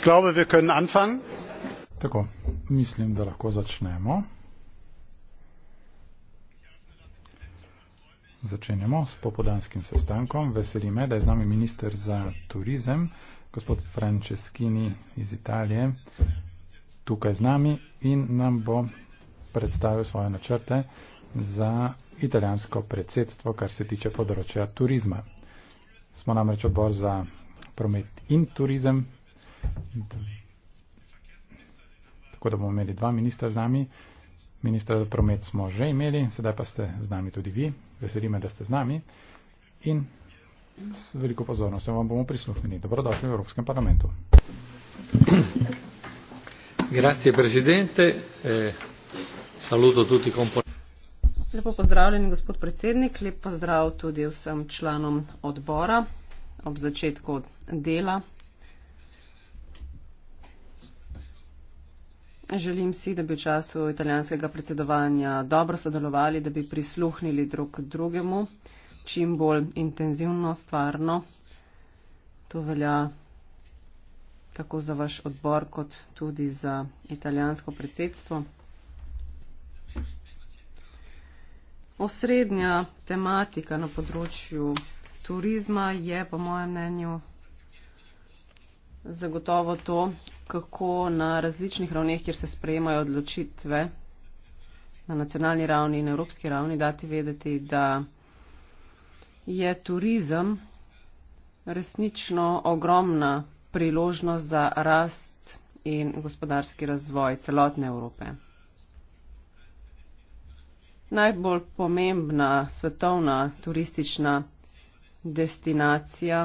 Ich glaube, wir können anfangen. Tako, mislim, da lahko začnemo. Začenjamo s popodanskim sestankom. Veseli me, da je z nami minister za turizem, gospod Franceschini iz Italije, tukaj z nami in nam bo predstavil svoje načrte za italijansko predsedstvo, kar se tiče področja turizma. Smo namreč odbor za promet in turizem Tako da bomo imeli dva ministra z nami. Ministra za promet smo že imeli, sedaj pa ste z nami tudi vi. Veselime, da ste z nami. In s veliko pozornostjo vam bomo prisluhnili. Dobrodošli v Evropskem parlamentu. Grazie, presidente. Eh, saluto tutti componenti. Lepo pozdravljeni, gospod predsednik, lep pozdrav tudi vsem članom odbora ob začetku dela Želim si, da bi v času italijanskega predsedovanja dobro sodelovali, da bi prisluhnili drug drugemu, čim bolj intenzivno, stvarno. To velja tako za vaš odbor, kot tudi za italijansko predsedstvo. Osrednja tematika na področju turizma je, po mojem mnenju, zagotovo to, kako na različnih ravneh, kjer se sprejemajo odločitve na nacionalni ravni in evropski ravni, dati vedeti, da je turizem resnično ogromna priložnost za rast in gospodarski razvoj celotne Evrope. Najbolj pomembna svetovna turistična destinacija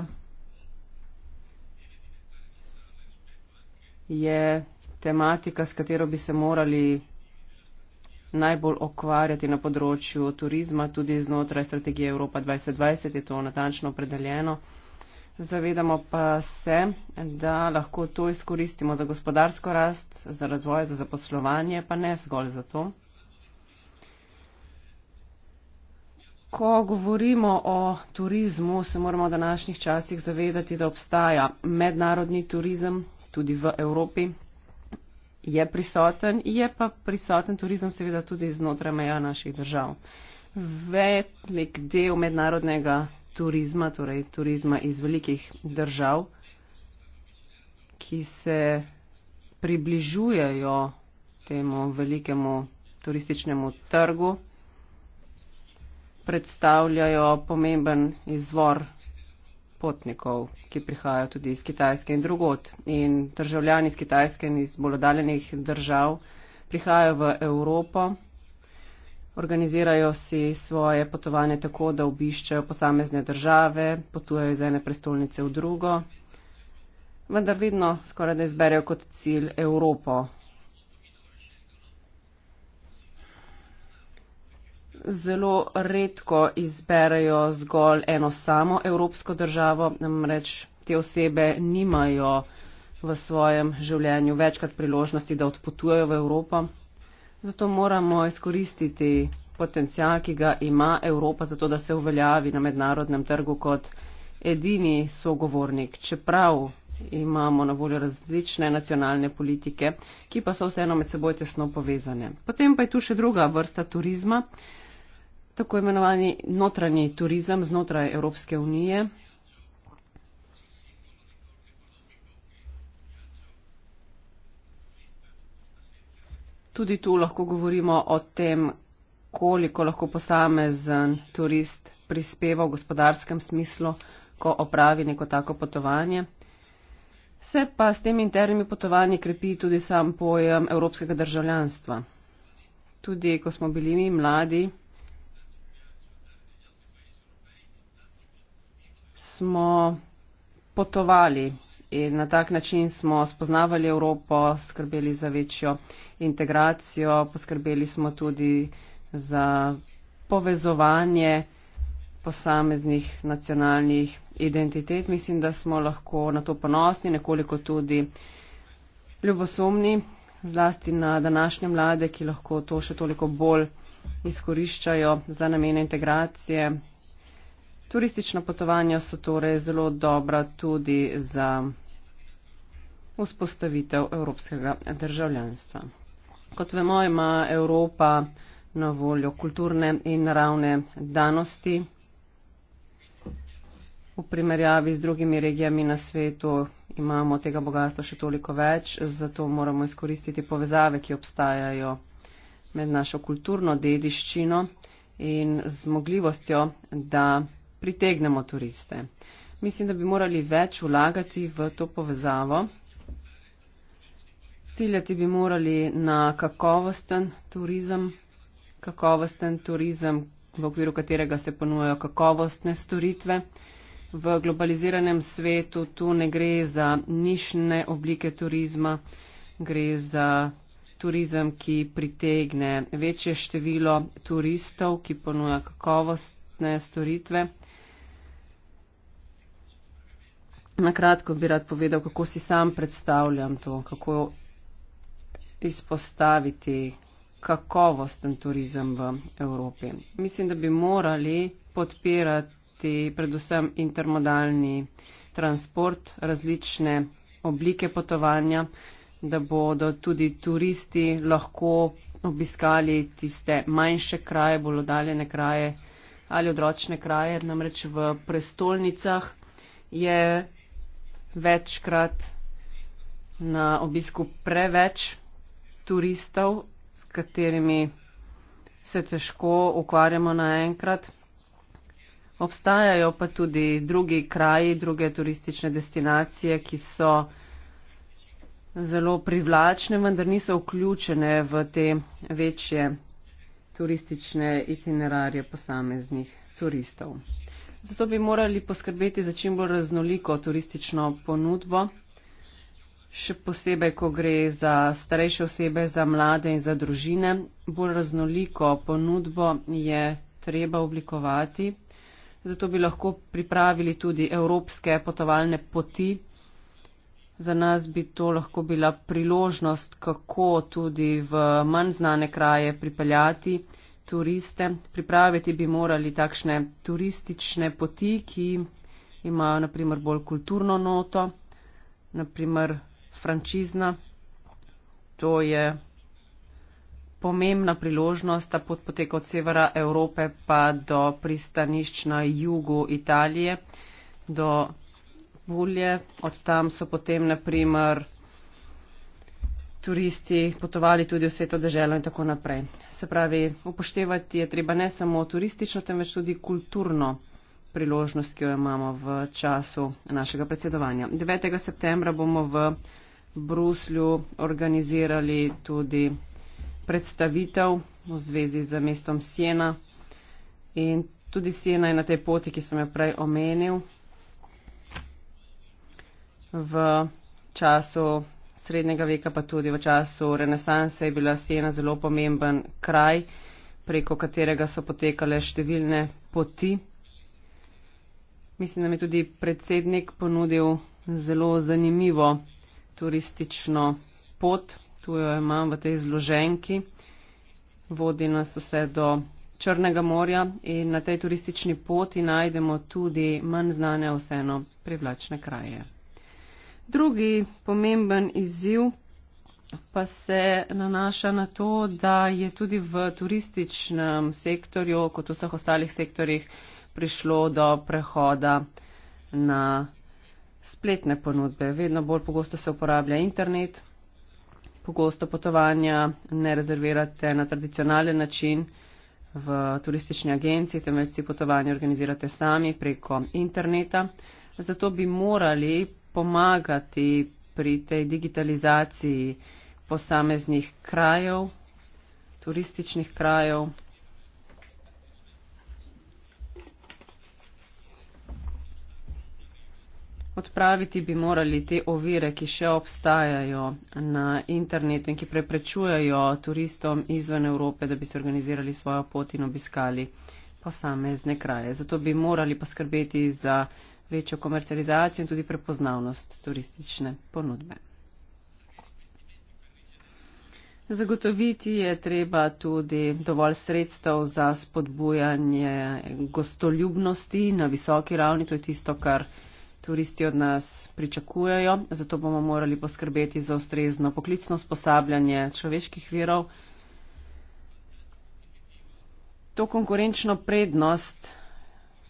je tematika, s katero bi se morali najbolj okvarjati na področju turizma, tudi znotraj strategije Evropa 2020 je to natančno opredeljeno. Zavedamo pa se, da lahko to izkoristimo za gospodarsko rast, za razvoj, za zaposlovanje, pa ne zgolj za to. Ko govorimo o turizmu, se moramo v današnjih časih zavedati, da obstaja mednarodni turizem, tudi v Evropi je prisoten, je pa prisoten turizem seveda tudi znotraj meja naših držav. Velik del mednarodnega turizma, torej turizma iz velikih držav, ki se približujejo temu velikemu turističnemu trgu, predstavljajo pomemben izvor potnikov, ki prihajajo tudi iz Kitajske in drugot. In državljani iz Kitajske in iz bolj oddaljenih držav prihajajo v Evropo, organizirajo si svoje potovanje tako, da obiščajo posamezne države, potujejo iz ene prestolnice v drugo, vendar vedno skoraj da izberejo kot cilj Evropo. zelo redko izberejo zgolj eno samo evropsko državo, namreč te osebe nimajo v svojem življenju večkrat priložnosti, da odpotujejo v Evropo. Zato moramo izkoristiti potencial, ki ga ima Evropa, zato da se uveljavi na mednarodnem trgu kot edini sogovornik. Čeprav imamo na voljo različne nacionalne politike, ki pa so vseeno med seboj tesno povezane. Potem pa je tu še druga vrsta turizma tako imenovani notranji turizem znotraj Evropske unije. Tudi tu lahko govorimo o tem, koliko lahko posamezen turist prispeva v gospodarskem smislu, ko opravi neko tako potovanje. Se pa s temi internimi potovanji krepi tudi sam pojem evropskega državljanstva. Tudi ko smo bili mi mladi, smo potovali in na tak način smo spoznavali Evropo, skrbeli za večjo integracijo, poskrbeli smo tudi za povezovanje posameznih nacionalnih identitet. Mislim, da smo lahko na to ponosni, nekoliko tudi ljubosumni, zlasti na današnje mlade, ki lahko to še toliko bolj izkoriščajo za namene integracije, Turistična potovanja so torej zelo dobra tudi za vzpostavitev evropskega državljanstva. Kot vemo, ima Evropa na voljo kulturne in naravne danosti. V primerjavi z drugimi regijami na svetu imamo tega bogatstva še toliko več, zato moramo izkoristiti povezave, ki obstajajo med našo kulturno dediščino in zmogljivostjo, da pritegnemo turiste. Mislim, da bi morali več vlagati v to povezavo. Ciljati bi morali na kakovosten turizem, kakovosten turizem, v okviru katerega se ponujajo kakovostne storitve. V globaliziranem svetu tu ne gre za nišne oblike turizma, gre za turizem, ki pritegne večje število turistov, ki ponuja kakovostne storitve. Na kratko bi rad povedal, kako si sam predstavljam to, kako izpostaviti kakovosten turizem v Evropi. Mislim, da bi morali podpirati predvsem intermodalni transport, različne oblike potovanja, da bodo tudi turisti lahko obiskali tiste manjše kraje, bolj oddaljene kraje ali odročne kraje, namreč v prestolnicah je večkrat na obisku preveč turistov, s katerimi se težko ukvarjamo naenkrat. Obstajajo pa tudi drugi kraji, druge turistične destinacije, ki so zelo privlačne, vendar niso vključene v te večje turistične itinerarje posameznih turistov. Zato bi morali poskrbeti za čim bolj raznoliko turistično ponudbo, še posebej, ko gre za starejše osebe, za mlade in za družine. Bolj raznoliko ponudbo je treba oblikovati. Zato bi lahko pripravili tudi evropske potovalne poti. Za nas bi to lahko bila priložnost, kako tudi v manj znane kraje pripeljati turiste. Pripraviti bi morali takšne turistične poti, ki imajo naprimer bolj kulturno noto, naprimer frančizna. To je pomembna priložnost, ta pot poteka od severa Evrope pa do pristanišč na jugu Italije, do Bulje. Od tam so potem naprimer turisti potovali tudi v sveto deželo in tako naprej se pravi, upoštevati je treba ne samo turistično, temveč tudi kulturno priložnost, ki jo imamo v času našega predsedovanja. 9. septembra bomo v Bruslju organizirali tudi predstavitev v zvezi z mestom Siena in tudi Siena je na tej poti, ki sem jo prej omenil. V času srednjega veka, pa tudi v času renesanse je bila Siena zelo pomemben kraj, preko katerega so potekale številne poti. Mislim, da mi je tudi predsednik ponudil zelo zanimivo turistično pot, tu jo imam v tej zloženki, vodi nas vse do Črnega morja in na tej turistični poti najdemo tudi manj znane, vseeno privlačne kraje. Drugi pomemben izziv pa se nanaša na to, da je tudi v turističnem sektorju, kot v vseh ostalih sektorjih, prišlo do prehoda na spletne ponudbe. Vedno bolj pogosto se uporablja internet, pogosto potovanja ne rezervirate na tradicionalen način v turistični agenciji, temveč si potovanje organizirate sami preko interneta. Zato bi morali pomagati pri tej digitalizaciji posameznih krajev, turističnih krajev. Odpraviti bi morali te ovire, ki še obstajajo na internetu in ki preprečujejo turistom izven Evrope, da bi se organizirali svojo pot in obiskali posamezne kraje. Zato bi morali poskrbeti za večjo komercializacijo in tudi prepoznavnost turistične ponudbe. Zagotoviti je treba tudi dovolj sredstev za spodbujanje gostoljubnosti na visoki ravni, to je tisto, kar turisti od nas pričakujejo, zato bomo morali poskrbeti za ustrezno poklicno usposabljanje človeških virov. To konkurenčno prednost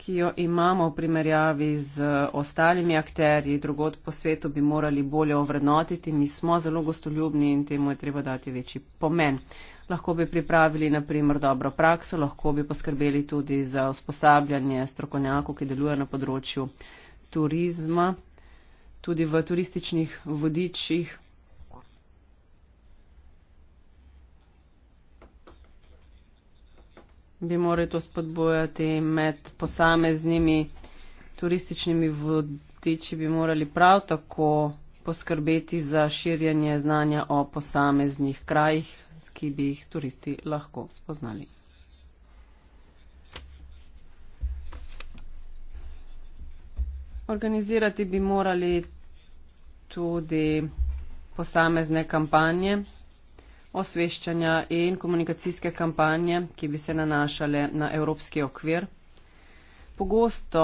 ki jo imamo v primerjavi z eh, ostalimi akterji drugod po svetu, bi morali bolje ovrednotiti. Mi smo zelo gostoljubni in temu je treba dati večji pomen. Lahko bi pripravili, naprimer, dobro prakso, lahko bi poskrbeli tudi za usposabljanje strokovnjakov, ki delujejo na področju turizma, tudi v turističnih vodičih bi morali to spodbojati med posameznimi turističnimi vodiči, bi morali prav tako poskrbeti za širjanje znanja o posameznih krajih, ki bi jih turisti lahko spoznali. Organizirati bi morali tudi posamezne kampanje osveščanja in komunikacijske kampanje, ki bi se nanašale na evropski okvir. Pogosto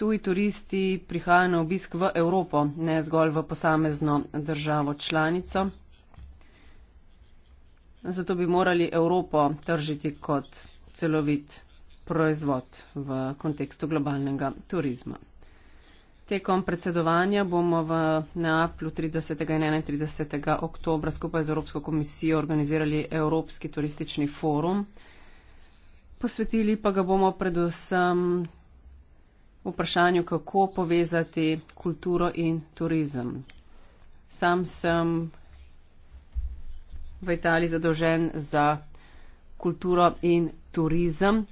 tuji turisti prihajajo na obisk v Evropo, ne zgolj v posamezno državo članico. Zato bi morali Evropo tržiti kot celovit proizvod v kontekstu globalnega turizma. Tekom predsedovanja bomo v Neaplju 30. in 31. oktobra skupaj z Evropsko komisijo organizirali Evropski turistični forum. Posvetili pa ga bomo predvsem vprašanju, kako povezati kulturo in turizem. Sam sem v Italiji zadolžen za kulturo in turizem.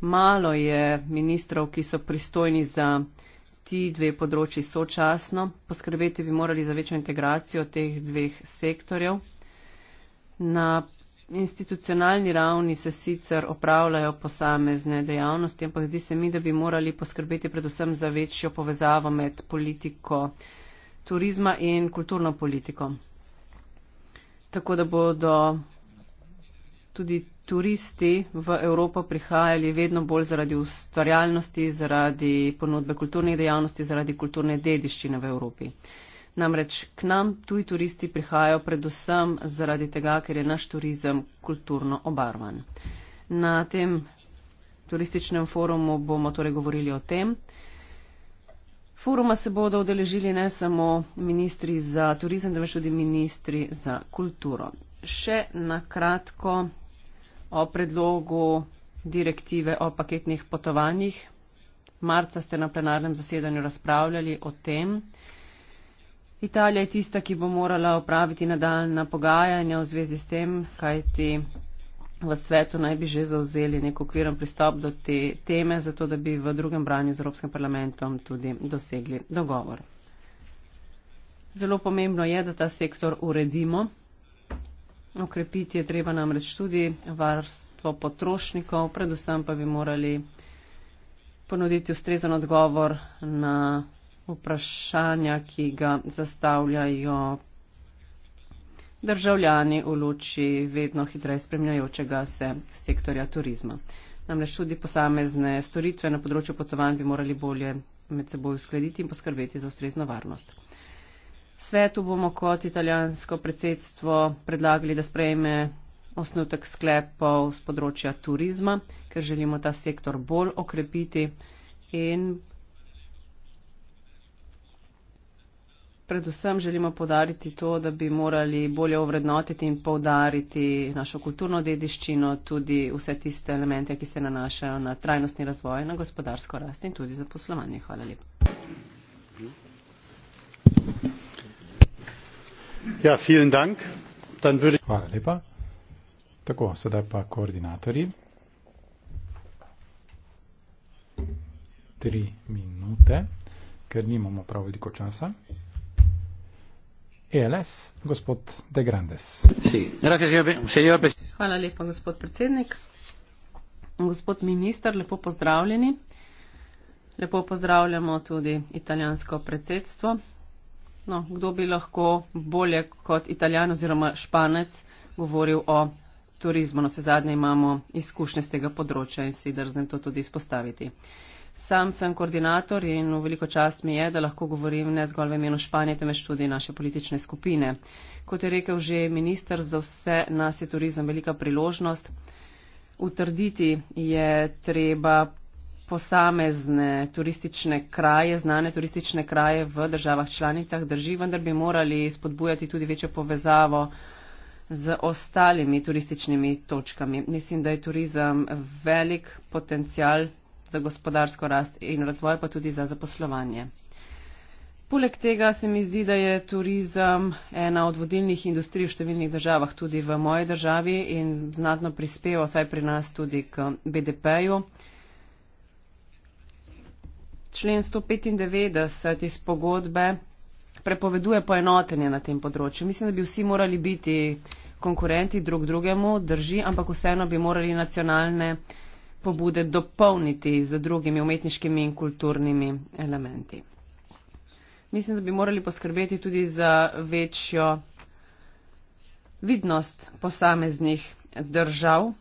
Malo je ministrov, ki so pristojni za ti dve področji sočasno. Poskrbeti bi morali za večjo integracijo teh dveh sektorjev. Na institucionalni ravni se sicer opravljajo posamezne dejavnosti, ampak zdi se mi, da bi morali poskrbeti predvsem za večjo povezavo med politiko turizma in kulturno politiko. Tako da bodo tudi turisti v Evropo prihajali vedno bolj zaradi ustvarjalnosti, zaradi ponudbe kulturnih dejavnosti, zaradi kulturne dediščine v Evropi. Namreč k nam tuji turisti prihajajo predvsem zaradi tega, ker je naš turizem kulturno obarvan. Na tem turističnem forumu bomo torej govorili o tem. Foruma se bodo odeležili ne samo ministri za turizem, temveč tudi ministri za kulturo. Še na kratko o predlogu direktive o paketnih potovanjih. Marca ste na plenarnem zasedanju razpravljali o tem. Italija je tista, ki bo morala opraviti nadaljna pogajanja v zvezi s tem, kajti v svetu naj bi že zauzeli nek okviren pristop do te teme, zato da bi v drugem branju z Evropskim parlamentom tudi dosegli dogovor. Zelo pomembno je, da ta sektor uredimo. Okrepiti je treba namreč tudi varstvo potrošnikov, predvsem pa bi morali ponuditi ustrezen odgovor na vprašanja, ki ga zastavljajo državljani v luči vedno hitreje spremljajočega se sektorja turizma. Namreč tudi posamezne storitve na področju potovanj bi morali bolje med seboj uskladiti in poskrbeti za ustrezno varnost. Svetu bomo kot italijansko predsedstvo predlagali, da sprejme osnutek sklepov z področja turizma, ker želimo ta sektor bolj okrepiti in predvsem želimo podariti to, da bi morali bolje ovrednotiti in povdariti našo kulturno dediščino, tudi vse tiste elemente, ki se nanašajo na trajnostni razvoj, na gospodarsko rast in tudi zaposlovanje. Hvala lepa. Thank you. Ja, Hvala lepa. Tako, sedaj pa koordinatorji. Tri minute, ker nimamo prav veliko časa. ELS, gospod De Grandes. Hvala lepa, gospod predsednik. Gospod minister, lepo pozdravljeni. Lepo pozdravljamo tudi italijansko predsedstvo No, kdo bi lahko bolje kot italijan oziroma španec govoril o turizmu? No, se zadnje imamo izkušnje z tega področja in si drznem to tudi izpostaviti. Sam sem koordinator in v veliko čast mi je, da lahko govorim ne zgolj v imenu Španije, temveč tudi naše politične skupine. Kot je rekel že minister, za vse nas je turizem velika priložnost. Utrditi je treba posamezne turistične kraje, znane turistične kraje v državah članicah drži, vendar bi morali spodbujati tudi večjo povezavo z ostalimi turističnimi točkami. Mislim, da je turizem velik potencial za gospodarsko rast in razvoj, pa tudi za zaposlovanje. Poleg tega se mi zdi, da je turizem ena od vodilnih industrij v številnih državah, tudi v moji državi in znatno prispeva, saj pri nas tudi k BDP-ju. Uh, člen 195 iz pogodbe prepoveduje poenotenje na tem področju. Mislim, da bi vsi morali biti konkurenti drug drugemu, drži, ampak vseeno bi morali nacionalne pobude dopolniti z drugimi umetniškimi in kulturnimi elementi. Mislim, da bi morali poskrbeti tudi za večjo vidnost posameznih držav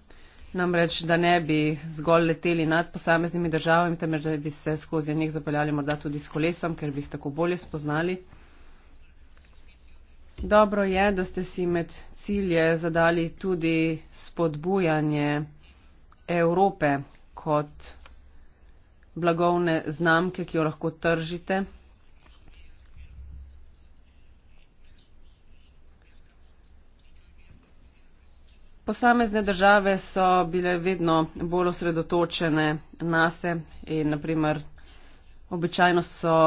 Namreč, da ne bi zgolj leteli nad posameznimi državami, temveč, da bi se skozi njih zapeljali morda tudi s kolesom, ker bi jih tako bolje spoznali. Dobro je, da ste si med cilje zadali tudi spodbujanje Evrope kot blagovne znamke, ki jo lahko tržite. posamezne države so bile vedno bolj osredotočene nase in naprimer običajno so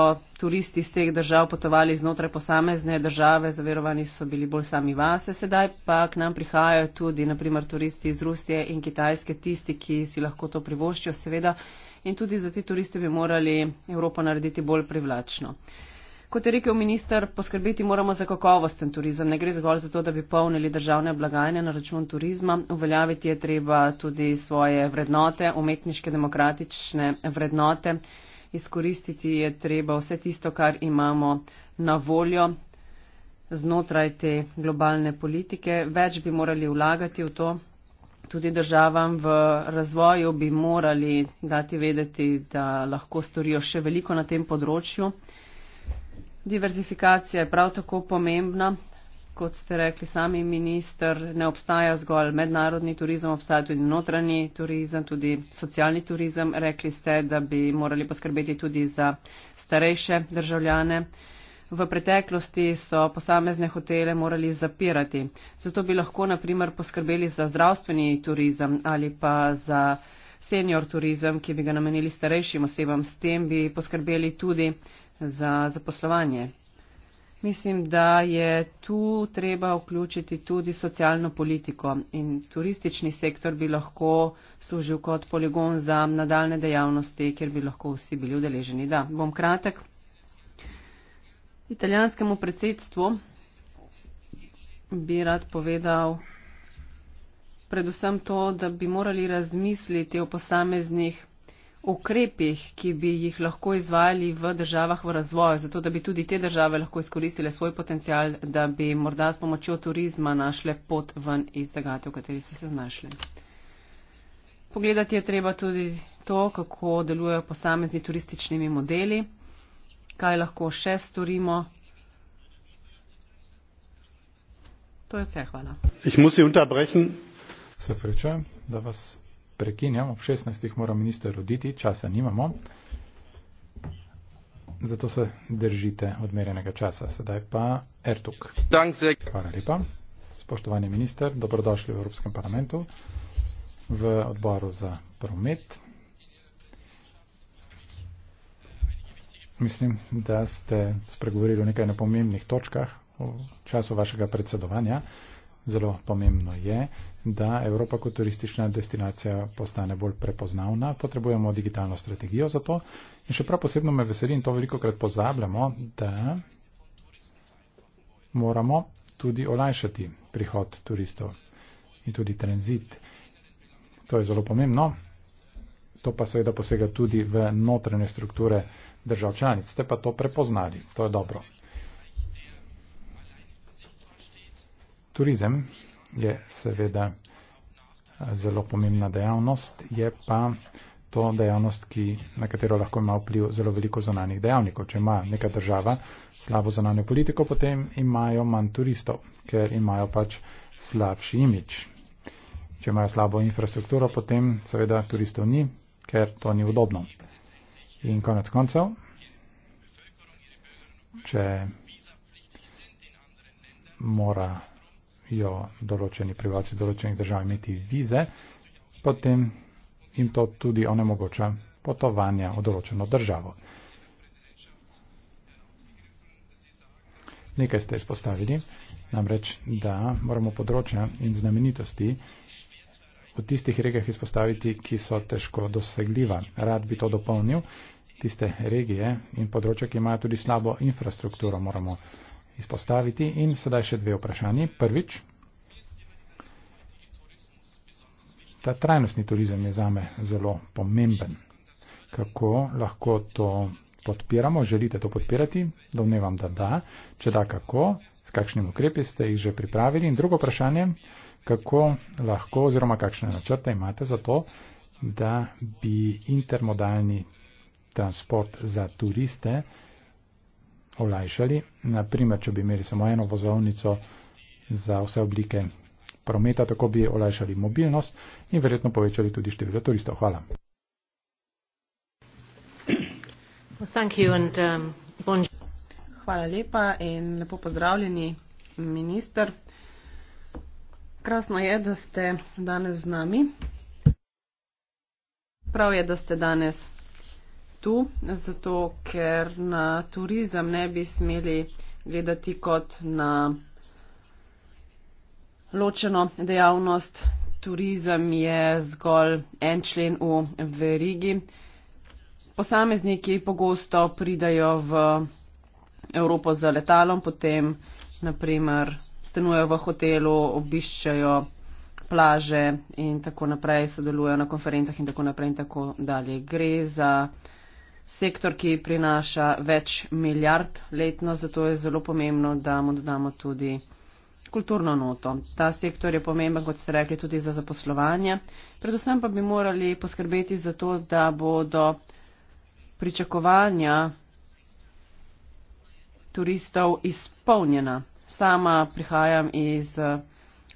turisti iz teh držav potovali znotraj posamezne države, zaverovani so bili bolj sami vase, sedaj pa k nam prihajajo tudi naprimer turisti iz Rusije in Kitajske, tisti, ki si lahko to privoščijo seveda in tudi za te turiste bi morali Evropo narediti bolj privlačno kot je rekel minister, poskrbeti moramo za kakovosten turizem. Ne gre zgolj za to, da bi polnili državne blagajne na račun turizma. Uveljaviti je treba tudi svoje vrednote, umetniške demokratične vrednote. Izkoristiti je treba vse tisto, kar imamo na voljo znotraj te globalne politike. Več bi morali vlagati v to. Tudi državam v razvoju bi morali dati vedeti, da lahko storijo še veliko na tem področju. Diverzifikacija je prav tako pomembna. Kot ste rekli sami minister, ne obstaja zgolj mednarodni turizem, obstaja tudi notranji turizem, tudi socialni turizem. Rekli ste, da bi morali poskrbeti tudi za starejše državljane. V preteklosti so posamezne hotele morali zapirati. Zato bi lahko naprimer poskrbeli za zdravstveni turizem ali pa za senior turizem, ki bi ga namenili starejšim osebam. S tem bi poskrbeli tudi za zaposlovanje. Mislim, da je tu treba vključiti tudi socialno politiko in turistični sektor bi lahko služil kot poligon za nadaljne dejavnosti, kjer bi lahko vsi bili udeleženi. Da, bom kratek. Italijanskemu predsedstvu bi rad povedal predvsem to, da bi morali razmisliti o posameznih ukrepih, ki bi jih lahko izvajali v državah v razvoju, zato da bi tudi te države lahko izkoristile svoj potencial, da bi morda s pomočjo turizma našle pot ven iz zagate, v kateri so se znašle. Pogledati je treba tudi to, kako delujejo posamezni turističnimi modeli, kaj lahko še storimo. To je vse, hvala. Se prečujem, da vas prekinjam, ob 16. mora minister roditi, časa nimamo. Zato se držite odmerenega časa. Sedaj pa Ertuk. Hvala lepa. Spoštovani minister, dobrodošli v Evropskem parlamentu, v odboru za promet. Mislim, da ste spregovorili o nekaj nepomembnih točkah v času vašega predsedovanja zelo pomembno je, da Evropa kot turistična destinacija postane bolj prepoznavna. Potrebujemo digitalno strategijo za to. In še prav posebno me veseli in to veliko krat pozabljamo, da moramo tudi olajšati prihod turistov in tudi tranzit. To je zelo pomembno. To pa seveda posega tudi v notranje strukture držav članic. Ste pa to prepoznali. To je dobro. Turizem je seveda eh, zelo pomembna dejavnost, je pa to dejavnost, ki, na katero lahko ima vpliv zelo veliko zonanih dejavnikov. Če ima neka država slabo zonanjo politiko, potem imajo manj turistov, ker imajo pač slabši imič. Če imajo slabo infrastrukturo, potem seveda turistov ni, ker to ni udobno. In konec koncev, če mora jo določeni prebivalci določenih držav imeti vize, potem jim to tudi onemogoča potovanja v določeno državo. Nekaj ste izpostavili, namreč, da moramo področja in znamenitosti v tistih regijah izpostaviti, ki so težko dosegljiva. Rad bi to dopolnil, tiste regije in področja, ki imajo tudi slabo infrastrukturo, moramo izpostaviti. In sedaj še dve vprašanje. Prvič, ta trajnostni turizem je zame zelo pomemben. Kako lahko to podpiramo? Želite to podpirati? Domnevam, da da. Če da, kako? S kakšnimi ukrepi ste jih že pripravili? In drugo vprašanje, kako lahko oziroma kakšne načrte imate za to, da bi intermodalni transport za turiste olajšali. Naprimer, če bi imeli samo eno vozovnico za vse oblike prometa, tako bi olajšali mobilnost in verjetno povečali tudi število turistov. Hvala. Um, Hvala lepa in lepo pozdravljeni, minister. Krasno je, da ste danes z nami. Prav je, da ste danes tu, zato ker na turizem ne bi smeli gledati kot na ločeno dejavnost. Turizem je zgolj en člen v verigi. Posamezniki pogosto pridajo v Evropo z letalom, potem naprimer stanujejo v hotelu, obiščajo plaže in tako naprej, sodelujejo na konferencah in tako naprej in tako dalje. Gre za sektor, ki prinaša več milijard letno, zato je zelo pomembno, da mu dodamo tudi kulturno noto. Ta sektor je pomemben, kot ste rekli, tudi za zaposlovanje. Predvsem pa bi morali poskrbeti za to, da bodo pričakovanja turistov izpolnjena. Sama prihajam iz eh,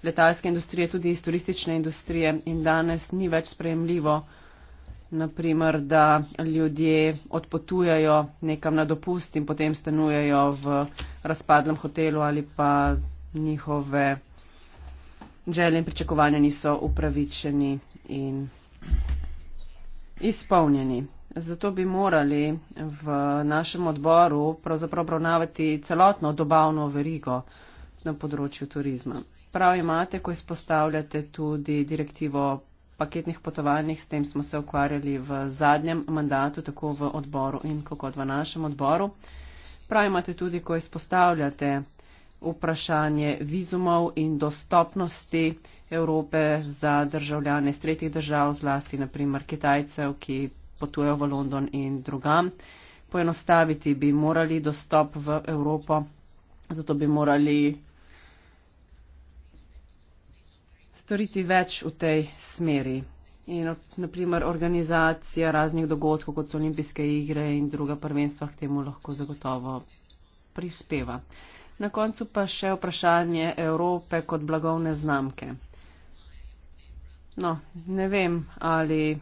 letalske industrije, tudi iz turistične industrije in danes ni več sprejemljivo, naprimer, da ljudje odpotujajo nekam na dopust in potem stanujejo v razpadlem hotelu ali pa njihove želje in pričakovanja niso upravičeni in izpolnjeni. Zato bi morali v našem odboru pravzaprav obravnavati celotno dobavno verigo na področju turizma. Prav imate, ko izpostavljate tudi direktivo paketnih potovanjih, s tem smo se ukvarjali v zadnjem mandatu, tako v odboru in kot v našem odboru. Prav imate tudi, ko izpostavljate vprašanje vizumov in dostopnosti Evrope za državljane iz tretjih držav, zlasti naprimer Kitajcev, ki potujejo v London in drugam. Poenostaviti bi morali dostop v Evropo, zato bi morali storiti več v tej smeri. In naprimer organizacija raznih dogodkov, kot so olimpijske igre in druga prvenstva, k temu lahko zagotovo prispeva. Na koncu pa še vprašanje Evrope kot blagovne znamke. No, ne vem, ali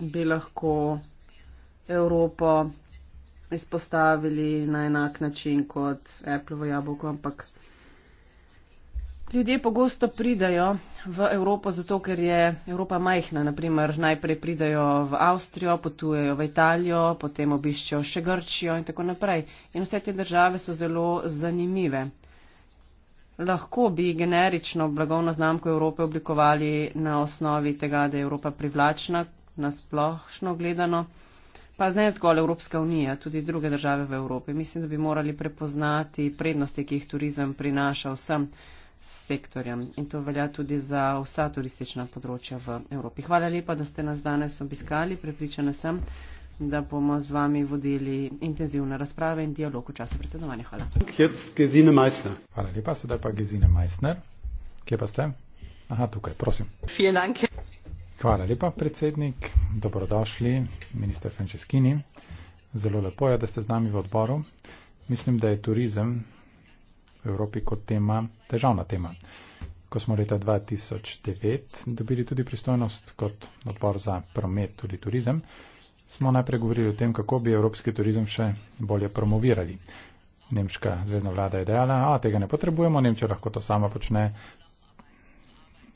bi lahko Evropo izpostavili na enak način kot Appleovo jabolko, ampak. Ljudje pogosto pridajo v Evropo zato, ker je Evropa majhna. Naprimer, najprej pridajo v Avstrijo, potujejo v Italijo, potem obiščejo še Grčijo in tako naprej. In vse te države so zelo zanimive. Lahko bi generično blagovno znamko Evrope oblikovali na osnovi tega, da je Evropa privlačna, nasplošno gledano, pa ne zgolj Evropska unija, tudi druge države v Evropi. Mislim, da bi morali prepoznati prednosti, ki jih turizem prinaša vsem sektorjem. In to velja tudi za vsa turistična področja v Evropi. Hvala lepa, da ste nas danes obiskali. Prepričana sem, da bomo z vami vodili intenzivne razprave in dialog v času predsedovanja. Hvala. Hvala lepa, sedaj pa Gezine Meissner. Kje pa ste? Aha, tukaj, prosim. Hvala lepa, predsednik. Dobrodošli, minister Franceschini. Zelo lepo je, da ste z nami v odboru. Mislim, da je turizem v Evropi kot tema, težavna tema. Ko smo leta 2009 dobili tudi pristojnost kot odbor za promet tudi turizem, smo najprej govorili o tem, kako bi evropski turizem še bolje promovirali. Nemška zvezdna vlada je dejala, a tega ne potrebujemo, Nemčija lahko to sama počne,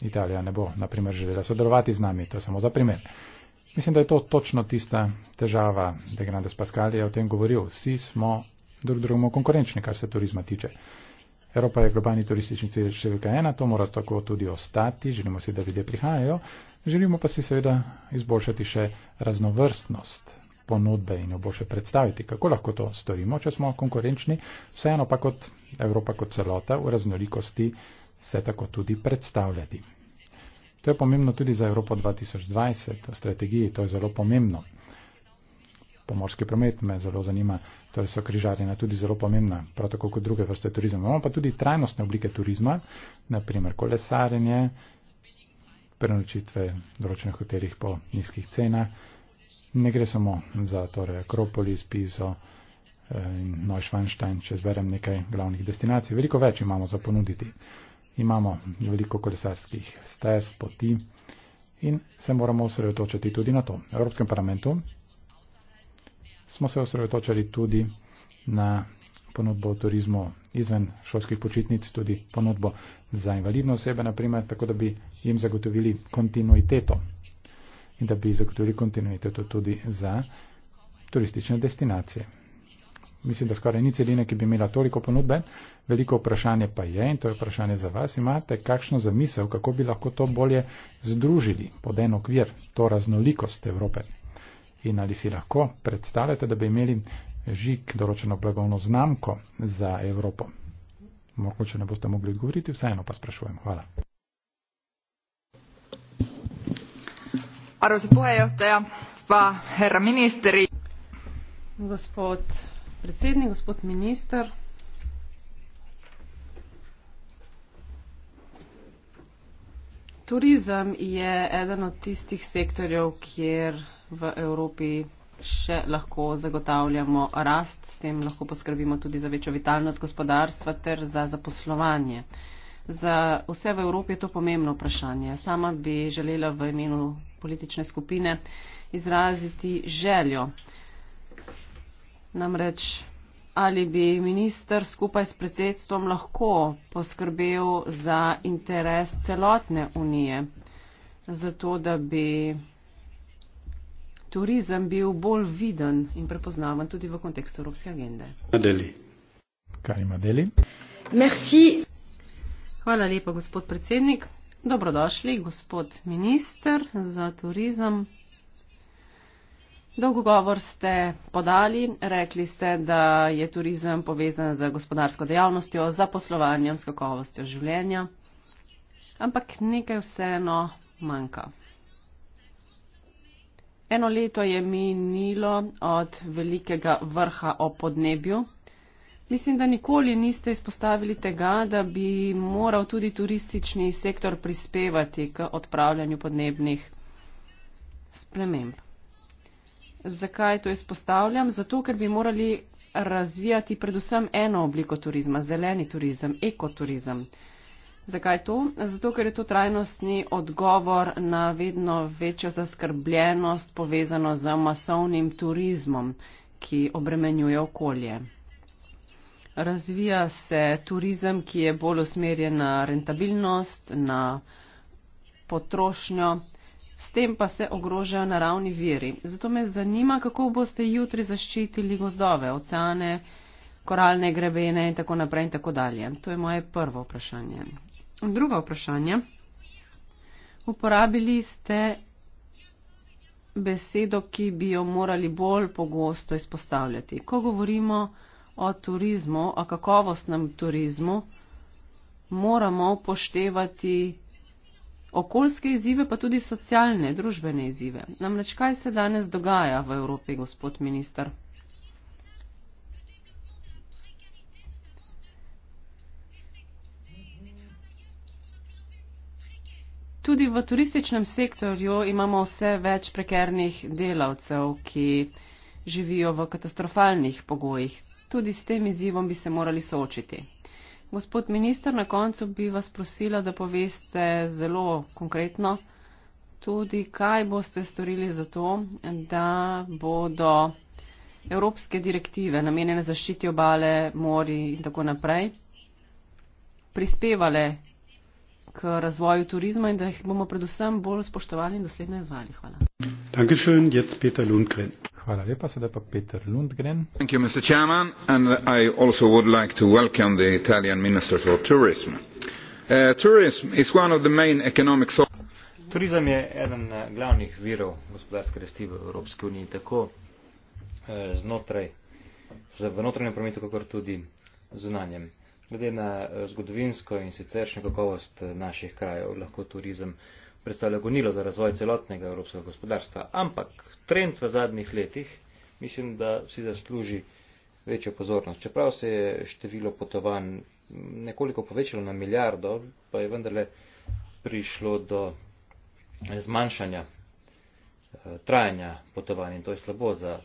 Italija ne bo, na primer, želela sodelovati z nami, to je samo za primer. Mislim, da je to točno tista težava, da je Grandes Pascal je o tem govoril. Vsi smo drug drugemu konkurenčni, kar se turizma tiče. Evropa je globalni turistični cilj številka ena, to mora tako tudi ostati, želimo si, da ljudje prihajajo, želimo pa si seveda izboljšati še raznovrstnost ponudbe in jo boljše predstaviti, kako lahko to storimo, če smo konkurenčni, vseeno pa kot Evropa kot celota v raznolikosti se tako tudi predstavljati. To je pomembno tudi za Evropo 2020, v strategiji to je zelo pomembno. Pomorski promet me zelo zanima. Torej so križarjenja tudi zelo pomembna, prav tako kot druge vrste turizma. Imamo pa tudi trajnostne oblike turizma, naprimer kolesarjenje, prenočitve v določenih hotelih po nizkih cenah. Ne gre samo za torej, Akropolis, Pizo eh, in Neuschwanstein, če zberem nekaj glavnih destinacij. Veliko več imamo za ponuditi. Imamo veliko kolesarskih stez, poti in se moramo osredotočiti tudi na to. V Evropskem parlamentu smo se osredotočali tudi na ponudbo turizmu izven šolskih počitnic, tudi ponudbo za invalidno osebe, naprimer, tako da bi jim zagotovili kontinuiteto in da bi zagotovili kontinuiteto tudi za turistične destinacije. Mislim, da skoraj ni celine, ki bi imela toliko ponudbe. Veliko vprašanje pa je, in to je vprašanje za vas, imate kakšno zamisel, kako bi lahko to bolje združili pod en okvir, to raznolikost Evrope. In ali si lahko predstavljate, da bi imeli žik določeno blagovno znamko za Evropo? Mogoče ne boste mogli odgovoriti, vseeno pa sprašujem. Hvala. Gospod predsednik, gospod minister. Turizem je eden od tistih sektorjev, kjer v Evropi še lahko zagotavljamo rast, s tem lahko poskrbimo tudi za večjo vitalnost gospodarstva ter za zaposlovanje. Za vse v Evropi je to pomembno vprašanje. Sama bi želela v imenu politične skupine izraziti željo. Namreč, ali bi minister skupaj s predsedstvom lahko poskrbel za interes celotne unije, zato da bi turizem bil bolj viden in prepoznaven tudi v kontekstu Evropske agende. Madeli. Karima Deli. Merci. Hvala lepa, gospod predsednik. Dobrodošli, gospod minister za turizem. Dolgogovor ste podali, rekli ste, da je turizem povezan z gospodarsko dejavnostjo, z zaposlovanjem, s kakovostjo življenja. Ampak nekaj vseeno manjka. Eno leto je minilo od velikega vrha o podnebju. Mislim, da nikoli niste izpostavili tega, da bi moral tudi turistični sektor prispevati k odpravljanju podnebnih sprememb. Zakaj to izpostavljam? Zato, ker bi morali razvijati predvsem eno obliko turizma, zeleni turizem, ekoturizem. Zakaj to? Zato, ker je to trajnostni odgovor na vedno večjo zaskrbljenost povezano z masovnim turizmom, ki obremenjuje okolje. Razvija se turizem, ki je bolj usmerjen na rentabilnost, na potrošnjo, s tem pa se ogrožajo naravni viri. Zato me zanima, kako boste jutri zaščitili gozdove, oceane, koralne grebene in tako naprej in tako dalje. To je moje prvo vprašanje. Druga vprašanja. Uporabili ste besedo, ki bi jo morali bolj pogosto izpostavljati. Ko govorimo o turizmu, o kakovostnem turizmu, moramo upoštevati okoljske izzive, pa tudi socialne, družbene izzive. Namreč, kaj se danes dogaja v Evropi, gospod minister? Tudi v turističnem sektorju imamo vse več prekernih delavcev, ki živijo v katastrofalnih pogojih. Tudi s tem izzivom bi se morali soočiti. Gospod minister, na koncu bi vas prosila, da poveste zelo konkretno tudi, kaj boste storili za to, da bodo evropske direktive namenjene zaščiti obale, mori in tako naprej prispevale k razvoju turizma in da jih bomo predvsem bolj spoštovali in dosledno izvali. Hvala. Dankeschön, jetzt Peter Lundgren. Hvala lepa, sedaj pa Peter Lundgren. Thank you, Mr. Chairman, and I also would like to welcome the Italian Minister for Tourism. Uh, tourism is one of the main economic Turizem je eden uh, glavnih virov gospodarske rasti v Evropski uniji, tako uh, znotraj, v notranjem prometu, kakor tudi zunanjem glede na eh, zgodovinsko in siceršnjo kakovost eh, naših krajev lahko turizem predstavlja gonilo za razvoj celotnega evropskega gospodarstva. Ampak trend v zadnjih letih mislim, da si zasluži večjo pozornost. Čeprav se je število potovanj mm, nekoliko povečalo na milijardo, pa je vendarle prišlo do eh, zmanjšanja trajanja potovanj in to je slabo za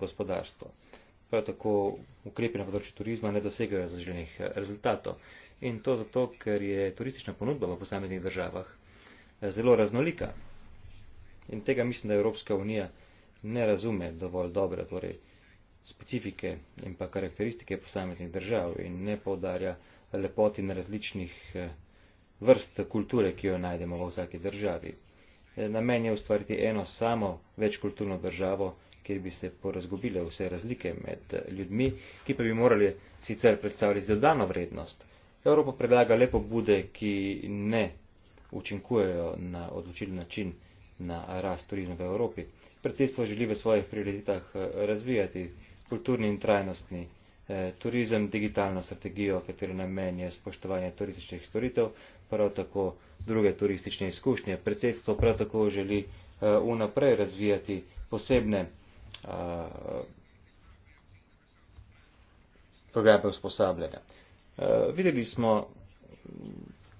gospodarstvo prav tako ukrepi na področju turizma ne dosegajo zaželenih eh, rezultatov. In to zato, ker je turistična ponudba v posameznih državah eh, zelo raznolika. In tega mislim, da Evropska unija ne razume dovolj dobro, torej specifike in pa karakteristike posameznih držav in ne povdarja lepoti na različnih eh, vrst kulture, ki jo najdemo v vsaki državi. Namen je ustvariti eno samo večkulturno državo, kjer bi se porazgobile vse razlike med eh, ljudmi, ki pa bi morali sicer predstavljati dodano vrednost. Evropa predlaga lepo bude, ki ne učinkujejo na odločilni način na rast turizma v Evropi. Predsedstvo želi v svojih prioritetah eh, razvijati kulturni in trajnostni eh, turizem, digitalno strategijo, katero namen je spoštovanje turističnih storitev, prav tako druge turistične izkušnje. Predsedstvo prav tako želi eh, vnaprej razvijati posebne Uh, programe usposabljanja. Uh, videli smo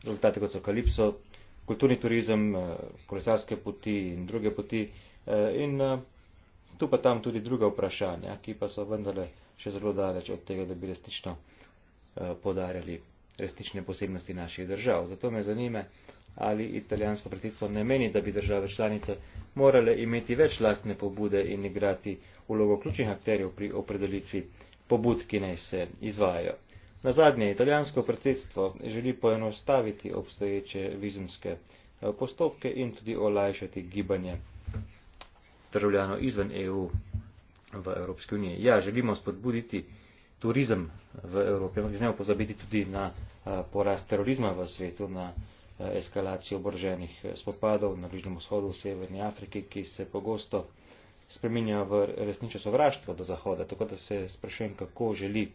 rezultate kot so Kalipso, kulturni turizem, uh, kolesarske poti in druge poti uh, in uh, tu pa tam tudi druga vprašanja, ki pa so vendarle še zelo daleč od tega, da bi resnično uh, podarjali resnične posebnosti naših držav. Zato me zanime, uh, ali italijansko predsedstvo ne meni, da bi države članice morale imeti več lastne pobude in igrati ulogo ključnih akterjev pri opredelitvi pobud, ki naj se izvajajo. Na zadnje, italijansko predsedstvo želi poenostaviti obstoječe vizumske eh, postopke in tudi olajšati gibanje državljanov izven EU v Evropski uniji. Ja, želimo spodbuditi turizem v Evropi, ampak ne pozabiti tudi na eh, porast terorizma v svetu, na Eh, eskalacijo oboroženih eh, spopadov na Bližnjem vzhodu v Severni Afriki, ki se pogosto spreminja v resnično sovraštvo do Zahoda, tako da se sprašujem, kako želi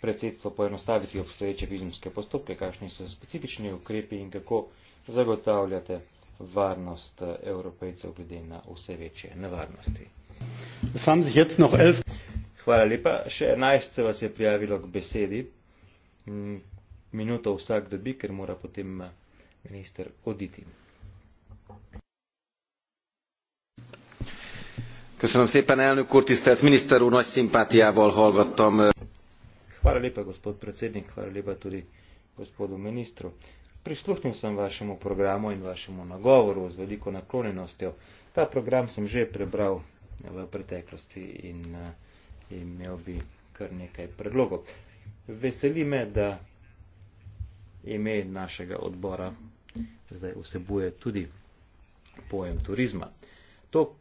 predsedstvo poenostaviti obstoječe vizumske postopke, kakšni so specifični ukrepi in kako zagotavljate varnost eh, evropejcev glede na vse večje nevarnosti. Hvala lepa. Še enajst se vas je prijavilo k besedi. Minuto vsak dobi, ker mora potem minister oditi. Köszönöm szépen, elnök úr, tisztelt miniszter úr, nagy szimpátiával hallgattam. Hvala lepa, gospod predsednik, hvala lepa tudi gospodu ministru. Prisluhnil sem vašemu programu in vašemu nagovoru z veliko naklonjenostjo. Ta program sem že prebral v preteklosti in, in e, imel bi kar nekaj predlogov. Veseli me, da ime našega odbora zdaj vsebuje tudi pojem turizma. To,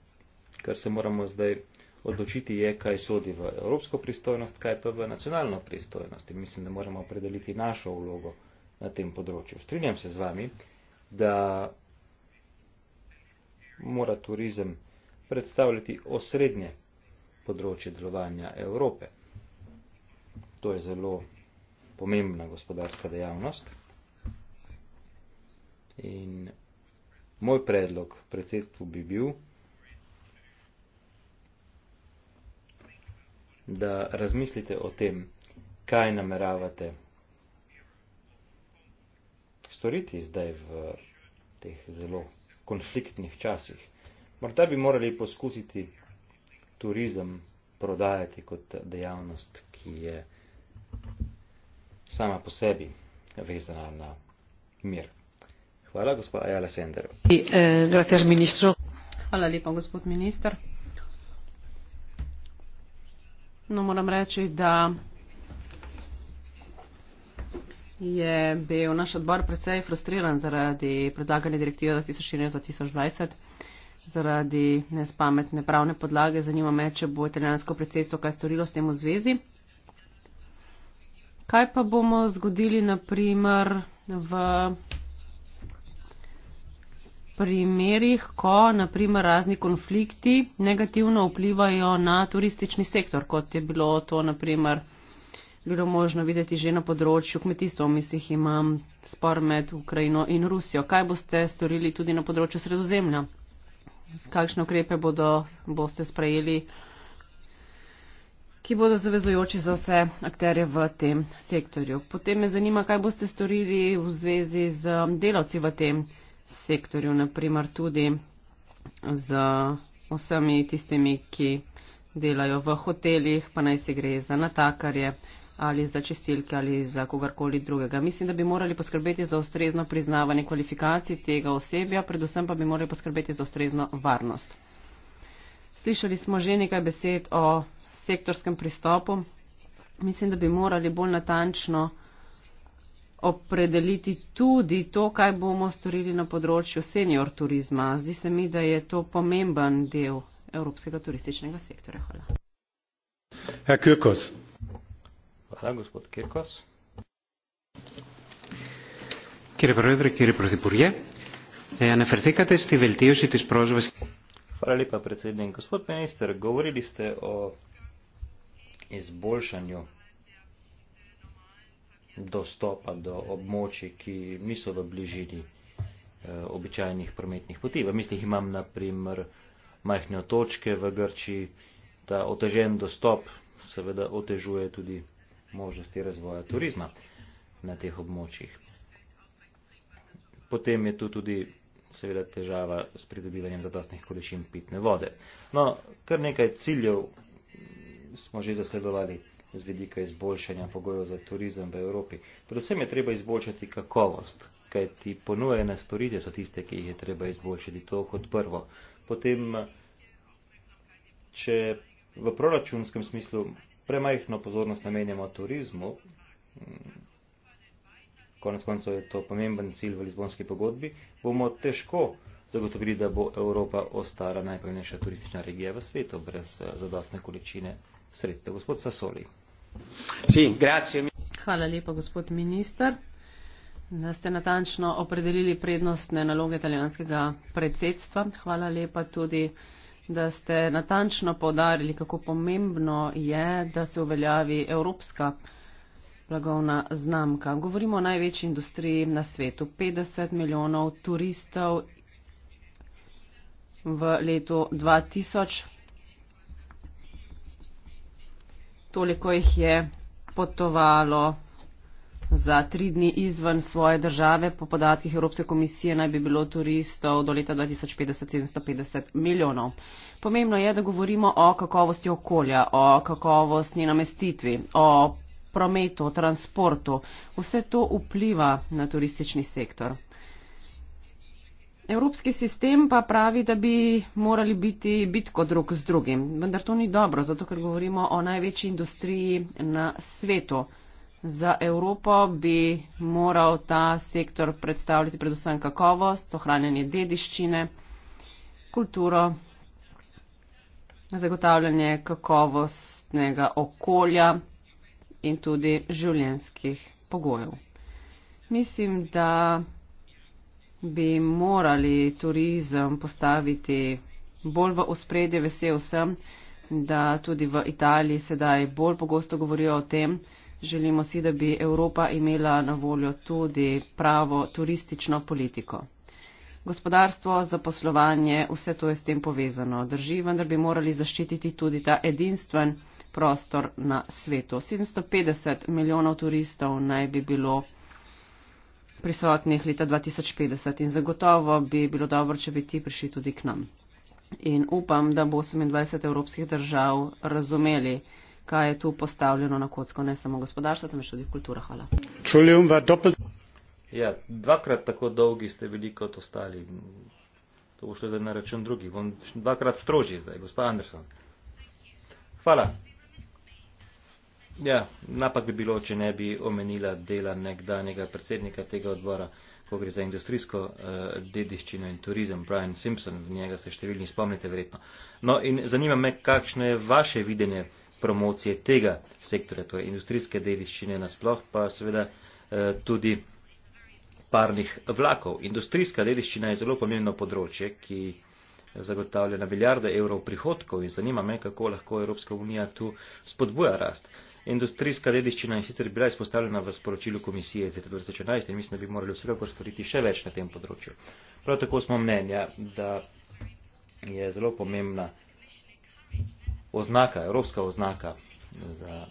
kar se moramo zdaj odločiti, je, kaj sodi v evropsko pristojnost, kaj pa v nacionalno pristojnost. In mislim, da moramo opredeliti našo vlogo na tem področju. Strinjam se z vami, da mora turizem predstavljati osrednje področje delovanja Evrope. To je zelo pomembna gospodarska dejavnost. In moj predlog predsedstvu bi bil, da razmislite o tem, kaj nameravate storiti zdaj v teh zelo konfliktnih časih. Morda bi morali poskusiti turizem prodajati kot dejavnost, ki je sama po sebi vezana na mir. Hvala, gospod Ajala Sender. E, Hvala lepa, gospod minister. No, moram reči, da je bil naš odbor precej frustriran zaradi predlagane direktive 2014-2020, zaradi nespametne pravne podlage. Zanima me, če bo italijansko predsedstvo kaj storilo s tem v zvezi. Kaj pa bomo zgodili, naprimer, v primerih, ko naprimer razni konflikti negativno vplivajo na turistični sektor, kot je bilo to naprimer bilo možno videti že na področju kmetijstva, v mislih imam spor med Ukrajino in Rusijo. Kaj boste storili tudi na področju sredozemlja? Kakšne ukrepe bodo, boste sprejeli, ki bodo zavezujoči za vse akterje v tem sektorju? Potem me zanima, kaj boste storili v zvezi z delavci v tem sektorju? sektorju, naprimer tudi z vsemi tistimi, ki delajo v hotelih, pa naj si gre za natakarje ali za čistilke ali za kogarkoli drugega. Mislim, da bi morali poskrbeti za ustrezno priznavanje kvalifikacij tega osebja, predvsem pa bi morali poskrbeti za ustrezno varnost. Slišali smo že nekaj besed o sektorskem pristopu. Mislim, da bi morali bolj natančno opredeliti tudi to, kaj bomo storili na področju senior turizma. Zdi se mi, da je to pomemben del Evropskega turističnega sektorja. Hvala. Herr Kirkos. Hvala, gospod Kirkos. Kjere prevedre, kjere prezipurje. Eh, Anafertekate ste veltejoši tis prožbe. Hvala lepa, predsednik. Gospod minister, govorili ste o izboljšanju dostopa do območij, ki niso v bližini eh, običajnih prometnih poti. V mislih imam naprimer majhne otočke v Grčiji, ta otežen dostop seveda otežuje tudi možnosti razvoja turizma na teh območjih. Potem je tu tudi seveda težava s pridobivanjem zadostnih količin pitne vode. No, kar nekaj ciljev smo že zasledovali z vedika izboljšanja pogojev za turizem v Evropi. Predvsem je treba izboljšati kakovost, kaj ti ponujene storitve so tiste, ki jih je treba izboljšati. To kot prvo. Potem, če v proračunskem smislu premajhno pozornost namenjamo turizmu, konec koncev je to pomemben cilj v Lizbonski pogodbi, bomo težko zagotovili, da bo Evropa ostala najpomembnejša turistična regija v svetu brez eh, zadostne količine sredstev. Gospod Sasoli. Si, Hvala lepa, gospod minister, da ste natančno opredelili prednostne naloge italijanskega predsedstva. Hvala lepa tudi, da ste natančno povdarili, kako pomembno je, da se uveljavi evropska blagovna znamka. Govorimo o največji industriji na svetu. 50 milijonov turistov v letu 2000 toliko jih je potovalo za tri dni izven svoje države. Po podatkih Evropske komisije naj bi bilo turistov do leta 2050 750 milijonov. Pomembno je, da govorimo o kakovosti okolja, o kakovosti namestitvi, o prometu, o transportu. Vse to vpliva na turistični sektor. Evropski sistem pa pravi, da bi morali biti bitko drug z drugim. Vendar to ni dobro, zato ker govorimo o največji industriji na svetu. Za Evropo bi moral ta sektor predstavljati predvsem kakovost, ohranjanje dediščine, kulturo, zagotavljanje kakovostnega okolja in tudi življenskih pogojev. Mislim, da bi morali turizem postaviti bolj v ospredje. Vesel sem, da tudi v Italiji sedaj bolj pogosto govorijo o tem. Želimo si, da bi Evropa imela na voljo tudi pravo turistično politiko. Gospodarstvo, zaposlovanje, vse to je s tem povezano. Drži, vendar bi morali zaščititi tudi ta edinstven prostor na svetu. 750 milijonov turistov naj bi bilo prisotnih leta 2050 in zagotovo bi bilo dobro, če bi ti prišli tudi k nam. In upam, da bo 28 evropskih držav razumeli, kaj je tu postavljeno na kocko, ne samo gospodarstvo, temveč tudi kultura. Hvala. Ja, dvakrat tako dolgi ste bili kot ostali. To bo šlo zdaj na račun drugih. Bom dvakrat strožji zdaj, gospod Anderson. Hvala. Ja, napak bi bilo, če ne bi omenila dela nekdanjega predsednika tega odbora, ko gre za industrijsko uh, dediščino in turizem, Brian Simpson, v njega se številni spomnite verjetno. No in zanima me, kakšno je vaše videnje promocije tega sektora, to je industrijske dediščine nasploh, pa seveda uh, tudi parnih vlakov. Industrijska dediščina je zelo pomembno področje, ki zagotavlja na milijarde evrov prihodkov in zanima me, kako lahko Evropska unija tu spodbuja rast industrijska dediščina je sicer bila izpostavljena v sporočilu komisije iz leta 2011 in mislim, da bi morali vsekakor storiti še več na tem področju. Prav tako smo mnenja, da je zelo pomembna oznaka, evropska oznaka za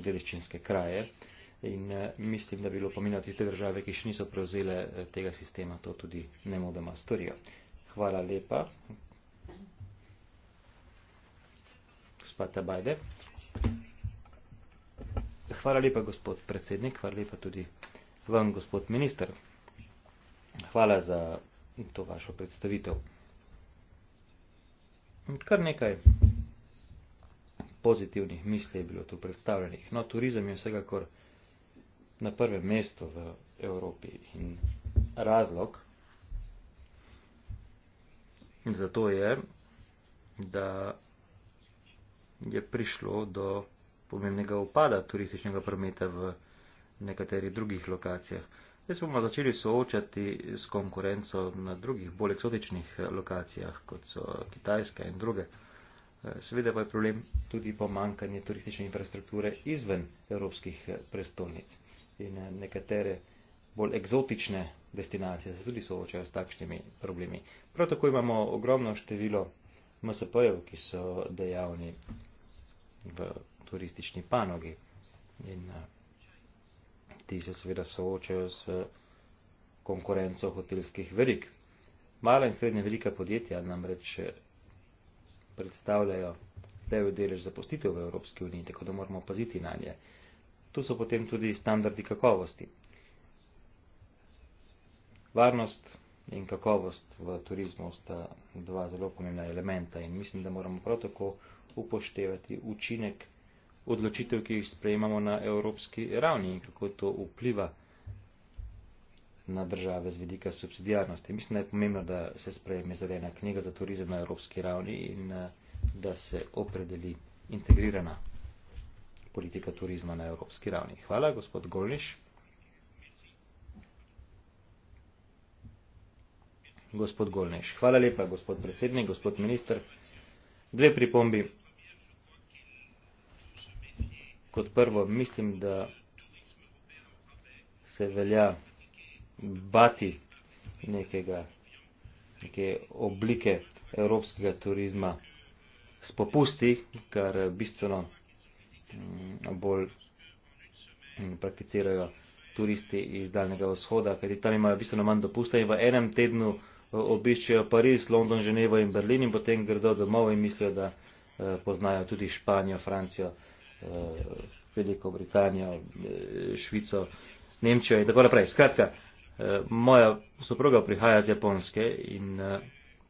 dediščinske kraje in eh, mislim, da bi bilo pomembno tiste države, ki še niso prevzele eh, tega sistema, to tudi ne modoma storijo. Hvala lepa. Gospod Tabajde. Thank you. Hvala lepa, gospod predsednik, hvala lepa tudi vam, gospod minister. Hvala za to vašo predstavitev. Kar nekaj pozitivnih misli je bilo tu predstavljenih. No, turizem je vsekakor na prvem mestu v Evropi in razlog za to je, da je prišlo do pomembnega upada turističnega prometa v nekaterih drugih lokacijah. Zdaj smo začeli soočati s konkurenco na drugih, bolj eksotičnih eh, lokacijah, kot so Kitajska in druge. Eh, seveda pa je problem tudi pomankanje turistične infrastrukture izven evropskih eh, prestolnic. In nekatere bolj eksotične destinacije se tudi soočajo s takšnimi problemi. Prav tako imamo ogromno število MSP-jev, ki so dejavni v turistični panogi. In eh, ti se seveda soočajo s konkurenco hotelskih verik. Mala in srednje velika podjetja namreč eh, predstavljajo levi delež zapustitev v Evropski uniji, tako da moramo paziti na nje. Tu so potem tudi standardi kakovosti. Varnost in kakovost v turizmu sta dva zelo pomembna elementa in mislim, da moramo prav tako upoštevati učinek odločitev, ki jih sprejemamo na evropski ravni in kako to vpliva na države z vidika subsidijarnosti. Mislim, da je pomembno, da se sprejeme zelena knjiga za turizem na evropski ravni in eh, da se opredeli integrirana politika turizma na evropski ravni. Hvala, gospod Golniš. Gospod Golniš. Hvala lepa, gospod predsednik, gospod minister. Dve pripombi kot prvo mislim, da se velja bati nekega, neke oblike evropskega turizma s popusti, kar bistveno mm, bolj mm, prakticirajo turisti iz daljnega vzhoda, kajti tam imajo bistveno manj dopusta in v enem tednu eh, obiščejo Pariz, London, Ženevo in Berlin in potem gredo domov in mislijo, da eh, poznajo tudi Španijo, Francijo. Eh, Veliko Britanijo, eh, Švico, Nemčijo in tako naprej. Skratka, eh, moja soproga prihaja z Japonske in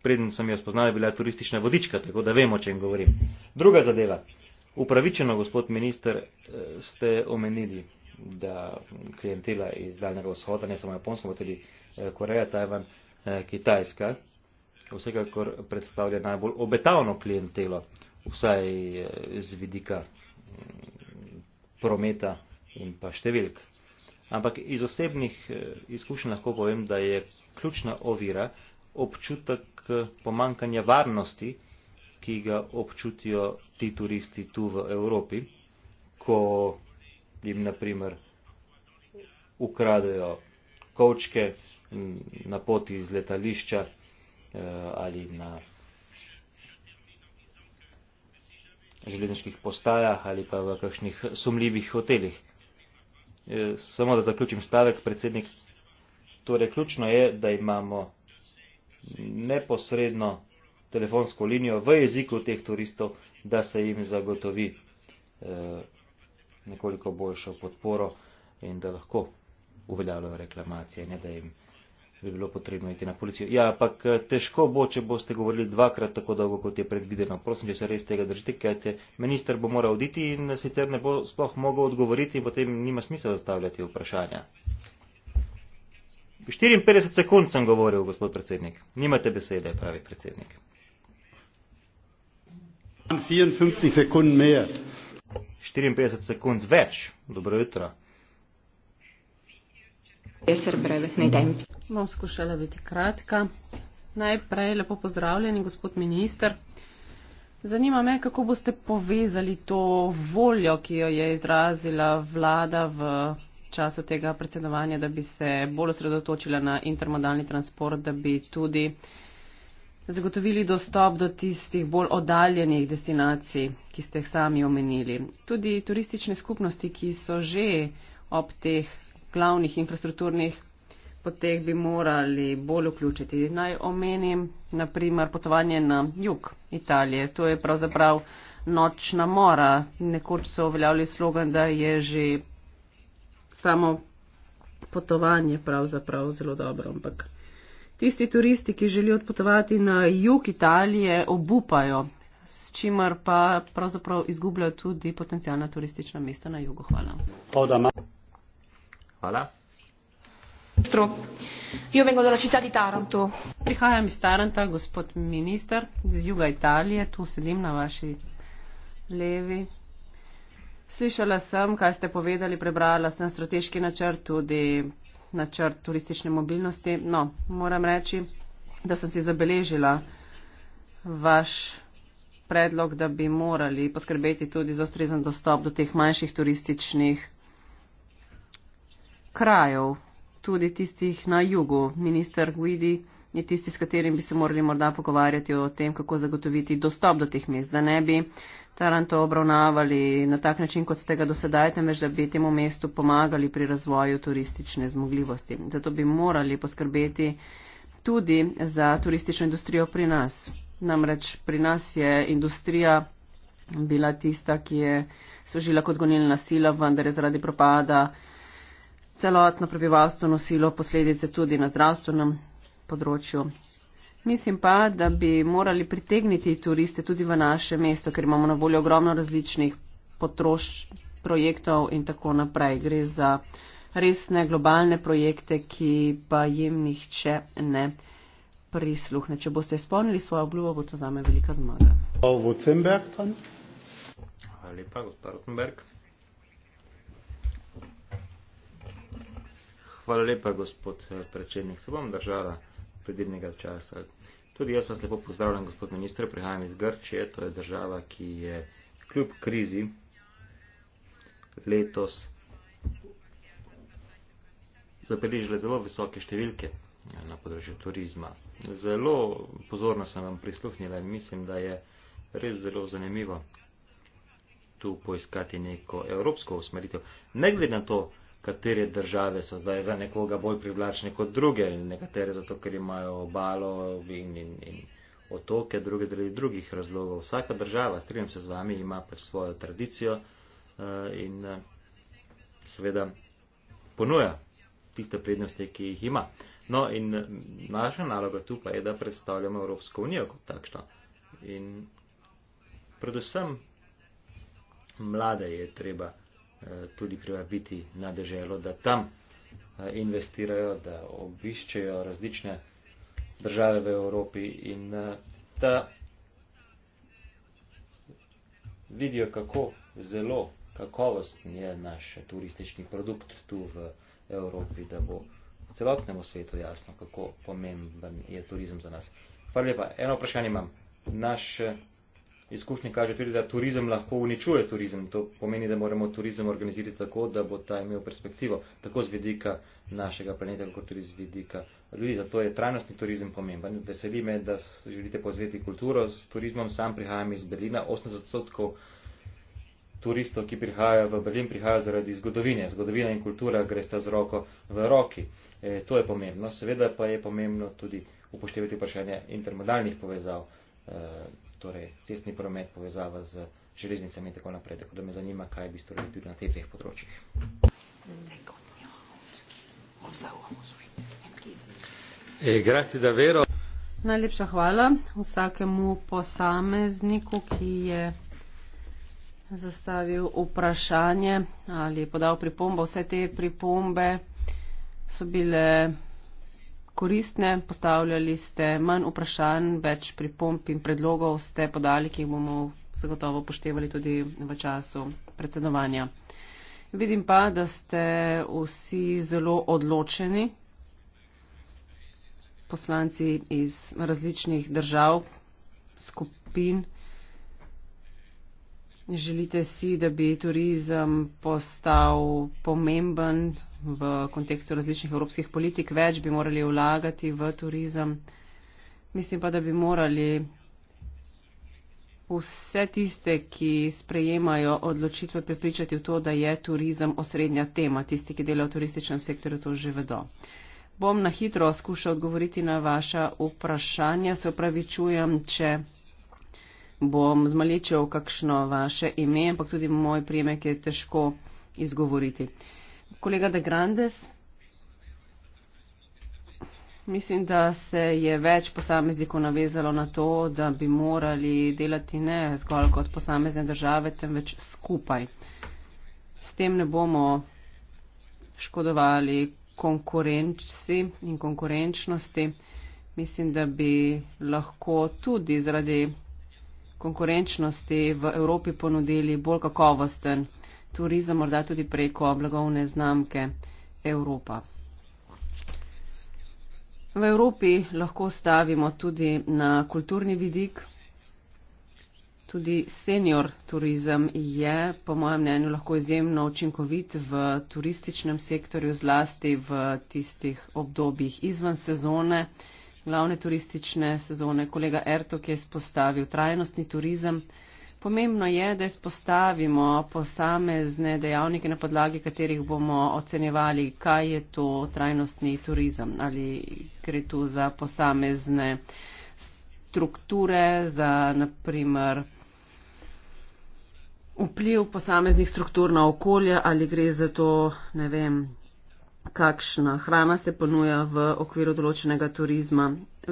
predn sem jo spoznala, bila turistična vodička, tako da vemo, o čem govorim. Druga zadeva. Upravičeno, gospod minister, ste omenili, da klientela iz Daljnega vzhoda, ne samo Japonska, tudi Koreja, Tajvan, Kitajska, vsekakor predstavlja najbolj obetavno klientelo, vsaj z vidika prometa in pa številk. Ampak iz osebnih eh, izkušenj lahko povem, da je ključna ovira občutek eh, pomankanja varnosti, ki ga občutijo ti turisti tu v Evropi, ko jim naprimer ukradejo kočke na poti iz letališča eh, ali na železniških postajah ali pa v kakšnih sumljivih hotelih. E, samo da zaključim stavek, predsednik. Torej, ključno je, da imamo neposredno telefonsko linijo v jeziku teh turistov, da se jim zagotovi e, nekoliko boljšo podporo in da lahko uveljavljajo reklamacije, ne da jim bi bilo potrebno iti na policijo. Ja, ampak eh, težko bo, če boste govorili dvakrat tako dolgo, kot je predvideno. Prosim, če se res tega držite, kajte minister bo moral oditi in eh, sicer ne bo sploh mogel odgovoriti in potem nima smisla zastavljati vprašanja. 54 sekund sem govoril, gospod predsednik. Nimate besede, pravi predsednik. 54 sekund več. Dobro jutro. Bom skušala biti kratka. Najprej lepo pozdravljeni, gospod minister. Zanima me, kako boste povezali to voljo, ki jo je izrazila vlada v času tega predsedovanja, da bi se bolj osredotočila na intermodalni transport, da bi tudi zagotovili dostop do tistih bolj oddaljenih destinacij, ki ste jih sami omenili. Tudi turistične skupnosti, ki so že ob teh glavnih infrastrukturnih poteh bi morali bolj vključiti. Naj omenim, naprimer, potovanje na jug Italije. To je pravzaprav nočna mora. Nekoč so uveljavili slogan, da je že samo potovanje pravzaprav zelo dobro. Ampak tisti turisti, ki želijo odpotovati na jug Italije, obupajo, s čimer pa pravzaprav izgubljajo tudi potencijalna turistična mesta na jugu. Hvala. Podama. Hvala. Ministro, jo vengo do la città di Taranto. Prihajam iz Taranta, gospod minister, iz juga Italije, tu sedim na vaši levi. Slišala sem, kaj ste povedali, prebrala sem strateški načrt, tudi načrt turistične mobilnosti. No, moram reči, da sem si zabeležila vaš predlog, da bi morali poskrbeti tudi za ustrezen dostop do teh manjših turističnih krajev, tudi tistih na jugu. Minister Guidi je tisti, s katerim bi se morali morda pogovarjati o tem, kako zagotoviti dostop do teh mest, da ne bi Taranto obravnavali na tak način, kot ste ga dosedaj, temveč da bi temu mestu pomagali pri razvoju turistične zmogljivosti. Zato bi morali poskrbeti tudi za turistično industrijo pri nas. Namreč pri nas je industrija bila tista, ki je služila kot gonilna sila, vendar je zaradi propada celotno prebivalstvo nosilo posledice tudi na zdravstvenem področju. Mislim pa, da bi morali pritegniti turiste tudi v naše mesto, ker imamo na voljo ogromno različnih potroš projektov in tako naprej. Gre za resne globalne projekte, ki pa jim nihče ne prisluhne. Če boste izpolnili svojo obljubo, bo to zame velika zmaga. Hvala lepa, gospod Rotenberg. Hvala lepa, gospod eh, predsednik. Se bom držala predvidnega časa. Tudi jaz vas lepo pozdravljam, gospod ministr. Prihajam iz Grčije. To je država, ki je kljub krizi letos zabeležila zelo visoke številke eh, na področju turizma. Zelo pozorno sem vam prisluhnila in mislim, da je res zelo zanimivo tu poiskati neko evropsko usmeritev. Ne glede na to, katere države so zdaj za nekoga bolj privlačne kot druge, nekatere zato, ker imajo obalo in, in, in otoke, druge zaradi drugih razlogov. Vsaka država, strengam se z vami, ima pač svojo tradicijo uh, in uh, seveda ponuja tiste prednosti, ki jih ima. No in mm, naša naloga tu pa je, da predstavljamo Evropsko unijo kot takšno. In predvsem mlade je treba tudi privabiti na deželo, da tam investirajo, da obiščejo različne države v Evropi in da vidijo, kako zelo kakovosten je naš turistični produkt tu v Evropi, da bo celotnemu svetu jasno, kako pomemben je turizem za nas. Hvala lepa. Eno vprašanje imam. Naš izkušnje kaže tudi, da turizem lahko uničuje turizem. To pomeni, da moramo turizem organizirati tako, da bo ta imel perspektivo tako z vidika našega planeta, kot tudi z vidika ljudi. Zato je trajnostni turizem pomemben. Veseli me, da želite povzeti kulturo s turizmom. Sam prihajam iz Berlina. 80 odstotkov turistov, ki prihajajo v Berlin, prihajajo zaradi zgodovine. Zgodovina in kultura gre sta z roko v roki. E, to je pomembno. Seveda pa je pomembno tudi upoštevati vprašanje intermodalnih povezav. E, torej cestni promet, povezava z železnicami in tako naprej. Tako da me zanima, kaj bi storili tudi na teh dveh področjih. E, grazie davvero. Najlepša hvala vsakemu posamezniku, ki je zastavil vprašanje ali je podal pripombo. Vse te pripombe so bile koristne, postavljali ste manj vprašanj, več pripomp in predlogov ste podali, ki jih bomo zagotovo poštevali tudi v času predsedovanja. Vidim pa, da ste vsi zelo odločeni, poslanci iz različnih držav, skupin. Želite si, da bi turizem postal pomemben v kontekstu različnih evropskih politik, več bi morali vlagati v turizem. Mislim pa, da bi morali vse tiste, ki sprejemajo odločitve, prepričati v to, da je turizem osrednja tema. Tisti, ki delajo v turističnem sektorju, to že vedo. Bom na hitro skušal odgovoriti na vaša vprašanja. Se opravičujem, če bom zmaličil kakšno vaše ime, ampak tudi moj prijemek je težko izgovoriti. Uh, Kolega De Grandes. Mislim, da se je več posameznikov navezalo na to, da bi morali delati ne zgolj kot posamezne države, temveč skupaj. S tem ne bomo škodovali konkurenci in konkurenčnosti. Mislim, da bi lahko tudi zaradi konkurenčnosti v Evropi ponudili bolj kakovosten turizem, morda tudi preko blagovne znamke Evropa. V Evropi lahko stavimo tudi na kulturni vidik. Tudi senior turizem je, po mojem mnenju, lahko izjemno učinkovit v turističnem sektorju, zlasti v tistih obdobjih izven sezone, glavne turistične sezone. Kolega Ertok je spostavil trajnostni turizem. Pomembno je, da izpostavimo posamezne dejavnike, na podlagi katerih bomo ocenjevali, kaj je to trajnostni turizem, ali gre tu za posamezne strukture, za naprimer vpliv posameznih struktur na okolje, ali gre za to, ne vem, kakšna hrana se ponuja v okviru določenega turizma.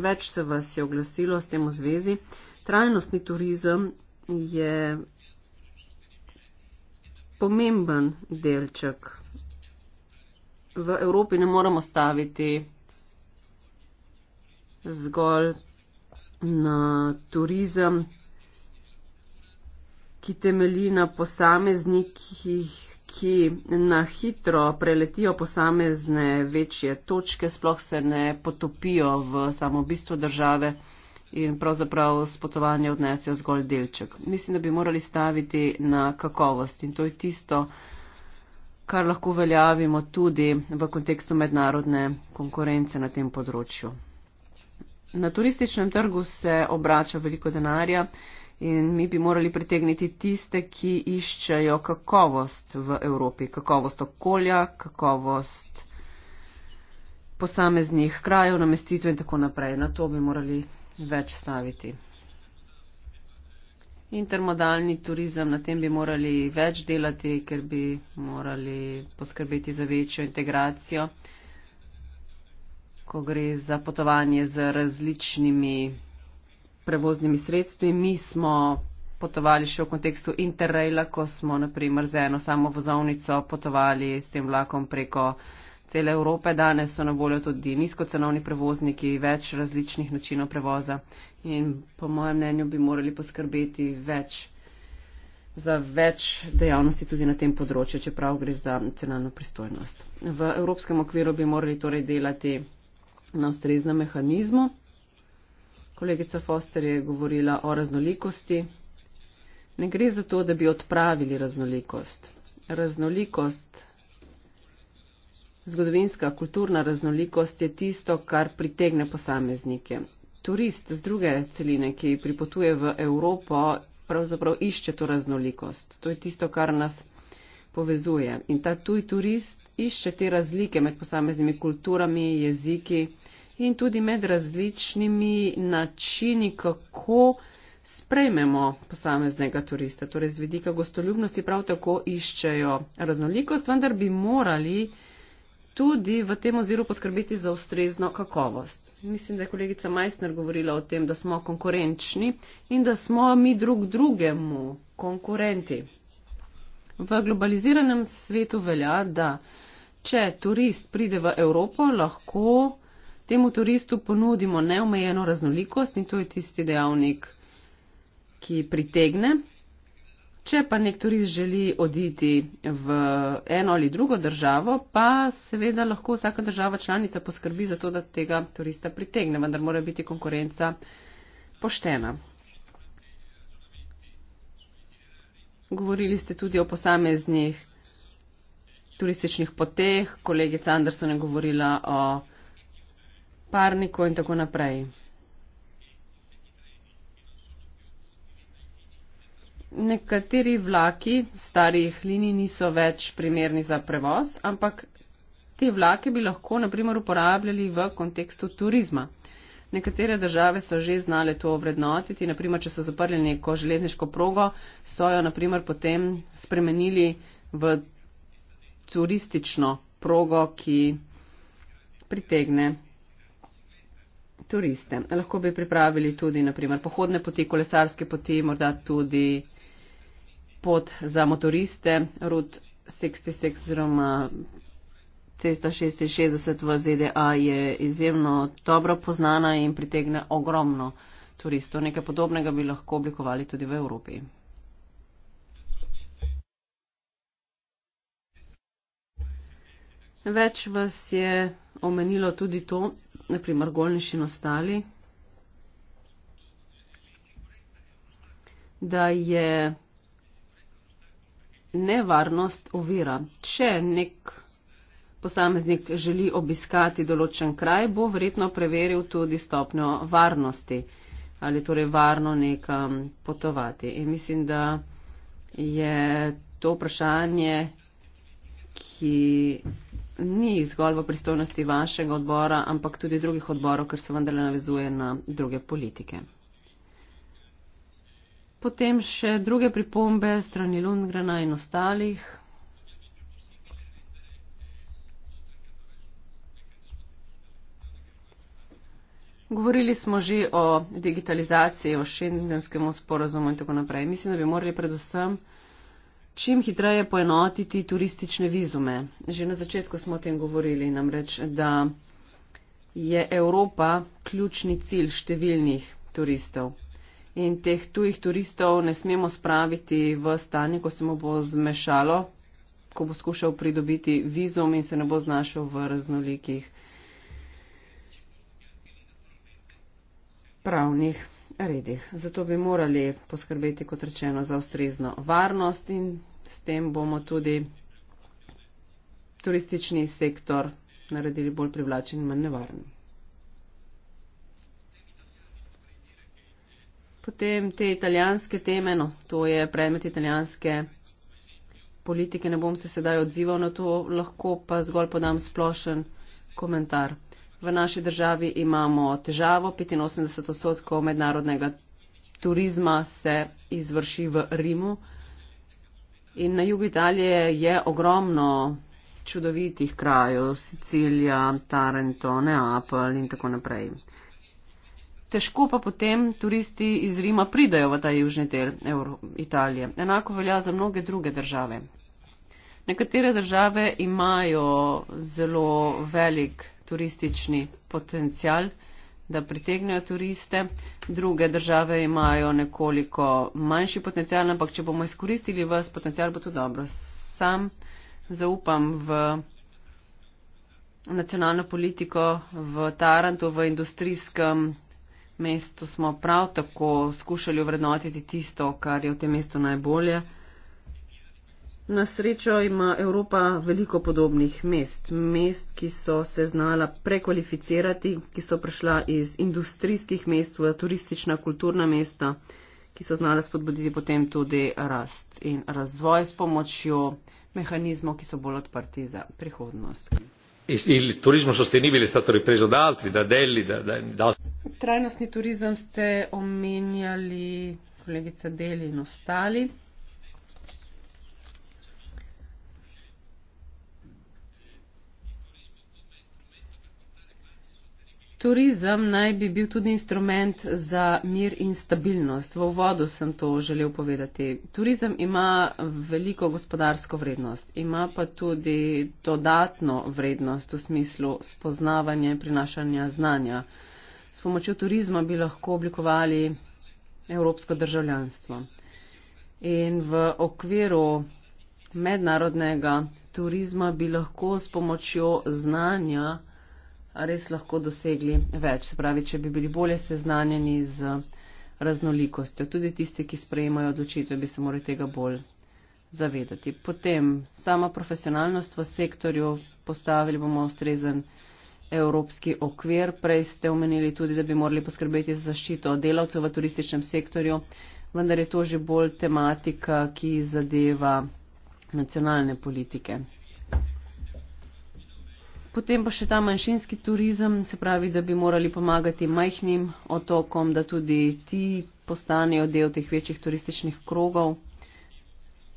Več se vas je oglasilo s tem v zvezi. Trajnostni turizem je pomemben delček. V Evropi ne moremo staviti zgolj na turizem, ki temelji na posameznikih, ki na hitro preletijo posamezne večje točke, sploh se ne potopijo v samo bistvo države in pravzaprav s potovanja odnesejo zgolj delček. Mislim, da bi morali staviti na kakovost in to je tisto, kar lahko veljavimo tudi v kontekstu mednarodne konkurence na tem področju. Na turističnem trgu se obrača veliko denarja in mi bi morali pritegniti tiste, ki iščejo kakovost v Evropi, kakovost okolja, kakovost posameznih krajev, namestitve in tako naprej. Na to bi morali več staviti. Intermodalni turizem, na tem bi morali več delati, ker bi morali poskrbeti za večjo integracijo, ko gre za potovanje z različnimi prevoznimi sredstvi. Mi smo potovali še v kontekstu Interraila, ko smo naprimer z eno samo vozovnico potovali s tem vlakom preko cele Evrope. Danes so na voljo tudi nizkocenovni prevozniki, več različnih načinov prevoza in po mojem mnenju bi morali poskrbeti več za več dejavnosti tudi na tem področju, čeprav gre za cenano pristojnost. V evropskem okviru bi morali torej delati na ustreznem mehanizmu. Kolegica Foster je govorila o raznolikosti. Ne gre za to, da bi odpravili raznolikost. Raznolikost Zgodovinska kulturna raznolikost je tisto, kar pritegne posameznike. Turist z druge celine, ki pripotuje v Evropo, pravzaprav išče to raznolikost. To je tisto, kar nas povezuje. In ta tuj turist išče te razlike med posameznimi kulturami, jeziki in tudi med različnimi načini, kako sprejmemo posameznega turista. Torej, z vidika gostoljubnosti prav tako iščejo raznolikost, vendar bi morali tudi v tem oziru poskrbeti za ustrezno kakovost. Mislim, da je kolegica Majsner govorila o tem, da smo konkurenčni in da smo mi drug drugemu konkurenti. V globaliziranem svetu velja, da če turist pride v Evropo, lahko temu turistu ponudimo neomejeno raznolikost in to je tisti dejavnik, ki pritegne Če pa nek turist želi oditi v eno ali drugo državo, pa seveda lahko vsaka država članica poskrbi za to, da tega turista pritegne, vendar mora biti konkurenca poštena. Govorili ste tudi o posameznih turističnih poteh, kolegica Anderson je govorila o parniku in tako naprej. nekateri vlaki starih linij niso več primerni za prevoz, ampak te vlake bi lahko naprimer uporabljali v kontekstu turizma. Nekatere države so že znale to vrednotiti, naprimer, če so zaprli neko železniško progo, so jo naprimer potem spremenili v turistično progo, ki pritegne turiste. Lahko bi pripravili tudi naprimer pohodne poti, kolesarske poti, morda tudi pot za motoriste, rut 66 oziroma cesta 66 v ZDA je izjemno dobro poznana in pritegne ogromno turistov. Nekaj podobnega bi lahko oblikovali tudi v Evropi. Več vas je omenilo tudi to, naprimer Golniši in ostali, da je nevarnost ovira. Če nek posameznik želi obiskati določen kraj, bo verjetno preveril tudi stopnjo varnosti, ali torej varno nekam potovati. In mislim, da je to vprašanje, ki ni zgolj v pristojnosti vašega odbora, ampak tudi drugih odborov, ker se vendarle navezuje na druge politike potem še druge pripombe strani Lundgrena in ostalih. Govorili smo že o digitalizaciji, o šengenskem sporazumu in tako naprej. Mislim, da bi morali predvsem čim hitreje poenotiti turistične vizume. Že na začetku smo o tem govorili, namreč, da je Evropa ključni cilj številnih turistov in teh tujih turistov ne smemo spraviti v stanje, ko se mu bo zmešalo, ko bo skušal pridobiti vizum in se ne bo znašel v raznolikih pravnih redih. Zato bi morali poskrbeti, kot rečeno, za ustrezno varnost in s tem bomo tudi turistični sektor naredili bolj privlačen in manj nevaren. Potem te italijanske teme, no, to je predmet italijanske politike, ne bom se sedaj odzival na to, lahko pa zgolj podam splošen komentar. V naši državi imamo težavo, 85 odstotkov mednarodnega turizma se izvrši v Rimu in na jugu Italije je ogromno čudovitih krajev, Sicilija, Tarento, Neapel in tako naprej težko pa potem turisti iz Rima pridajo v ta južni del Evro Italije. Enako velja za mnoge druge države. Nekatere države imajo zelo velik turistični potencial, da pritegnejo turiste, druge države imajo nekoliko manjši potencial, ampak če bomo izkoristili vas, potencial bo to dobro. Sam zaupam v nacionalno politiko, v Tarantu, v industrijskem mestu smo prav tako skušali vrednotiti tisto, kar je v tem mestu najbolje. Na srečo ima Evropa veliko podobnih mest, mest, ki so se znala prekvalificirati, ki so prišla iz industrijskih mest v turistična kulturna mesta, ki so znala spodbuditi potem tudi rast in razvoj s pomočjo mehanizmov, ki so bolj odprti za prihodnost il turismo sostenibile è stato ripreso da altri, da Delli, da, da, da altri. Trajnostni turizem ste omenjali, kolegica Deli in ostali. Turizem naj bi bil tudi instrument za mir in stabilnost. V uvodu sem to želel povedati. Turizem ima veliko gospodarsko vrednost, ima pa tudi dodatno vrednost v smislu spoznavanja in prinašanja znanja. S pomočjo turizma bi lahko oblikovali evropsko državljanstvo. In v okviru mednarodnega turizma bi lahko s pomočjo znanja res lahko dosegli več. Se pravi, če bi bili bolje seznanjeni z raznolikostjo. Tudi tisti, ki sprejemajo odločitve, bi se morali tega bolj zavedati. Potem sama profesionalnost v sektorju, postavili bomo ustrezen evropski okvir. Prej ste omenili tudi, da bi morali poskrbeti za zaščito delavcev v turističnem sektorju, vendar je to že bolj tematika, ki zadeva nacionalne politike. Potem pa še ta manjšinski turizem, se pravi, da bi morali pomagati majhnim otokom, da tudi ti postanejo del teh večjih turističnih krogov.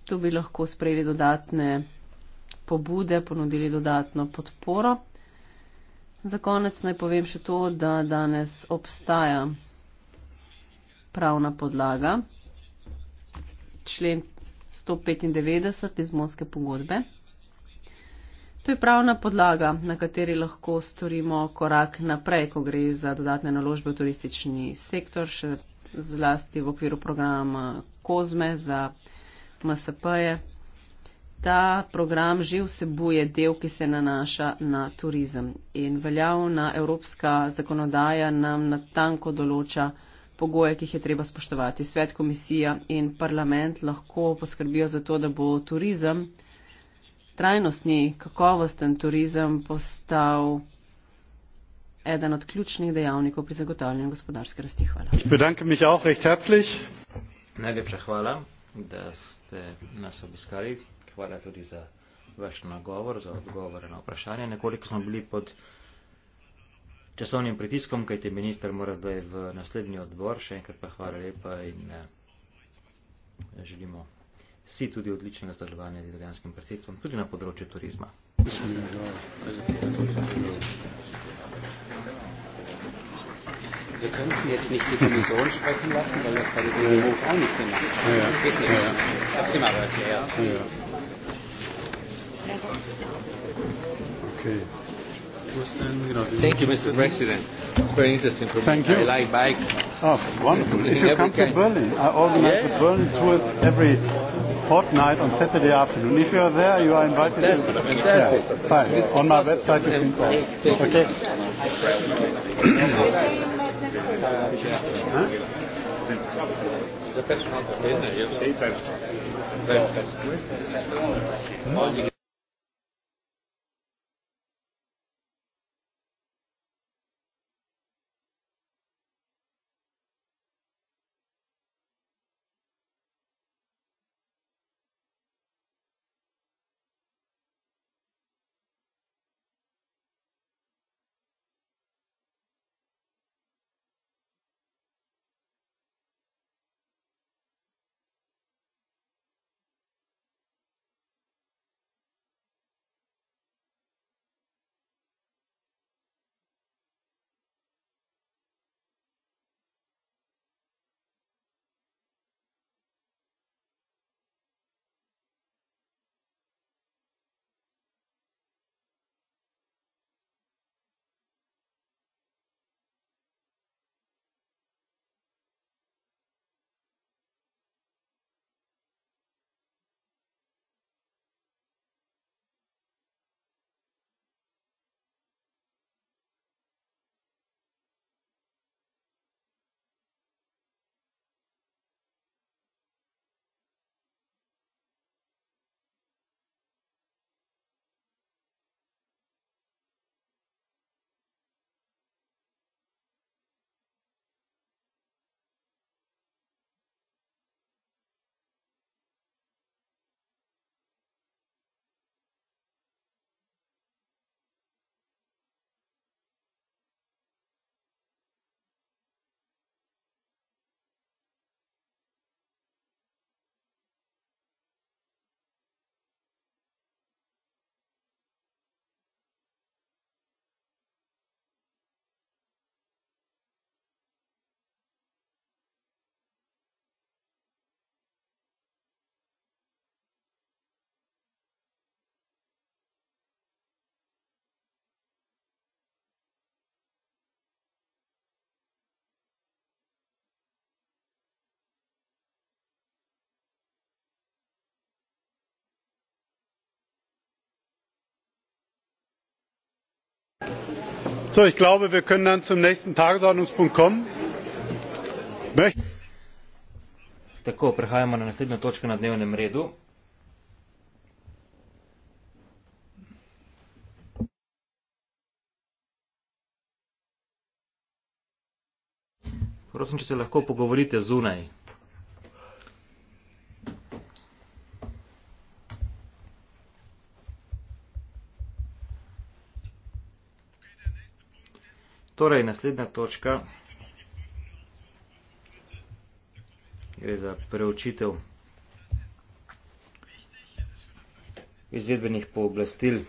Tu bi lahko sprejeli dodatne pobude, ponudili dodatno podporo. Za konec naj povem še to, da danes obstaja pravna podlaga člen 195 iz Moske pogodbe. To je pravna podlaga, na kateri lahko storimo korak naprej, ko gre za dodatne naložbe v turistični sektor, še zlasti v okviru programa COSME za MSP-je. Ta program že vsebuje del, ki se nanaša na turizem in veljavna evropska zakonodaja nam natanko določa pogoje, ki jih je treba spoštovati. Svet, komisija in parlament lahko poskrbijo za to, da bo turizem trajnostni, kakovosten turizem postal eden od ključnih dejavnikov pri zagotavljanju gospodarske rasti. Hvala. Najlepša hvala, da ste nas obiskali. Hvala tudi za vaš nagovor, za odgovore na vprašanje. Nekoliko smo bili pod časovnim pritiskom, kajte minister mora zdaj v naslednji odbor. Še enkrat pa hvala lepa in eh, želimo si tudi odličnega zdržovanja z italijanskim predsedstvom, tudi na področju turizma. Wir können Sie jetzt nicht die Kommission sprechen lassen, weil das bei der DW Hof auch nicht gemacht ist. Ja, ja. Das geht nicht. Ja, ja. Ich habe Sie mal erklärt. Ja, ja. Okay. Thank you, Mr. President. It's very interesting for me. Thank you. I like bike. Oh, wonderful. If you come to Berlin, I organize yeah. a Berlin tour every Fortnite on Saturday afternoon. If you are there, you are invited. Fantastic. To... Fantastic. Yeah. Ja, fine. On my website, you can call. Okay. Huh? So, ich glaube, wir können dann zum nächsten Tagesordnungspunkt kommen. Möcht Tako, prehajamo na naslednjo točko na dnevnem redu. Prosim, če se lahko pogovorite zunaj. Torej, naslednja točka gre za preučitev izvedbenih pooblastil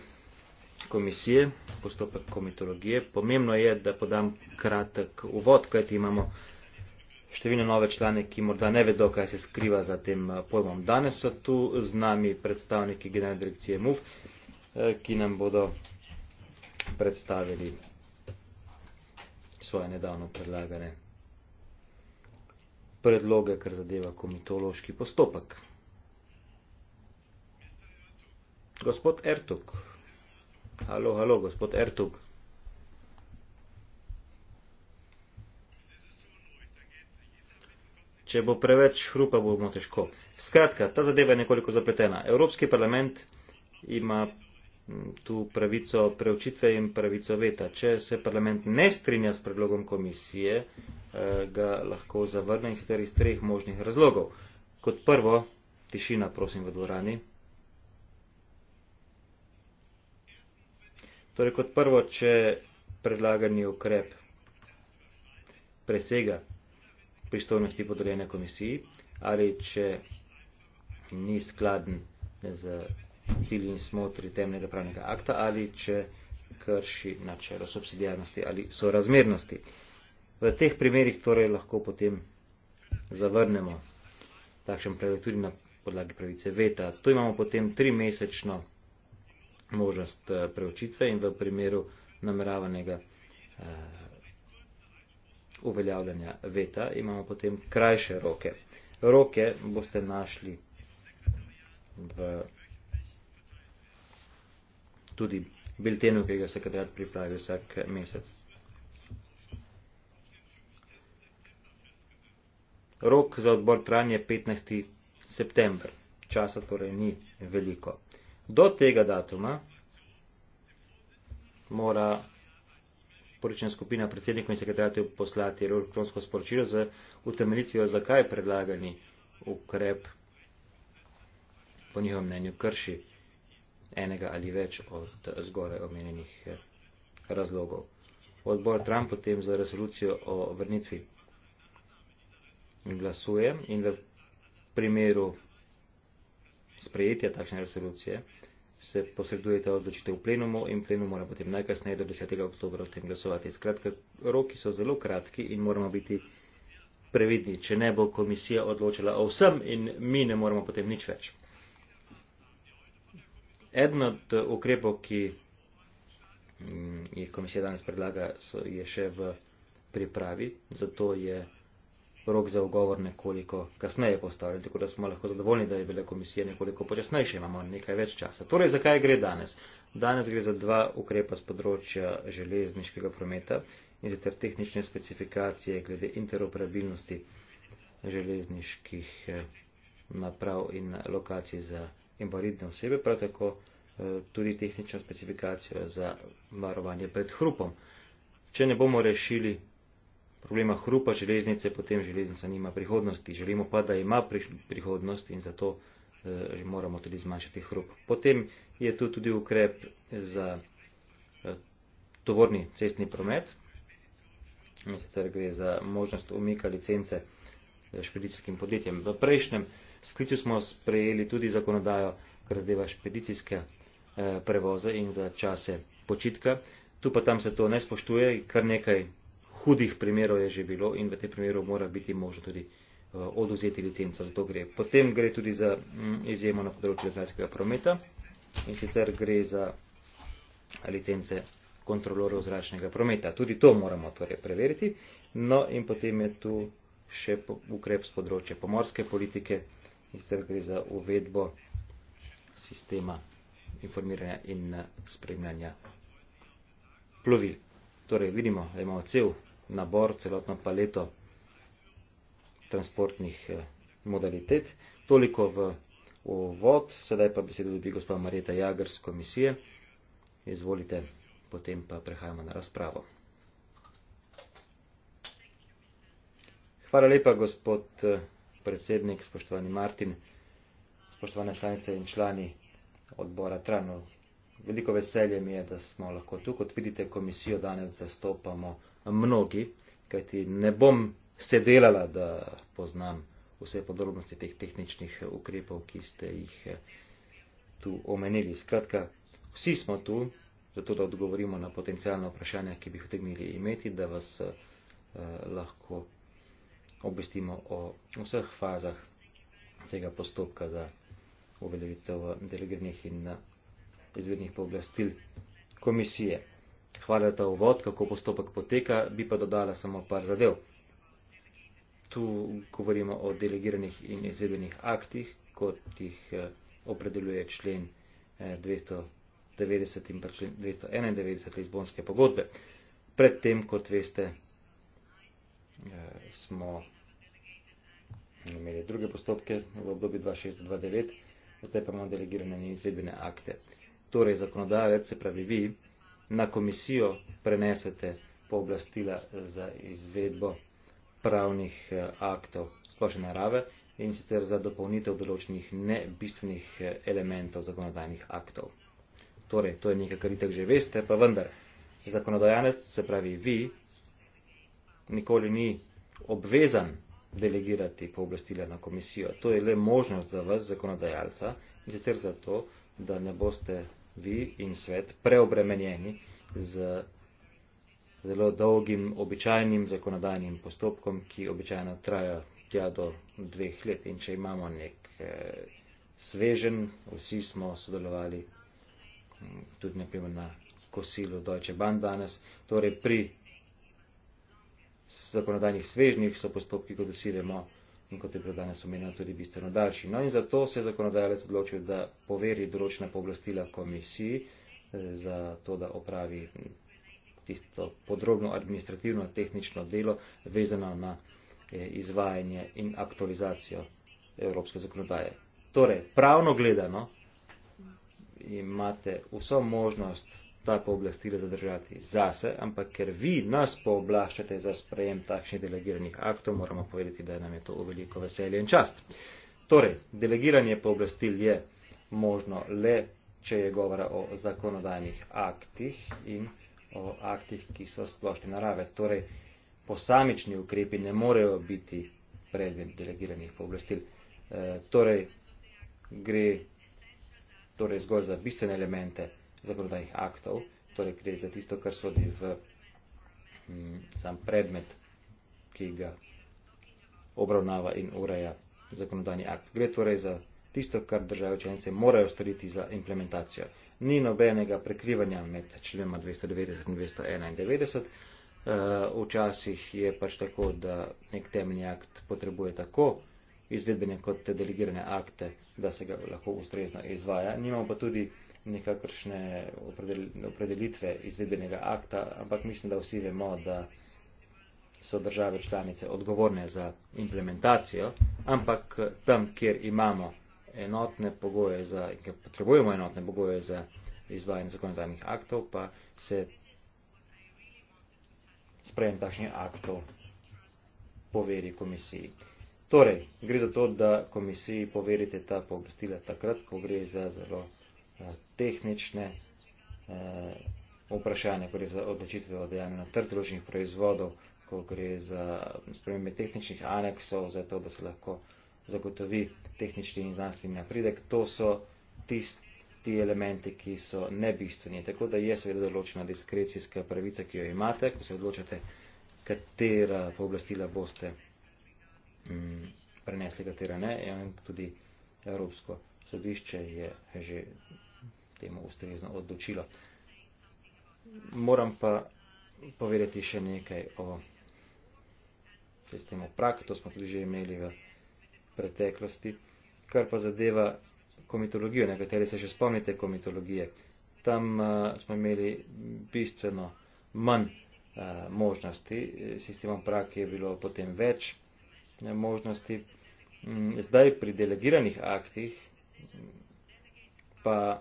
komisije, postopek komitologije. Pomembno je, da podam kratek uvod, kajti imamo številne nove člane, ki morda ne vedo, kaj se skriva za tem eh, pojmom. Danes so tu z nami predstavniki generalne direkcije MUF, eh, ki nam bodo predstavili svoje nedavno predlagane predloge, kar zadeva komitološki postopek. Gospod Ertug. Halo, halo, gospod Ertug. Če bo preveč hrupa, bo bomo težko. Skratka, ta zadeva je nekoliko zapletena. Evropski parlament ima tu pravico preučitve in pravico veta. Če se parlament ne strinja s predlogom komisije, eh, ga lahko zavrne in sicer iz treh možnih razlogov. Kot prvo, tišina, prosim, v dvorani. Torej, kot prvo, če predlagani ukrep presega pristojnosti podeljene komisiji ali če ni skladen z cilj in smotri temnega pravnega akta ali če krši načelo subsidijarnosti ali sorazmernosti. V teh primerih torej lahko potem zavrnemo takšen predlog tudi na podlagi pravice veta. Tu imamo potem tri mesečno možnost eh, preučitve in v primeru nameravanega uh, eh, uveljavljanja veta imamo potem krajše roke. Roke boste našli v tudi biltenu, ki ga se kadrat pripravi vsak mesec. Rok za odbor trajanja je 15. september. Časa torej ni veliko. Do tega datuma mora poročena skupina predsednikov in sekretarjev poslati elektronsko sporočilo z utemeljitvijo, zakaj predlagani ukrep po njihovem mnenju krši enega ali več od zgoraj omenjenih eh, razlogov. Odbor Trump potem za resolucijo o vrnitvi glasuje in v primeru sprejetja takšne resolucije se posreduje ta odločitev v plenumu in plenum mora potem najkasneje do 10. oktobra o tem glasovati. Skratka, roki so zelo kratki in moramo biti previdni, če ne bo komisija odločila o vsem in mi ne moremo potem nič več eden od eh, ukrepov, ki mm, jih komisija danes predlaga, so, je še v pripravi, zato je rok za ogovor nekoliko kasneje postavljen, tako da smo lahko zadovoljni, da je bila komisija nekoliko počasnejša, imamo nekaj več časa. Torej, zakaj gre danes? Danes gre za dva ukrepa z področja železniškega prometa in sicer tehnične specifikacije glede interoperabilnosti železniških eh, naprav in lokacij za železnice invalidne osebe, prav tako eh, tudi tehnično specifikacijo za varovanje pred hrupom. Če ne bomo rešili problema hrupa železnice, potem železnica nima prihodnosti. Želimo pa, da ima prihodnost in zato eh, moramo tudi zmanjšati hrup. Potem je tu tudi ukrep za eh, tovorni cestni promet. Sicer gre za možnost umika licence špedicijskim podjetjem. V prejšnjem skritju smo sprejeli tudi zakonodajo, kar zadeva špedicijske eh, prevoze in za čase počitka. Tu pa tam se to ne spoštuje, kar nekaj hudih primerov je že bilo in v tem primeru mora biti možno tudi eh, oduzeti licenco. Zato gre. Potem gre tudi za mm, izjemo na področju letalskega prometa in sicer gre za licence kontrolorov zračnega prometa. Tudi to moramo torej preveriti. No in potem je tu še ukrep z področja pomorske politike, in sicer gre za uvedbo sistema informiranja in eh, spremljanja plovil. Torej, vidimo, da imamo cel nabor, celotno paleto transportnih eh, modalitet. Toliko v uvod, sedaj pa besedo dobi gospod Marjeta Jagr z komisije. Izvolite, potem pa prehajamo na razpravo. Hvala lepa, gospod eh, predsednik, spoštovani Martin, spoštovane članice in člani odbora Trano. Veliko veselje mi je, da smo lahko tu. Kot vidite, komisijo danes zastopamo mnogi, kajti ne bom se delala, da poznam vse podrobnosti teh tehničnih ukrepov, ki ste jih eh, tu omenili. Skratka, vsi smo tu, zato da odgovorimo na potencijalno vprašanje, ki bi jih tegnili imeti, da vas eh, lahko obvestimo o vseh fazah tega postopka za uveljavitev delegirnih in izvirnih pooblastil komisije. Hvala za ta uvod, kako postopek poteka, bi pa dodala samo par zadev. Tu govorimo o delegiranih in izvedbenih aktih, kot jih eh, opredeljuje člen 290 eh, in pa člen 291 Lizbonske pogodbe. Predtem, kot veste, Eh, smo imeli druge postopke v obdobju 2006-2009, zdaj pa imamo delegirane in izvedbene akte. Torej, zakonodajalec, se pravi vi, na komisijo prenesete pooblastila za izvedbo pravnih eh, aktov splošne narave in sicer za dopolnitev določenih nebistvenih eh, elementov zakonodajnih aktov. Torej, to je nekaj, kar itak že veste, pa vendar, zakonodajalec, se pravi vi, nikoli ni obvezan delegirati pooblastila na komisijo. To je le možnost za vas, zakonodajalca, in sicer zato, da ne boste vi in svet preobremenjeni z zelo dolgim običajnim zakonodajnim postopkom, ki običajno traja tja do dveh let. In če imamo nek eh, svežen, vsi smo sodelovali mm, tudi naprimer na kosilu Deutsche Bahn danes, torej pri zakonodajnih svežnjih so postopki, ko dosidemo in kot je bilo danes omenjeno, tudi bistveno daljši. No in zato se je zakonodajalec odločil, da poveri določena pooblastila komisiji eh, za to, da opravi tisto podrobno administrativno tehnično delo vezano na eh, izvajanje in aktualizacijo evropske zakonodaje. Torej, pravno gledano imate vso možnost ta pooblastila zadržati zase, ampak ker vi nas pooblaščate za sprejem takšnih delegiranih aktov, moramo povedati, da nam je to v veliko veselje in čast. Torej, delegiranje pooblastil je možno le, če je govora o zakonodajnih aktih in o aktih, ki so splošne narave. Torej, posamični ukrepi ne morejo biti predmet delegiranih pooblastil. E, torej, gre torej, zgolj za bistvene elemente zakonodajnih aktov, torej gre za tisto, kar sodi v m, mm, sam predmet, ki ga obravnava in ureja zakonodajni akt. Gre torej za tisto, kar države članice morajo storiti za implementacijo. Ni nobenega prekrivanja med členoma 290 in 291. Eh, včasih je pač tako, da nek temeljni akt potrebuje tako izvedbene kot delegirane akte, da se ga lahko ustrezno izvaja. Nimamo pa tudi nekakršne opredelitve izvedbenega akta, ampak mislim, da vsi vemo, da so države članice odgovorne za implementacijo, ampak tam, kjer imamo enotne pogoje za, kjer potrebujemo enotne pogoje za izvajanje zakonodajnih aktov, pa se sprejem takšnih aktov poveri komisiji. Torej, gre za to, da komisiji poverite ta pooblastila takrat, ko gre za zelo Eh, tehnične eh, vprašanja, ko gre za odločitve o dejanju na trg določenih proizvodov, ko gre za mm, spremembe tehničnih aneksov, za to, da se lahko zagotovi tehnični in znanstveni napredek. To so tisti elementi, ki so nebistveni. Tako da je seveda določena diskrecijska pravica, ki jo imate, ko se odločate, katera pooblastila boste m, mm, prenesli, katera ne. Ja, in tudi Evropsko sodišče je že temu ustrezno odločilo. Moram pa povedati še nekaj o sistemu prak, to smo tudi že imeli v preteklosti, kar pa zadeva komitologijo, nekateri se še spomnite komitologije. Tam uh, smo imeli bistveno manj uh, možnosti, sistemom prak je bilo potem več eh, možnosti. Mm, zdaj pri delegiranih aktih pa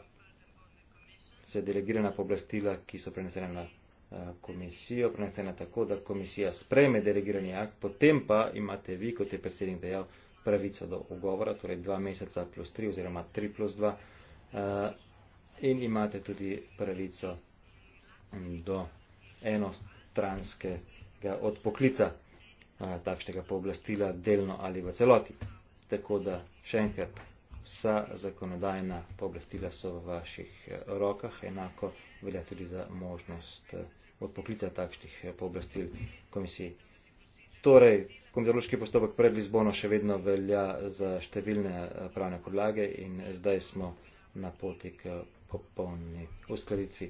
se delegirana pooblastila, ki so prenesena na eh, komisijo, prenesena tako, da komisija spreme delegirani akt, potem pa imate vi, kot je predsednik dejal, pravico do ogovora, torej dva meseca plus tri oziroma tri plus dva eh, in imate tudi pravico mm, do enostranskega odpoklica eh, takšnega pooblastila delno ali v celoti. Tako da še enkrat vsa zakonodajna pooblastila so v vaših eh, rokah, enako velja tudi za možnost eh, odpoklica takšnih eh, pooblastil komisiji. Torej, komitološki postopek pred Lizbono še vedno velja za številne pravne podlage in zdaj smo na poti k popolni uskladitvi.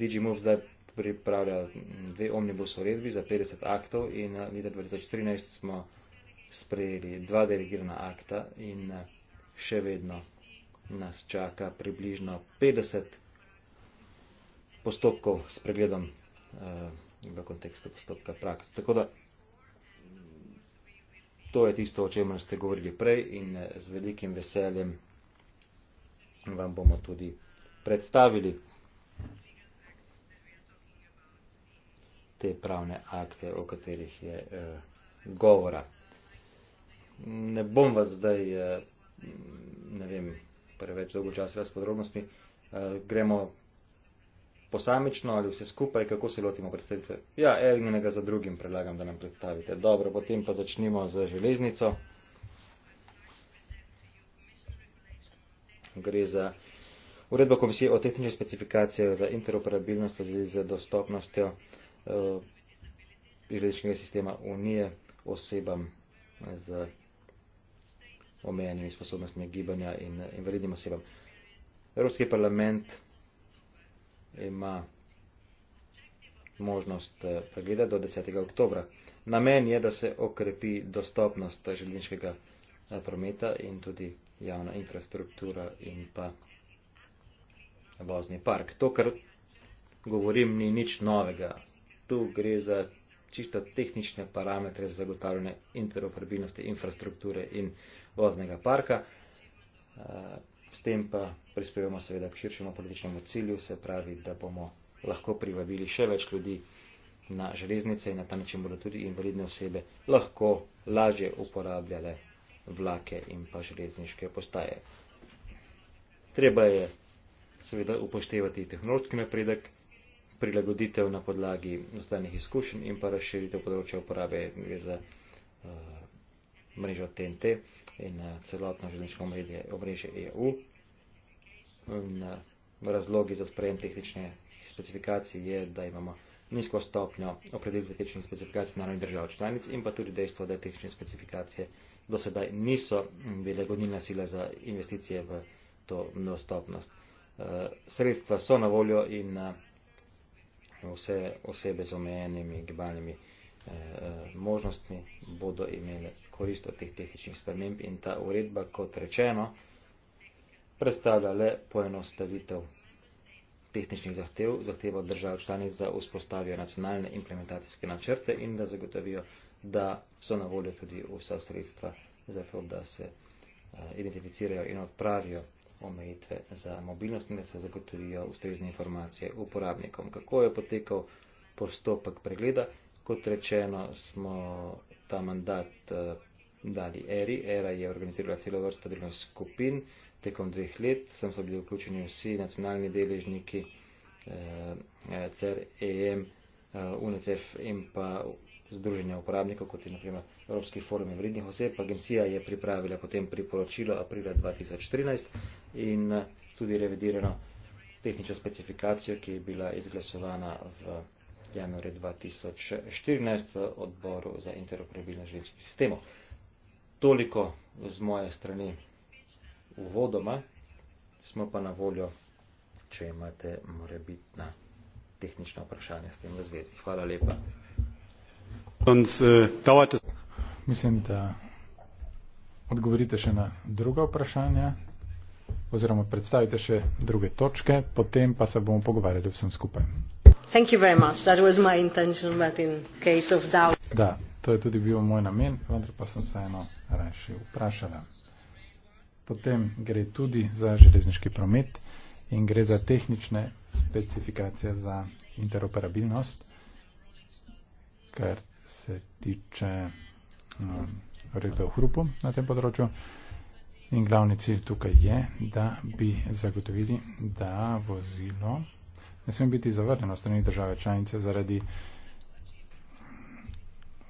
DigiMove zdaj pripravlja mm, dve omnibus uredbi za 50 aktov in leta 2013 smo sprejeli dva delegirana akta in še vedno nas čaka približno 50 postopkov s pregledom uh, v kontekstu postopka prak. Tako da to je tisto, o čemer ste govorili prej in eh, z velikim veseljem vam bomo tudi predstavili te pravne akte, o katerih je uh, govora. Ne bom vas zdaj uh, Mm, ne vem, preveč dolgo časa raz podrobnostmi, uh, eh, gremo posamično ali vse skupaj, kako se lotimo predstavitve. Ja, enega za drugim predlagam, da nam predstavite. Dobro, potem pa začnimo z železnico. Gre za uredbo komisije o tehnični specifikaciji za interoperabilnost v zvezi z dostopnostjo uh, eh, železničnega sistema Unije osebam z omejenimi sposobnostmi gibanja in invalidnim osebam. Evropski parlament ima možnost eh, pregleda do 10. oktobra. Namen je, da se okrepi dostopnost želinskega eh, prometa in tudi javna infrastruktura in pa vozni park. To, kar govorim, ni nič novega. Tu gre za čisto tehnične parametre za zagotavljanje interoperabilnosti infrastrukture in uh, voznega parka. Eh, s tem pa prispevamo seveda k širšemu političnemu cilju, se pravi, da bomo lahko privabili še več ljudi na železnice in na ta način bodo tudi invalidne osebe lahko lažje uporabljale vlake in pa železniške postaje. Treba je seveda upoštevati tehnološki napredek, prilagoditev na podlagi ostalih izkušenj in pa razširitev področja uporabe za uh, mrežo TNT in eh, celotno železniško omrežje EU. E in eh, razlogi za sprejem tehnične specifikacije je, da imamo nizko stopnjo opredelitve tehnične specifikacije naravnih držav članic in pa tudi dejstvo, da tehnične specifikacije do sedaj niso mm, bile gonilna sila za investicije v to dostopnost. Eh, sredstva so na voljo in vse osebe z omejenimi gibalnimi. Eh, možnostmi bodo imele korist od teh tehničnih sprememb in ta uredba, kot rečeno, predstavlja le poenostavitev tehničnih zahtev, zahtev od držav članic, da vzpostavijo nacionalne implementacijske načrte in da zagotovijo, da so na voljo tudi vsa sredstva za to, da se eh, identificirajo in odpravijo omejitve za mobilnost in da se zagotovijo ustrezne informacije uporabnikom, kako je potekal postopek pregleda Kot rečeno, smo ta mandat eh, dali ERI. ERA je organizirala celo vrsto delovnih skupin tekom dveh let. Sem so bili vključeni vsi nacionalni deležniki eh, eh, CER, EM, UNICEF in pa Združenja uporabnikov, kot je naprimer Evropski forum invalidnih oseb. Agencija je pripravila potem priporočilo aprila 2013 in tudi revidirano tehnično specifikacijo, ki je bila izglasovana v januarja 2014 v odboru za interoperabilnost železniških sistemov. Toliko z moje strani uvodoma, smo pa na voljo, če imate morebitna tehnična vprašanja s tem v zvezi. Hvala lepa. Eh, Mislim, da odgovorite še na druga vprašanja oziroma predstavite še druge točke, potem pa se bomo pogovarjali vsem skupaj. Da, to je tudi bil moj namen, vendar pa sem vseeno rajši vprašala. Potem gre tudi za železniški promet in gre za tehnične specifikacije za interoperabilnost, kar se tiče um, uredbe o hrupu na tem področju. In glavni cilj tukaj je, da bi zagotovili, da vozilo ne smemo biti zavrnjeno strani države članice zaradi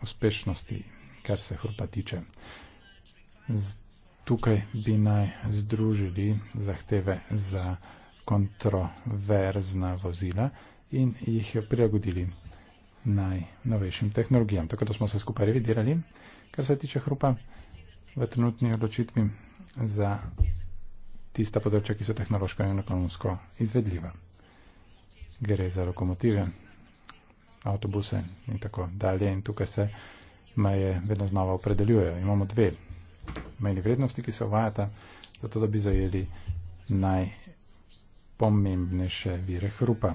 uspešnosti, kar se hrpa tiče. Z, tukaj bi naj združili zahteve za kontroverzna vozila in jih prilagodili najnovejšim tehnologijam. Tako da smo se skupaj revidirali, kar se tiče hrupa v trenutni odločitvi za tista področja, ki so tehnološko in ekonomsko izvedljiva gre za lokomotive, avtobuse in tako dalje. In tukaj se meje vedno znova opredeljujejo. Imamo dve mejni vrednosti, ki se uvajata, zato da bi zajeli najpomembnejše vire hrupa.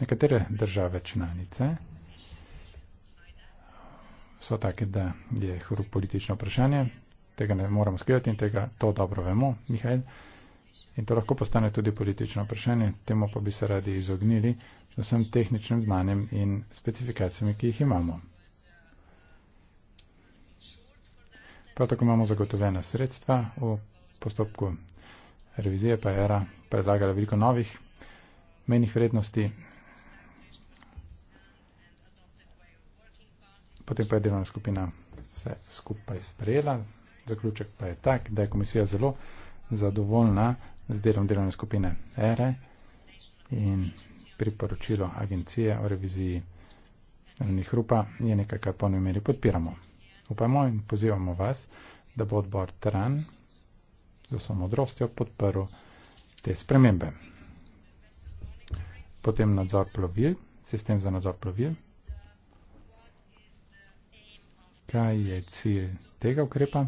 Nekatere države članice so take, da je hrup politično vprašanje, tega ne moramo skrivati in tega to dobro vemo, Mihajl. In to lahko postane tudi politično vprašanje, temu pa bi se radi izognili z vsem tehničnim znanjem in specifikacijami, ki jih imamo. Prav tako imamo zagotovljena sredstva v postopku revizije, pa je era predlagala veliko novih menjih vrednosti. Potem pa je delovna skupina vse skupaj sprejela. Zaključek pa je tak, da je komisija zelo zadovoljna z delom delovne skupine ERE in priporočilo agencije o reviziji Ravnih Rupa je nekaj, kar po njemeri podpiramo. Upamo in pozivamo vas, da bo odbor TRAN z vso modrostjo podprl te spremembe. Potem nadzor plovil, sistem za nadzor plovil. Kaj je cilj tega ukrepa?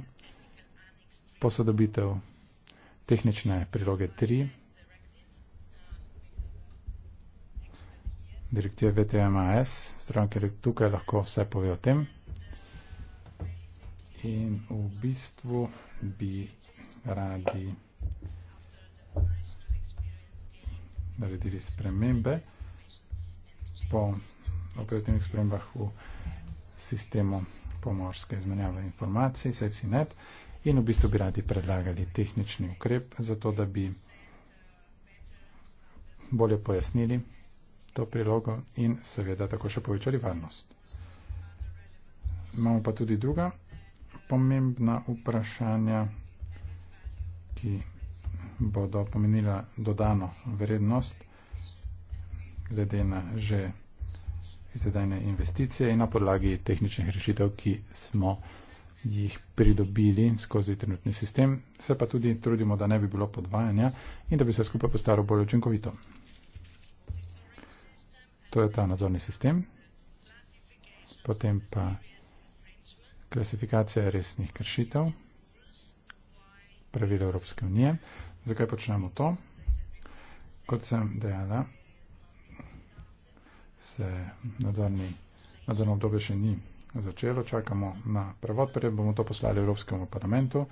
Posodobitev tehnične priloge 3, direktive VTMAS, stran, ker tukaj lahko vse pove o tem. In v bistvu bi radi naredili spremembe po operativnih spremembah v sistemu pomorske izmenjave informacij, SEPSINET in v bistvu bi radi predlagali tehnični ukrep, zato da bi bolje pojasnili to prilogo in seveda tako še povečali varnost. Imamo pa tudi druga pomembna vprašanja, ki bodo pomenila dodano vrednost glede na že izvedene investicije in na podlagi tehničnih rešitev, ki smo vsega jih pridobili skozi trenutni sistem, se pa tudi trudimo, da ne bi bilo podvajanja in da bi se skupaj postalo bolj učinkovito. To je ta nadzorni sistem, potem pa klasifikacija resnih kršitev, pravila Evropske unije. Zakaj počnemo to? Kot sem dejala, se nadzorno obdobje še ni začelo, čakamo na prevod, prej bomo to poslali Evropskemu parlamentu.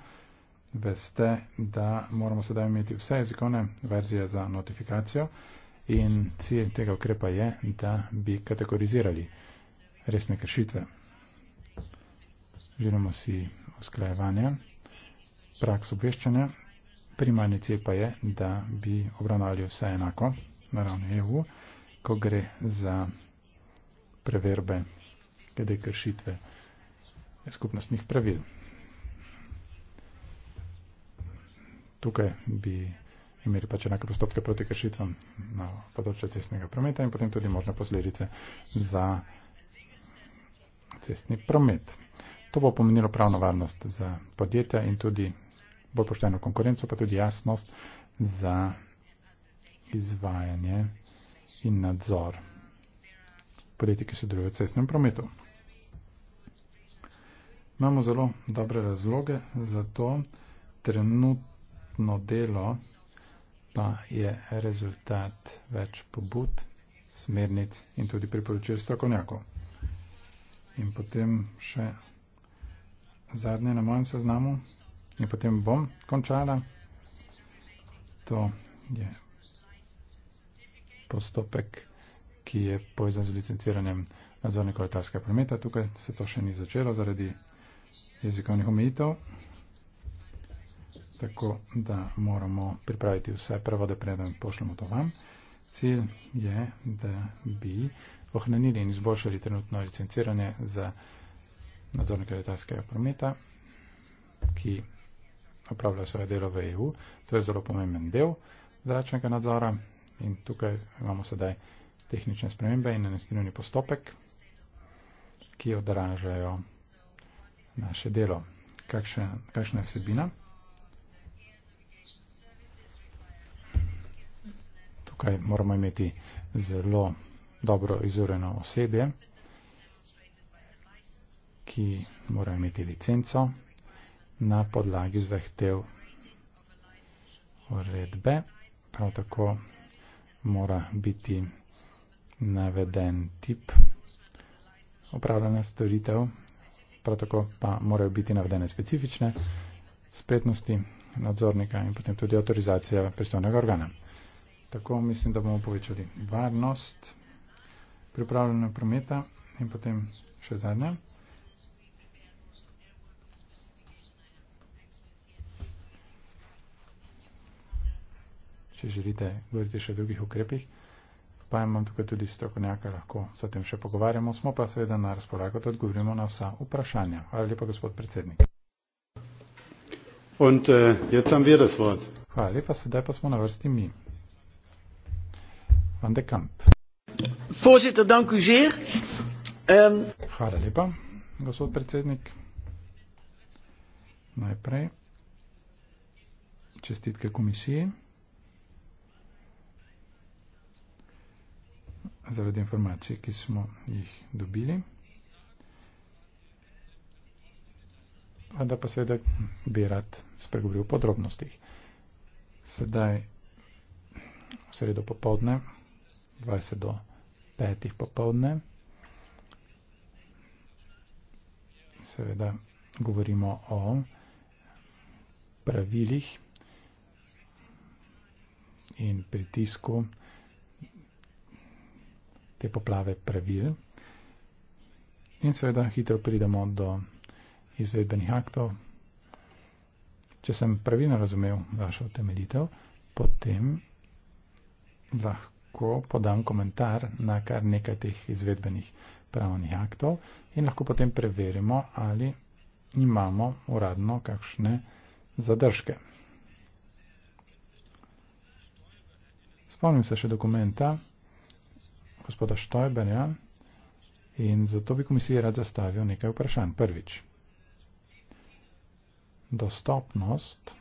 Veste, da moramo sedaj imeti vse jezikovne verzije za notifikacijo in cilj tega ukrepa je, da bi kategorizirali resne kršitve. Želimo si usklajevanje, praks obveščanja, primarni cilj pa je, da bi obravnavali vse enako na ravni EU, ko gre za preverbe glede kršitve skupnostnih pravil. Tukaj bi imeli pač enake postopke proti kršitvam na področju cestnega prometa in potem tudi možne posledice za cestni promet. To bo pomenilo pravno varnost za podjetja in tudi bolj pošteno konkurenco, pa tudi jasnost za izvajanje in nadzor podjetij, ki se delujejo v cestnem prometu. Imamo zelo dobre razloge za to, trenutno delo pa je rezultat več pobud, smernic in tudi priporočil strokovnjakov. In potem še zadnje na mojem seznamu in potem bom končala. To je postopek, ki je povezan z licenciranjem nadzornikov letalskega prometa. Tukaj se to še ni začelo zaradi jezikovnih omejitev, tako da moramo pripraviti vse prevode, preden pošljemo to vam. Cilj je, da bi ohranili in izboljšali trenutno licenciranje za nadzornika letalskega prometa, ki opravlja svoje delo v EU. To je zelo pomemben del zračnega nadzora in tukaj imamo sedaj tehnične spremembe in nenestinjeni postopek, ki odražajo naše delo. Kakšen, kakšna je vsebina? Tukaj moramo imeti zelo dobro izureno osebje, ki mora imeti licenco na podlagi zahtev uredbe. Prav tako mora biti naveden tip upravljanja storitev prav tako pa morajo biti navedene specifične spretnosti nadzornika in potem tudi autorizacija pristojnega organa. Tako mislim, da bomo povečali varnost pripravljena prometa in potem še zadnja. Če želite govoriti še o drugih ukrepih pa imam tukaj tudi strokovnjaka, lahko se o tem še pogovarjamo. Smo pa seveda na razpolago, da odgovorimo na vsa vprašanja. Hvala lepa, gospod predsednik. Und, äh, Hvala lepa, sedaj pa smo na vrsti mi. Van de Kamp. Voorzitter, dank u zeer. Um... Hvala lepa, gospod predsednik. Najprej čestitke komisiji. zaradi informacij, ki smo jih dobili. Vendar pa seveda bi rad spregovoril o podrobnostih. Sedaj, v sredo popovdne, 20 do 5 popovdne, seveda govorimo o pravilih in pritisku te poplave pravil. In seveda hitro pridemo do izvedbenih aktov. Če sem pravilno razumel vašo temeljitev, potem lahko podam komentar na kar nekaj teh izvedbenih pravnih aktov in lahko potem preverimo, ali imamo uradno kakšne zadržke. Spomnim se še dokumenta, gospoda Štojberja in zato bi komisiji rad zastavil nekaj vprašanj. Prvič, dostopnost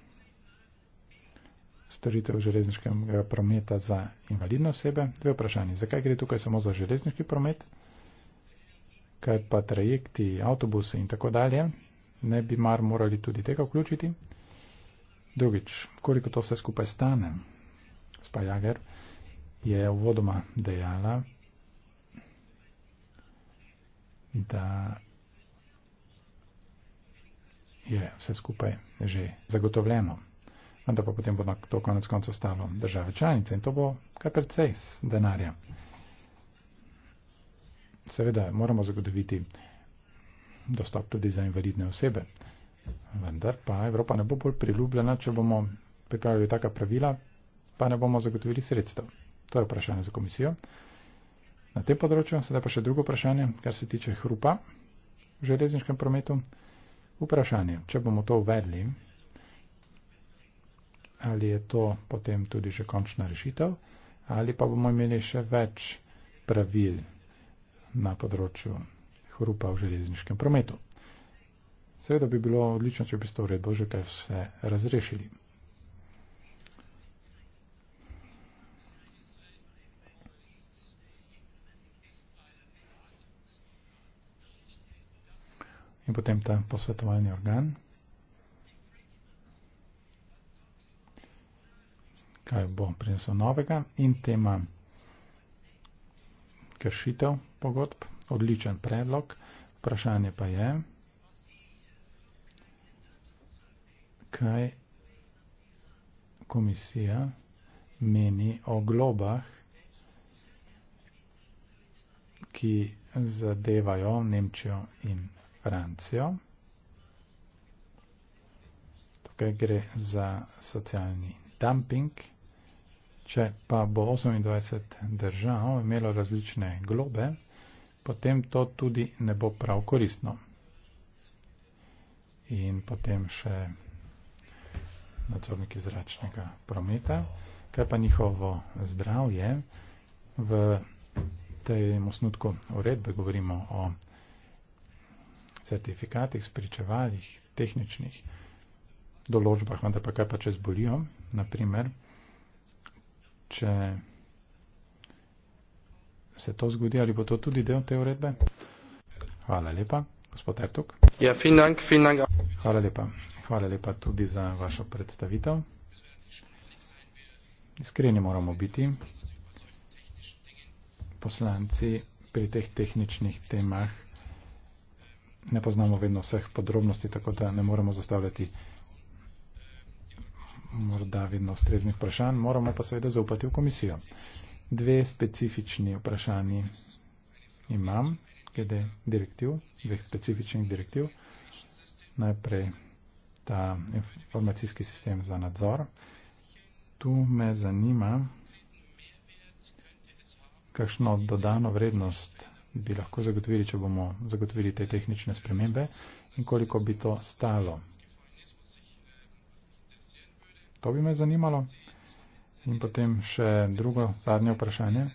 storitev železniškega prometa za invalidne osebe. Dve vprašanje. Zakaj gre tukaj samo za železniški promet? Kaj pa trajekti, avtobuse in tako dalje? Ne bi mar morali tudi tega vključiti? Drugič, koliko to vse skupaj stane? Spajager je uvodoma dejala da je vse skupaj že zagotovljeno. Vendar pa potem bo na to konec konca ostalo države članice in to bo kar precej denarja. Seveda moramo zagotoviti dostop tudi za invalidne osebe, vendar pa Evropa ne bo bolj priljubljena, če bomo pripravili taka pravila, pa ne bomo zagotovili sredstev. To je vprašanje za komisijo na tem področju. Sedaj pa še drugo vprašanje, kar se tiče hrupa v železniškem prometu. Vprašanje, če bomo to uvedli, ali je to potem tudi že končna rešitev, ali pa bomo imeli še več pravil na področju hrupa v železniškem prometu. Seveda bi bilo odlično, če bi s to uredbo že kaj vse razrešili. in potem ta posvetovalni organ. Kaj bo prinesel novega in tema kršitev pogodb, odličen predlog. Vprašanje pa je, kaj komisija meni o globah, ki zadevajo Nemčijo in Francijo, tukaj gre za socialni dumping, če pa bo 28 držav imelo različne globe, potem to tudi ne bo prav koristno. In potem še nadzorniki zračnega prometa, kaj pa njihovo zdravje v tem osnutku uredbe, govorimo o zdravju certifikatih, spričevalih, tehničnih določbah, vendar pa kaj pa če zbolijo, naprimer, če se to zgodi, ali bo to tudi del te uredbe? Hvala lepa, gospod Ertuk. Ja, fin dank, fin dank. Hvala lepa, hvala lepa tudi za vašo predstavitev. Iskreni moramo biti, poslanci pri teh tehničnih temah ne poznamo vedno vseh podrobnosti, tako da ne moremo zastavljati morda vedno ustreznih vprašanj, moramo pa seveda zaupati v komisijo. Dve specifični vprašanji imam, glede direktiv, dveh specifičnih direktiv. Najprej ta informacijski sistem za nadzor. Tu me zanima, kakšno dodano vrednost bi lahko zagotovili, če bomo zagotovili te tehnične spremembe in koliko bi to stalo. To bi me zanimalo. In potem še drugo, zadnje vprašanje.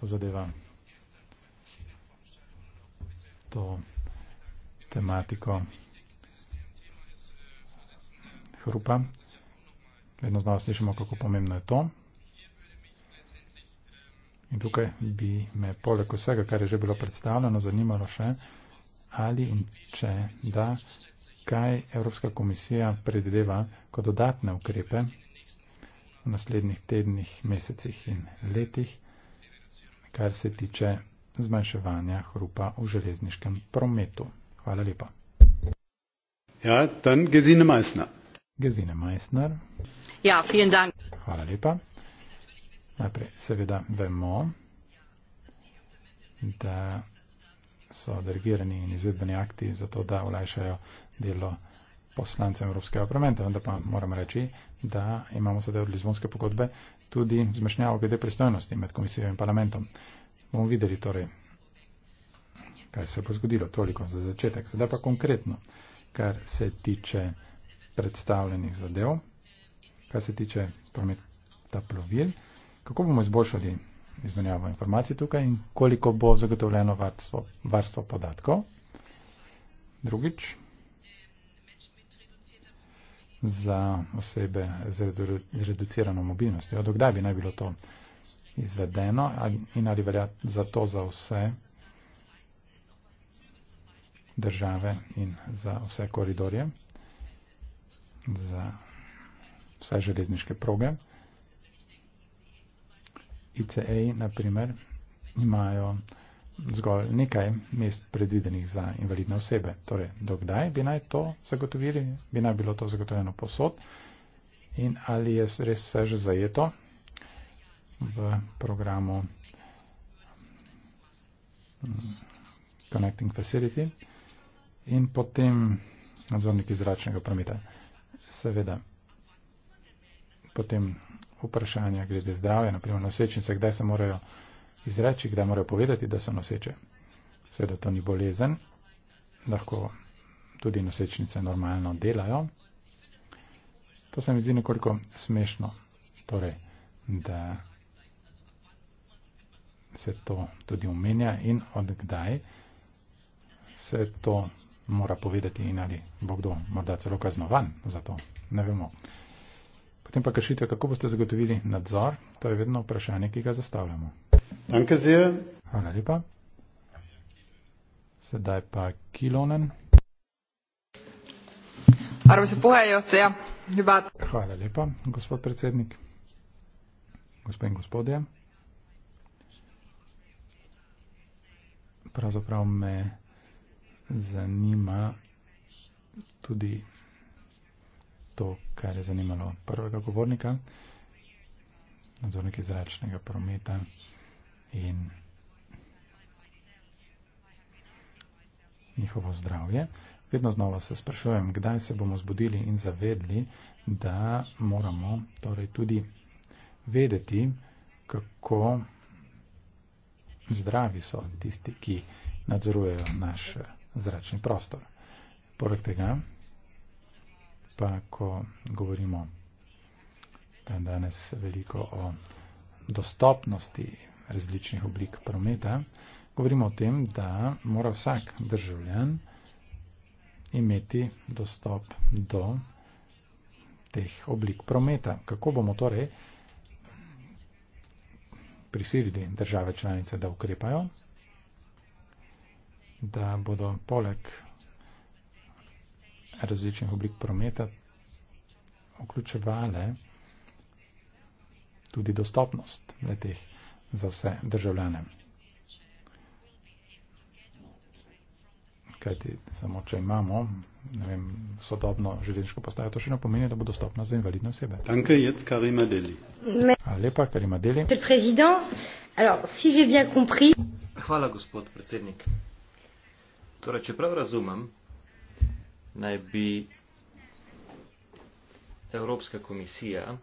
To zadeva to tematiko hrupa. Vedno znova slišimo, kako pomembno je to. In tukaj bi me poleg vsega, kar je že bilo predstavljeno, zanimalo še, ali in če da, kaj Evropska komisija predvideva kot dodatne ukrepe v naslednjih tednih, mesecih in letih, kar se tiče zmanjševanja hrupa v železniškem prometu. Hvala lepa. Ja, dan Gesine Meissner. Gesine Meissner. Ja, vielen Dank. Hvala lepa. Najprej seveda vemo, da so delegirani in izvedbeni akti za to, da olajšajo delo poslancem Evropskega parlamenta, vendar pa moram reči, da imamo sedaj od Lizbonske pogodbe tudi zmešnjavo glede pristojnosti med komisijo in parlamentom. Bomo videli torej, kaj se bo zgodilo, toliko za začetek. Sedaj pa konkretno, kar se tiče predstavljenih zadev, kar se tiče prometa plovil kako bomo izboljšali izmenjavo informacij tukaj in koliko bo zagotovljeno varstvo, varstvo podatkov. Drugič, za osebe z reducirano mobilnostjo. Dokdaj bi naj bilo to izvedeno in ali velja za to za vse države in za vse koridorje, za vse železniške proge. ICE, naprimer, imajo zgolj nekaj mest predvidenih za invalidne osebe. Torej, dokdaj bi naj to zagotovili, bi naj bilo to zagotovljeno posod in ali je res vse že zajeto v programu mm, Connecting Facility in potem nadzorniki zračnega prometa. Seveda, potem vprašanja glede zdravja, naprimer nosečnice, kdaj se morajo izreči, kdaj morajo povedati, da so noseče. Seveda to ni bolezen, lahko tudi nosečnice normalno delajo. To se mi zdi nekoliko smešno, torej, da se to tudi umenja in odkdaj se to mora povedati in ali bo kdo morda celo kaznovan za to. Ne vemo. Potem pa kršitve, kako boste zagotovili nadzor, to je vedno vprašanje, ki ga zastavljamo. Hvala lepa. Sedaj pa Kilonen. Hvala lepa, gospod predsednik. Gospod in gospodje. Pravzaprav me zanima tudi to, kar je zanimalo prvega govornika, nadzornik izračnega prometa in njihovo zdravje. Vedno znova se sprašujem, kdaj se bomo zbudili in zavedli, da moramo torej tudi vedeti, kako zdravi so tisti, ki nadzorujejo naš zračni prostor. Poleg tega pa ko govorimo danes veliko o dostopnosti različnih oblik prometa, govorimo o tem, da mora vsak državljan imeti dostop do teh oblik prometa. Kako bomo torej prisilili države članice, da ukrepajo, da bodo poleg različnih oblik prometa vključevale tudi dostopnost letih za vse državljane. Kajti, samo če imamo ne vem, sodobno železniško postajo, to še ne pomeni, da bo dostopna za invalidne osebe. Danke, jetzt Karima Deli. Hvala lepa, Karima Deli. Alors, si bien compris... Hvala, gospod predsednik. Torej, če prav razumem, naj bi Evropska komisija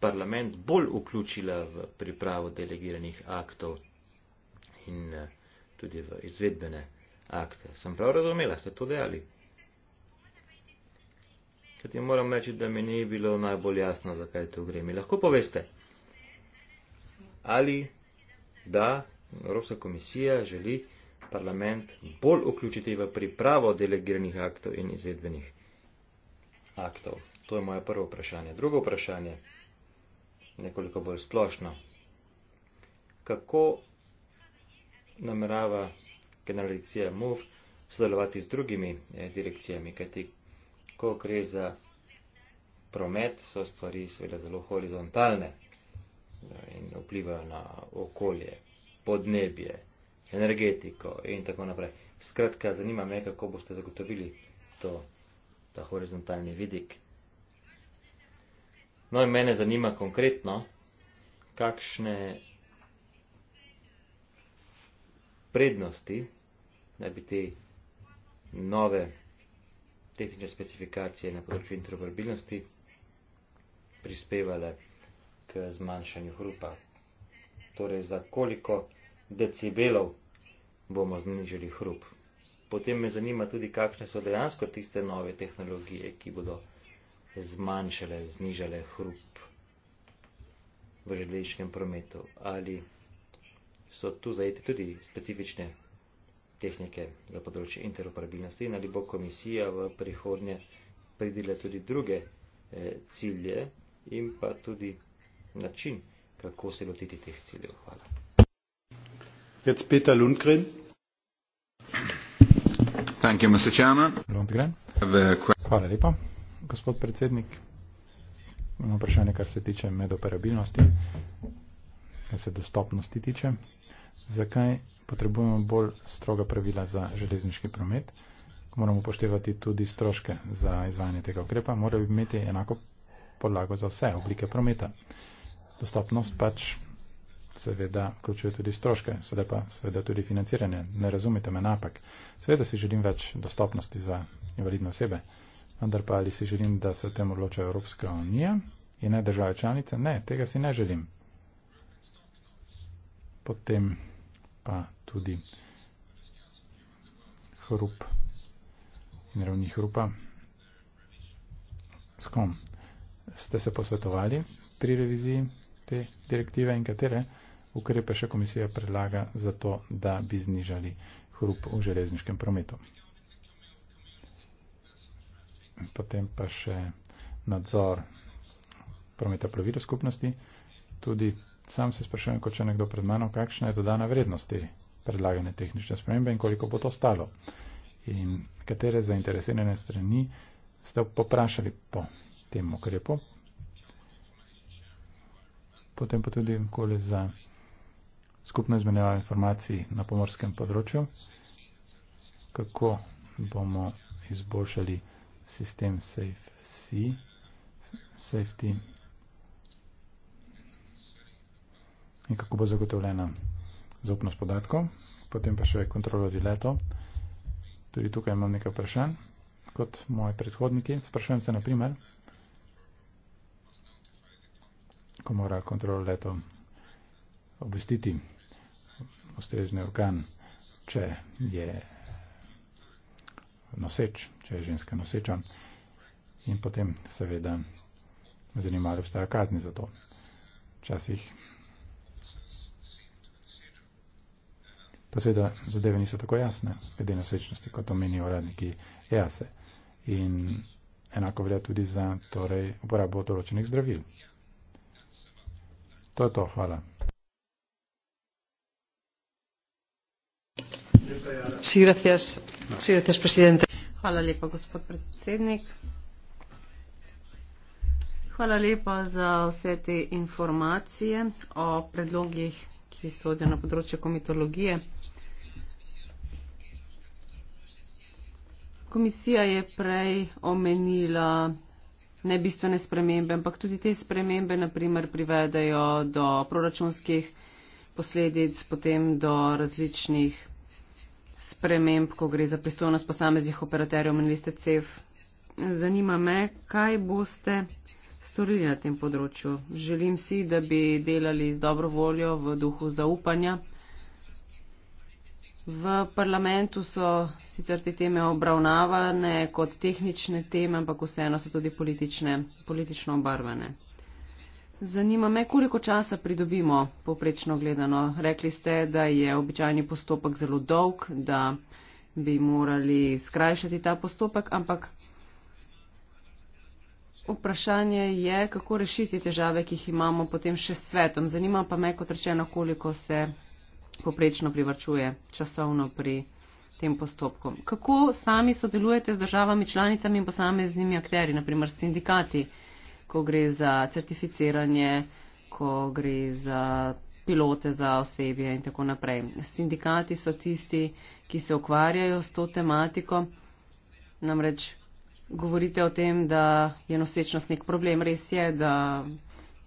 parlament bolj vključila v pripravo delegiranih aktov in eh, tudi v izvedbene akte. Sem prav razumela, ste to dejali? Kajti moram reči, da mi ni bilo najbolj jasno, zakaj to gre. Mi lahko poveste, ali da Evropska komisija želi parlament bolj vključiti v pripravo delegiranih aktov in izvedbenih aktov? To je moje prvo vprašanje. Drugo vprašanje, nekoliko bolj splošno. Kako namerava generalicija MOV sodelovati z drugimi eh, direkcijami, kajti ko gre za promet, so stvari seveda zelo horizontalne eh, in vplivajo na okolje, podnebje energetiko in tako naprej. Skratka, zanima me, kako boste zagotovili to, ta horizontalni vidik. No in mene zanima konkretno, kakšne prednosti naj bi te nove tehnične specifikacije na področju interoperabilnosti prispevale k zmanjšanju hrupa. Torej, za koliko decibelov bomo znižali hrup. Potem me zanima tudi, kakšne so dejansko tiste nove tehnologije, ki bodo zmanjšale, znižale hrup v železniškem prometu. Ali so tu zajete tudi specifične tehnike za področje interoperabilnosti in ali bo komisija v prihodnje pridila tudi druge e, cilje in pa tudi način, kako se lotiti teh ciljev. Hvala. Jetzt Peter Lundgren. Thank you, Mr. Chairman. Lundgren. Hvala lepa, gospod predsednik. Imamo vprašanje, kar se tiče medoperabilnosti, kar se dostopnosti tiče. Zakaj potrebujemo bolj stroga pravila za železniški promet? Moramo upoštevati tudi stroške za izvajanje tega ukrepa, morajo imeti enako podlago za vse oblike prometa. Dostopnost pač seveda vključuje tudi stroške, sedaj pa seveda tudi financiranje. Ne razumete me napak. Seveda si želim več dostopnosti za invalidne osebe, vendar pa ali si želim, da se o tem odloča Evropska unija in ne države članice? Ne, tega si ne želim. Potem pa tudi hrup in ravni hrupa. S kom ste se posvetovali pri reviziji te direktive in katere? ukrepe še komisija predlaga za to, da bi znižali hrup v železniškem prometu. Potem pa še nadzor prometa pravila skupnosti. Tudi sam se sprašujem, kot če nekdo pred mano, kakšna je dodana vrednost te predlagane tehnične spremembe in koliko bo to stalo. In katere zainteresirane strani ste poprašali po tem ukrepu. Potem pa tudi okoli za skupno izmenjava informacij na pomorskem področju, kako bomo izboljšali sistem Safe Sea, Safety in kako bo zagotovljena zaupnost podatkov, potem pa še kontrolori leto. Tudi tukaj imam nekaj vprašanj, kot moji predhodniki. Sprašujem se na primer, ko mora kontrolor leto obvestiti ustrežni organ, če je noseč, če je ženska noseča in potem seveda zanima, ali obstaja kazni za to. Včasih pa seveda zadeve niso tako jasne, glede nosečnosti, kot omenijo uradniki EASE. In enako velja tudi za torej, uporabo določenih zdravil. To je to, hvala. Hvala lepa, gospod predsednik. Hvala lepa za vse te informacije o predlogih, ki sodijo na področju komitologije. Komisija je prej omenila ne bistvene spremembe, ampak tudi te spremembe, naprimer, privedajo do proračunskih posledic, potem do različnih sprememb, ko gre za pristojnost posameznih operaterjev, menili ste CEF. Zanima me, kaj boste storili na tem področju. Želim si, da bi delali z dobro voljo v duhu zaupanja. V parlamentu so sicer te teme obravnavane kot tehnične teme, ampak vseeno so tudi politične, politično obarvane. Zanima me, koliko časa pridobimo, poprečno gledano. Rekli ste, da je običajni postopek zelo dolg, da bi morali skrajšati ta postopek, ampak vprašanje je, kako rešiti težave, ki jih imamo potem še s svetom. Zanima pa me, kot rečeno, koliko se poprečno privrčuje časovno pri tem postopku. Kako sami sodelujete z državami, članicami in posameznimi akteri, naprimer sindikati? ko gre za certificiranje, ko gre za pilote, za osebje in tako naprej. Sindikati so tisti, ki se ukvarjajo s to tematiko. Namreč govorite o tem, da je nosečnost nek problem. Res je, da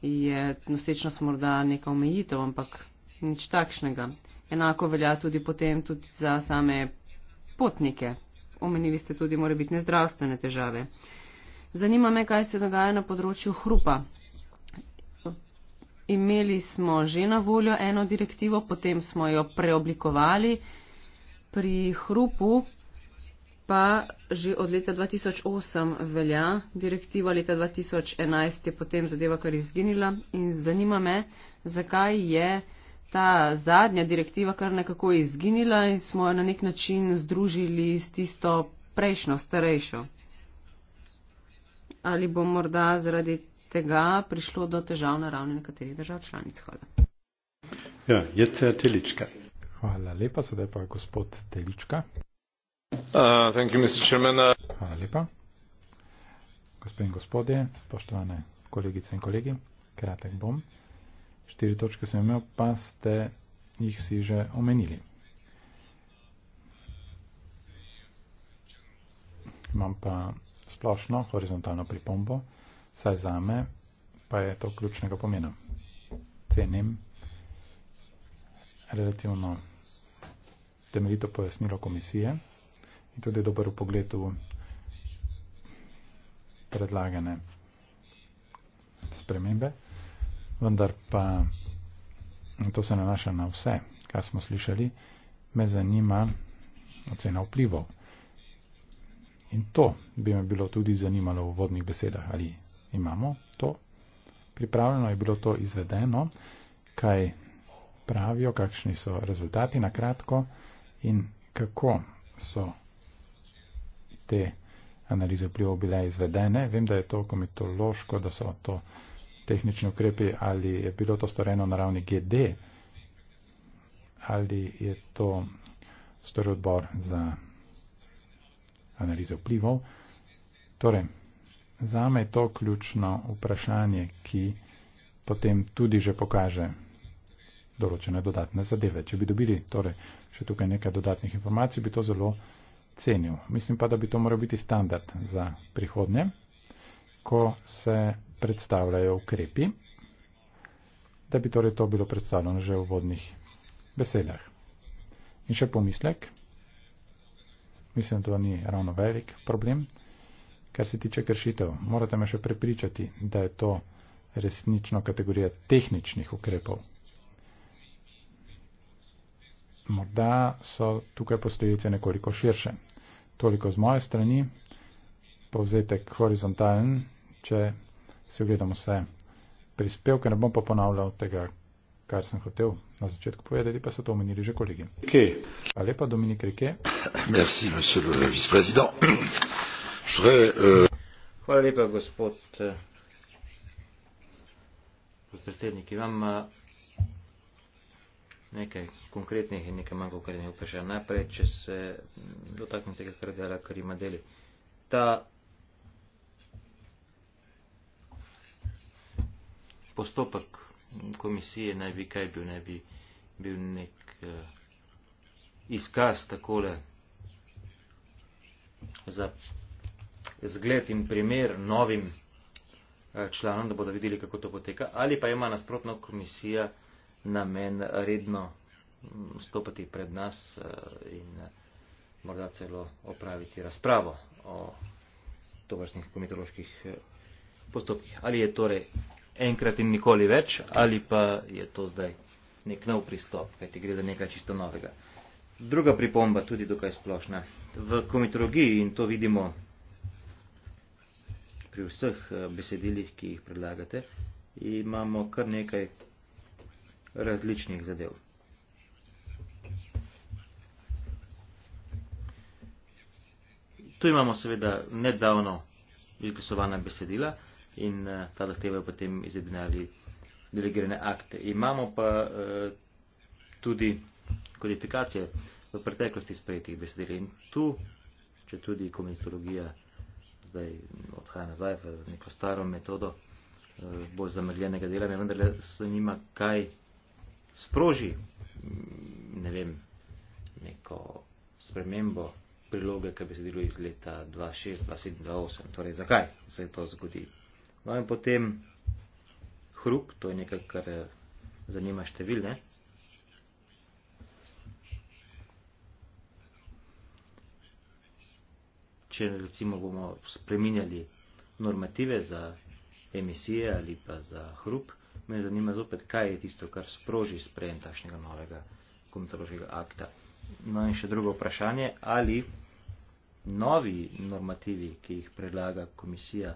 je nosečnost morda neka omejitev, ampak nič takšnega. Enako velja tudi potem tudi za same potnike. Omenili ste tudi morebitne zdravstvene težave. Zanima me, kaj se dogaja na področju hrupa. Imeli smo že na voljo eno direktivo, potem smo jo preoblikovali. Pri hrupu pa že od leta 2008 velja direktiva, leta 2011 je potem zadeva kar izginila in zanima me, zakaj je ta zadnja direktiva kar nekako izginila in smo jo na nek način združili s tisto prejšnjo, starejšo ali bo morda zaradi tega prišlo do težav na ravni nekaterih držav članic. Hvala. Ja, je te telička. Hvala lepa, sedaj pa gospod Telička. Uh, thank you, Mr. Chairman. Uh, Hvala lepa. Gospod in gospodje, spoštovane kolegice in kolegi, kratek bom. Štiri točke sem imel, pa ste jih si že omenili. Imam pa splošno horizontalno pripombo, saj zame pa je to ključnega pomena. Cenim relativno temeljito pojasnilo komisije in tudi dober pogled v predlagane spremembe, vendar pa to se nanaša na vse, kar smo slišali, me zanima ocena vplivov. In to bi me bilo tudi zanimalo v vodnih besedah, ali imamo to pripravljeno, je bilo to izvedeno, kaj pravijo, kakšni so rezultati na kratko in kako so te analize vplivov bile izvedene. Vem, da je to komitološko, da so to tehnični ukrepi, ali je bilo to storjeno na ravni GD, ali je to storil odbor za analize vplivov. Torej, zame je to ključno vprašanje, ki potem tudi že pokaže določene dodatne zadeve. Če bi dobili torej, še tukaj nekaj dodatnih informacij, bi to zelo cenil. Mislim pa, da bi to moral biti standard za prihodnje, ko se predstavljajo ukrepi, da bi torej to bilo predstavljeno že v vodnih besedah. In še pomislek. Mislim, da to ni ravno velik problem. Kar se tiče kršitev, morate me še prepričati, da je to resnično kategorija tehničnih ukrepov. Morda so tukaj posledice nekoliko širše. Toliko z moje strani, povzetek horizontalen, če si ogledamo vse prispevke, ne bom pa ponavljal tega, kar sem hotel na začetku povedati, pa so to omenili že kolegi. Okay. Hvala lepa, Dominik Rike. Merci, euh, Hvala lepa, gospod eh, predsednik. Imam eh, nekaj konkretnih in nekaj manj konkretnih vprašanj. Najprej, če se mm, dotaknem tega, kar dela Karima Deli. Ta postopek komisije naj bi kaj bil, naj bi bil nek uh, izkaz takole za zgled in primer novim uh, članom, da bodo videli, kako to poteka, ali pa ima nasprotno komisija namen redno mm, stopati pred nas uh, in uh, morda celo opraviti razpravo o tovrstnih komitoloških uh, postopkih. Ali je torej enkrat in nikoli več, ali pa je to zdaj nek nov pristop, kajti gre za nekaj čisto novega. Druga pripomba, tudi dokaj splošna. V komitologiji, in to vidimo pri vseh eh, besedilih, ki jih predlagate, imamo kar nekaj različnih zadev. Tu imamo seveda nedavno izglasovana besedila, in uh, ta zahteva je potem izjednali delegirane akte. Imamo pa uh, tudi kodifikacije v preteklosti sprejetih besedil in tu, če tudi komunitologija zdaj odhaja nazaj v neko staro metodo uh, bolj zamrljenega dela, me vendarle zanima, kaj sproži, ne vem, neko spremembo priloge, ki bi se delo iz leta 2006, 2007, 2008. Torej, zakaj se je to zgodilo? No in potem hrup, to je nekaj, kar eh, zanima številne. Če recimo bomo spreminjali normative za emisije ali pa za hrup, me zanima zopet, kaj je tisto, kar sproži sprejem takšnega novega komentarožega akta. No in še drugo vprašanje, ali novi normativi, ki jih predlaga komisija,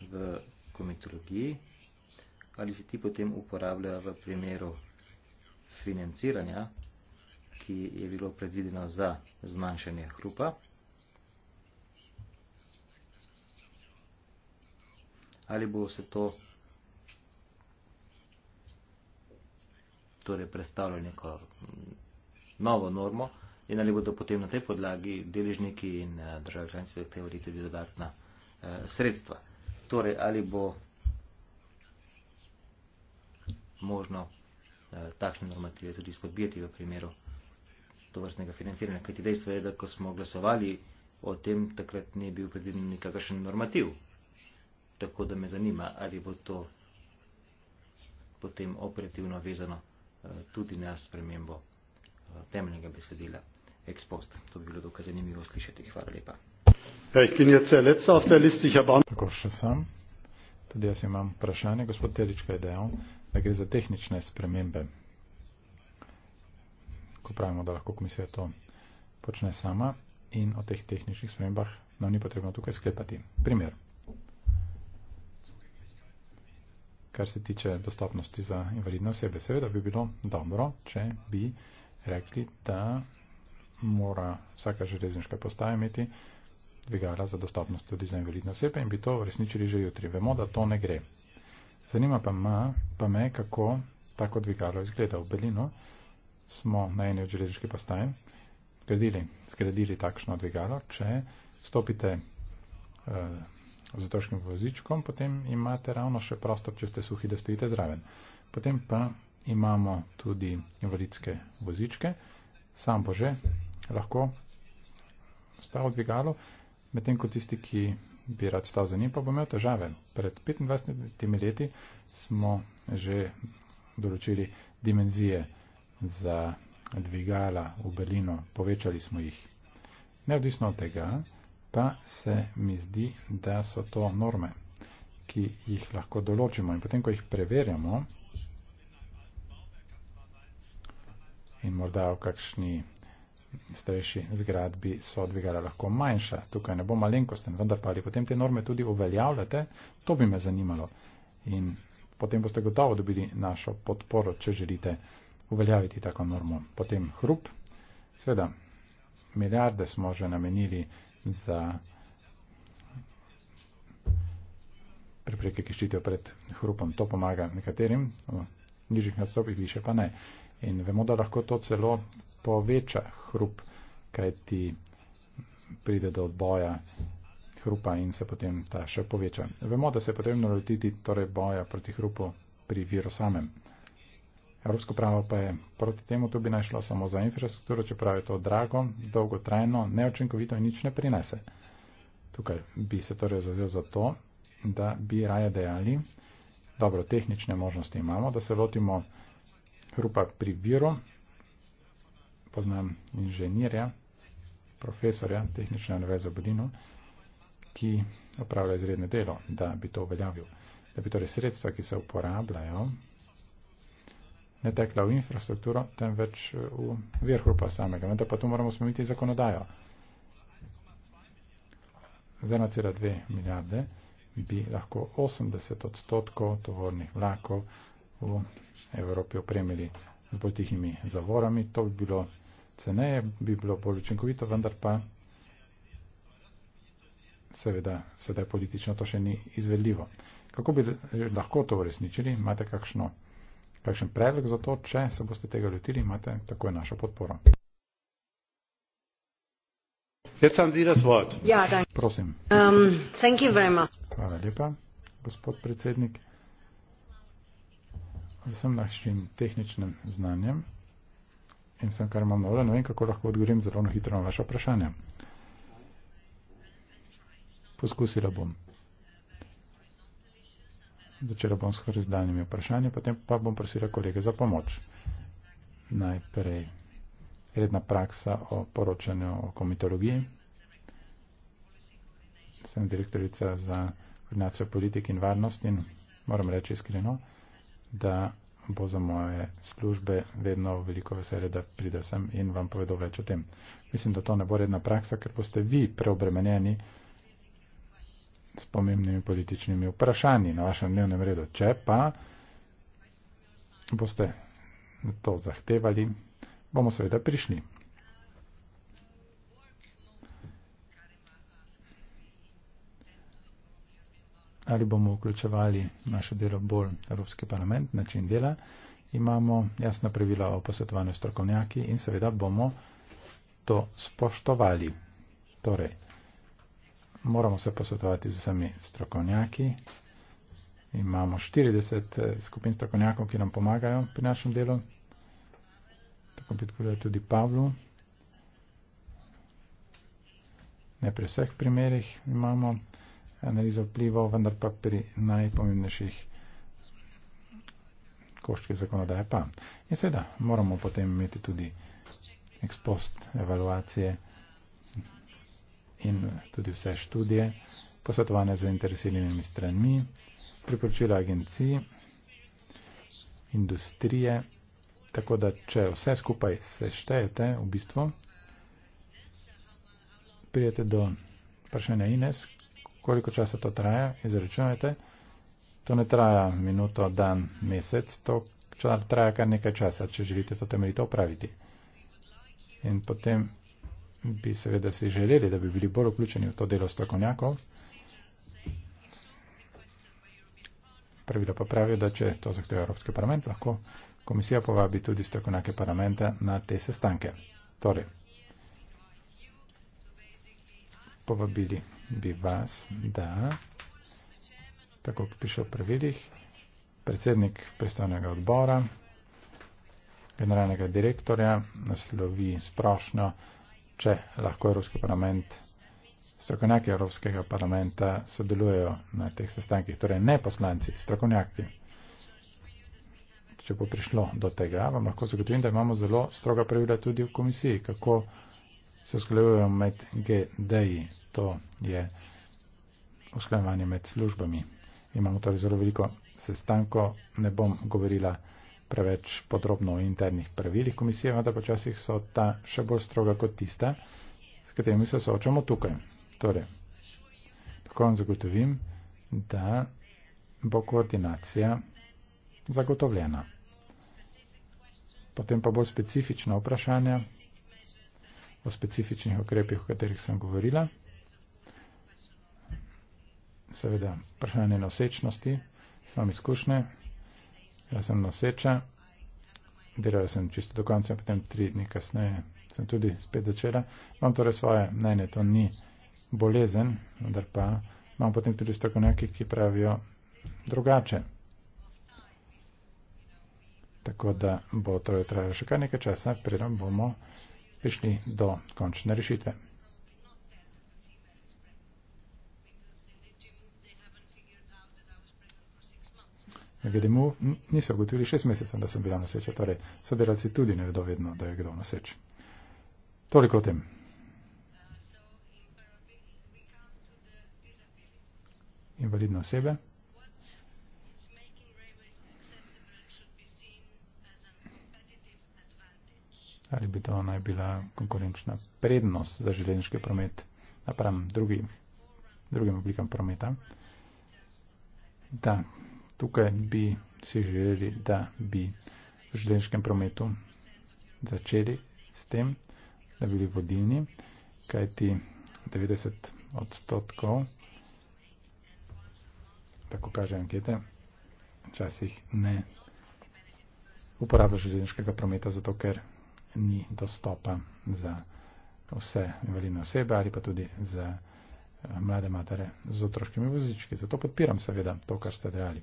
v komitologiji, ali se ti potem uporabljajo v primeru financiranja, ki je bilo predvideno za zmanjšanje hrupa, ali bo se to torej predstavljalo neko novo normo in ali bodo potem na tej podlagi deležniki in eh, državljanci v teoriji tudi dodatna eh, sredstva torej ali bo možno eh, takšne normative tudi spodbijati v primeru tovrstnega financiranja. Kajti dejstvo je, da ko smo glasovali o tem, takrat ni bil predviden nikakšen normativ. Tako da me zanima, ali bo to potem operativno vezano eh, tudi na spremembo eh, temeljnega besedila. Ex post. To bi bilo dokaj zanimivo slišati. Hvala lepa. Ja, ich bin jetzt der Letzte auf der Liste. Ich habe Tudi jaz imam vprašanje, gospod Telička je dejal, da gre za tehnične spremembe. Ko pravimo, da lahko komisija to počne sama in o teh tehničnih spremembah nam ni potrebno tukaj sklepati. Primer. Kar se tiče dostopnosti za invalidne osebe, seveda bi bilo dobro, če bi rekli, da mora vsaka železniška postaja imeti dvigala za dostopnost tudi za invalidne osebe in bi to uresničili že jutri. Vemo, da to ne gre. Zanima pa me, pa me kako tako dvigalo izgleda. V Belinu smo na eni od železniških postaj gradili, zgradili takšno dvigalo. Če stopite eh, z otroškim vozičkom, potem imate ravno še prostor, če ste suhi, da stojite zraven. Potem pa imamo tudi invalidske vozičke. Sam bože, lahko stavo dvigalo medtem ko tisti, ki bi rad stal za njim, pa bo imel težave. Pred 25 leti smo že določili dimenzije za dvigala v Berlino, povečali smo jih. Neodvisno od tega, pa se mi zdi, da so to norme, ki jih lahko določimo in potem, ko jih preverjamo in morda v kakšni starejši zgradbi so dvigala lahko manjša. Tukaj ne bo malenkosten, vendar pa ali potem te norme tudi uveljavljate, to bi me zanimalo. In potem boste gotovo dobili našo podporo, če želite uveljaviti tako normo. Potem hrup. Sveda, milijarde smo že namenili za prepreke, ki ščitijo pred hrupom. To pomaga nekaterim, v nižjih nastopih više pa ne. In vemo, da lahko to celo poveča hrup, kaj ti pride do odboja hrupa in se potem ta še poveča. Vemo, da se je potrebno lotiti torej boja proti hrupu pri viru samem. Evropsko pravo pa je proti temu, to bi našlo samo za infrastrukturo, čeprav je to drago, dolgotrajno, neočinkovito in nič ne prinese. Tukaj bi se torej zazel za to, da bi raje dejali, dobro, tehnične možnosti imamo, da se lotimo Rupa Priviro, poznam inženirja, profesorja tehnične univerze v Berlinu, ki opravlja izredne delo, da bi to uveljavil. Da bi torej sredstva, ki se uporabljajo, ne tekla v infrastrukturo, temveč v vrh Rupa samega. Vendar pa tu moramo spomniti zakonodajo. Za 1,2 milijarde bi lahko 80 odstotkov tovornih vlakov v Evropi opremili z bolj tihimi zavorami. To bi bilo ceneje, bi bilo bolj učinkovito, vendar pa seveda sedaj politično to še ni izvedljivo. Kako bi lahko to uresničili? Imate kakšno, kakšen predlog za to? Če se boste tega lotili, imate takoj našo podporo. Jetzt haben Sie das Wort. Ja, danke. Prosim. Um, thank you very much. Hvala lepa, gospod predsednik z vsem našim tehničnim znanjem in sem kar imam nove, ne vem, kako lahko odgovorim zelo hitro na vaše vprašanje. Poskusila bom. Začela bom s horizontalnimi vprašanji, potem pa bom prosila kolege za pomoč. Najprej redna praksa o poročanju o komitologiji. Sem direktorica za koordinacijo politik in varnosti in moram reči iskreno, da bo za moje službe vedno veliko veselje, da pride sem in vam povedo več o tem. Mislim, da to ne bo redna praksa, ker boste vi preobremenjeni s pomembnimi političnimi vprašanji na vašem dnevnem redu. Če pa boste to zahtevali, bomo seveda prišli. ali bomo vključevali naše delo bolj Evropski parlament, način dela. Imamo jasna pravila o posvetovanju strokovnjaki in seveda bomo to spoštovali. Torej, moramo se posvetovati z vsemi strokovnjaki. Imamo 40 eh, skupin strokovnjakov, ki nam pomagajo pri našem delu. Tako bi tudi Pavlu. Ne pri vseh primerih imamo analizo vplivov, vendar pa pri najpomembnejših koščkih zakonodaje pa. In seveda moramo potem imeti tudi ex post evaluacije in tudi vse študije, posvetovanje z zainteresiranimi stranmi, priporočila agencij, industrije, tako da če vse skupaj se štejete, v bistvu, prijete do vprašanja Ines, koliko časa to traja, izračunajte. To ne traja minuto, dan, mesec, to traja kar nekaj časa, če želite to temeljito opraviti. In potem bi seveda si želeli, da bi bili bolj vključeni v to delo strokovnjakov. Pravila pa pravijo, da če to zahteva Evropski parlament, lahko komisija povabi tudi strokovnjake parlamenta na te sestanke. Torej, povabili bi vas, da, tako kot piše v pravilih, predsednik predstavnega odbora, generalnega direktorja naslovi sprošno, če lahko Evropski parlament, strokovnjaki Evropskega parlamenta sodelujejo na teh sestankih, torej ne poslanci, strokovnjaki. Če bo prišlo do tega, vam lahko zagotovim, da imamo zelo stroga pravila tudi v komisiji, kako se usklajujejo med GDI. To je usklajevanje med službami. Imamo torej zelo veliko sestanko, ne bom govorila preveč podrobno o internih pravilih komisije, vendar počasih so ta še bolj stroga kot tista, s katerimi se soočamo tukaj. Torej, tako vam zagotovim, da bo koordinacija zagotovljena. Potem pa bolj specifična vprašanja, o specifičnih okrepih, o katerih sem govorila. Seveda, vprašanje nosečnosti, imam izkušnje, jaz sem noseča, delala sem čisto do konca, potem tri dni kasneje sem tudi spet začela. Imam torej svoje mnenje, to ni bolezen, vendar pa imam potem tudi strokovnjaki, ki pravijo drugače. Tako da bo to torej trajalo še kar nekaj časa, preden bomo. Uh, prišli do končne rešitve. Vidimo, niso ugotovili šest mesecev, da sem bila noseča, torej sodelavci tudi ne vedo vedno, da je kdo noseč. Toliko o tem. Invalidne osebe. ali bi to naj bila konkurenčna prednost za železniški promet napram drugi, drugim oblikam prometa. Da, tukaj bi si želeli, da bi v železniškem prometu začeli s tem, da bi bili vodilni, kajti 90 odstotkov, tako kaže ankete, včasih ne uporablja železniškega prometa, zato ker ni dostopa za vse invalidne osebe ali pa tudi za eh, mlade matere z otroškimi vozički. Zato podpiram seveda to, kar ste dejali.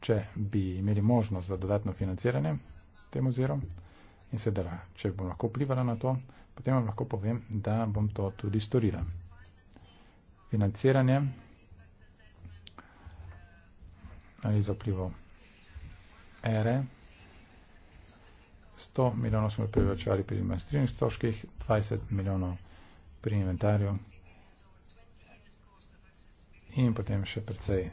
Če bi imeli možnost za dodatno financiranje tem ozirom in seveda, če bom lahko vplivala na to, potem vam lahko povem, da bom to tudi storila. Financiranje ali za vplivo ere. 100 milijonov smo privračali pri maestrinih stroških, 20 milijonov pri inventarju in potem še precej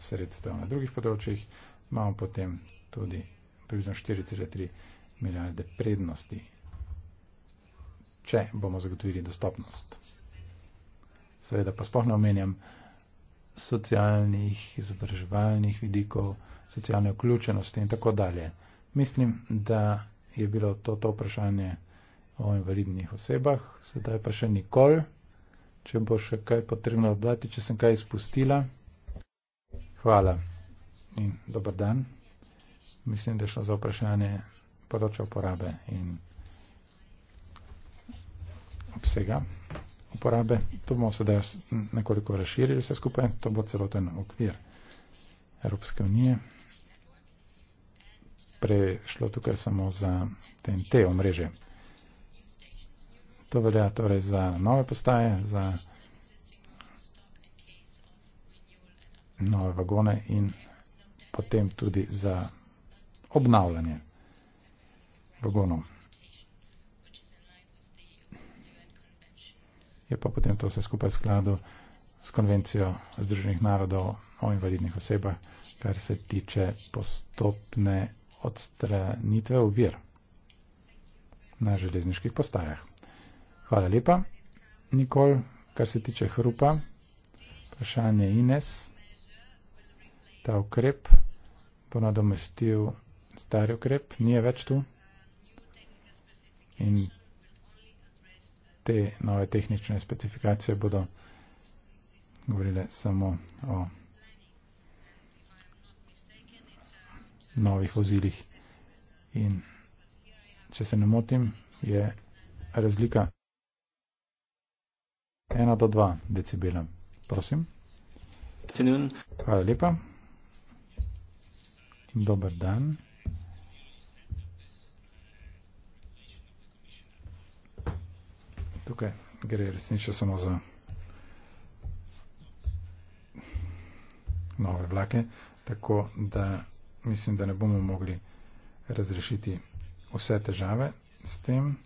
sredstev na drugih področjih. Imamo potem tudi približno 4,3 milijarde prednosti, če bomo zagotovili dostopnost. Seveda pa spohno omenjam socialnih, izobraževalnih vidikov, socialne vključenosti in tako dalje. Mislim, da je bilo to, to vprašanje o invalidnih osebah. Sedaj pa še nikol, če bo še kaj potrebno dodati, če sem kaj izpustila. Hvala in dober dan. Mislim, da je šlo za vprašanje področja uporabe in obsega uporabe. To bomo sedaj nekoliko razširili vse skupaj, to bo celoten okvir Evropske unije prešlo tukaj samo za TNT omrežje. To velja torej za nove postaje, za nove vagone in potem tudi za obnavljanje vagonov. Je pa potem to vse skupaj skladu s konvencijo Združenih narodov o invalidnih osebah, kar se tiče postopne odstranitve ovir na železniških postajah. Hvala lepa, Nikol, kar se tiče hrupa, vprašanje Ines, ta ukrep bo nadomestil stari ukrep, ni je več tu in te nove tehnične specifikacije bodo govorile samo o novih vozilih. In če se ne motim, je razlika 1 do 2 decibela. Prosim. Hvala lepa. Dober dan. Tukaj gre resnično samo za nove vlake, tako da mislim, da ne bomo mogli razrešiti vse težave s tem.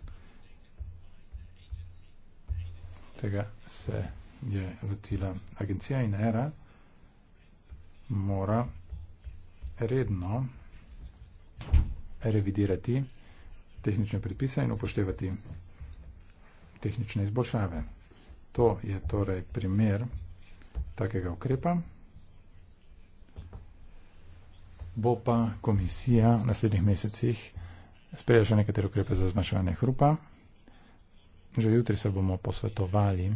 Tega se je lotila agencija in era mora redno revidirati tehnične predpise in upoštevati tehnične izboljšave. To je torej primer takega ukrepa bo pa komisija v naslednjih mesecih sprejela še nekatere ukrepe za zmanjševanje hrupa. Že jutri se bomo posvetovali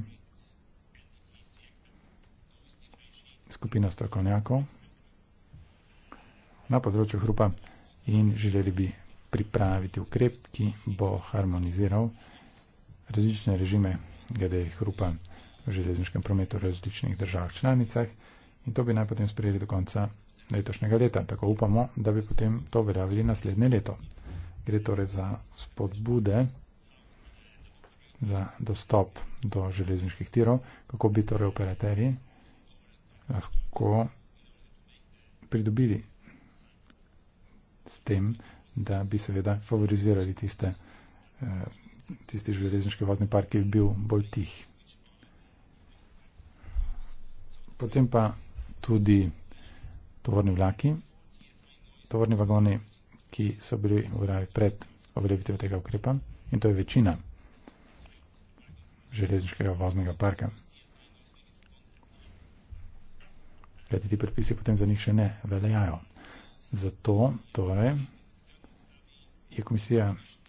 skupino strokovnjakov na področju hrupa in želeli bi pripraviti ukrep, ki bo harmoniziral različne režime glede hrupa v železniškem prometu v različnih državah članicah in to bi naj potem sprejeli do konca letošnjega leta. Tako upamo, da bi potem to verjavili naslednje leto. Gre torej za spodbude, za dostop do železniških tirov, kako bi torej operaterji lahko pridobili s tem, da bi seveda favorizirali tiste, eh, tisti železniški vozni park, ki bi bil bolj tih. Potem pa tudi tovorni vlaki, tovorni vagoni, ki so bili uradi pred uveljavitev tega ukrepa in to je večina železniškega voznega parka. Kajti ti predpisi potem za njih še ne veljajo. Zato torej je komisija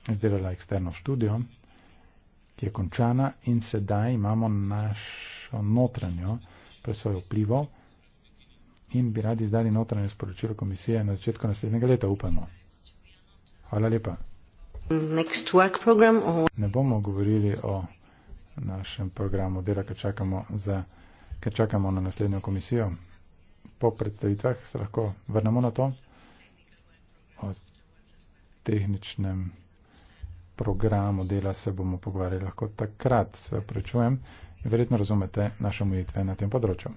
izdelala eksterno študijo, ki je končana in sedaj imamo našo notranjo presojo vplivov in bi radi izdali notranje sporočilo komisije na začetku naslednjega leta, upamo. Hvala lepa. Ne bomo govorili o našem programu dela, ker čakamo, za, ker čakamo na naslednjo komisijo. Po predstavitvah se lahko vrnemo na to o tehničnem programu dela se bomo pogovarjali lahko takrat, se prečujem, verjetno razumete naše mojitve na tem področju.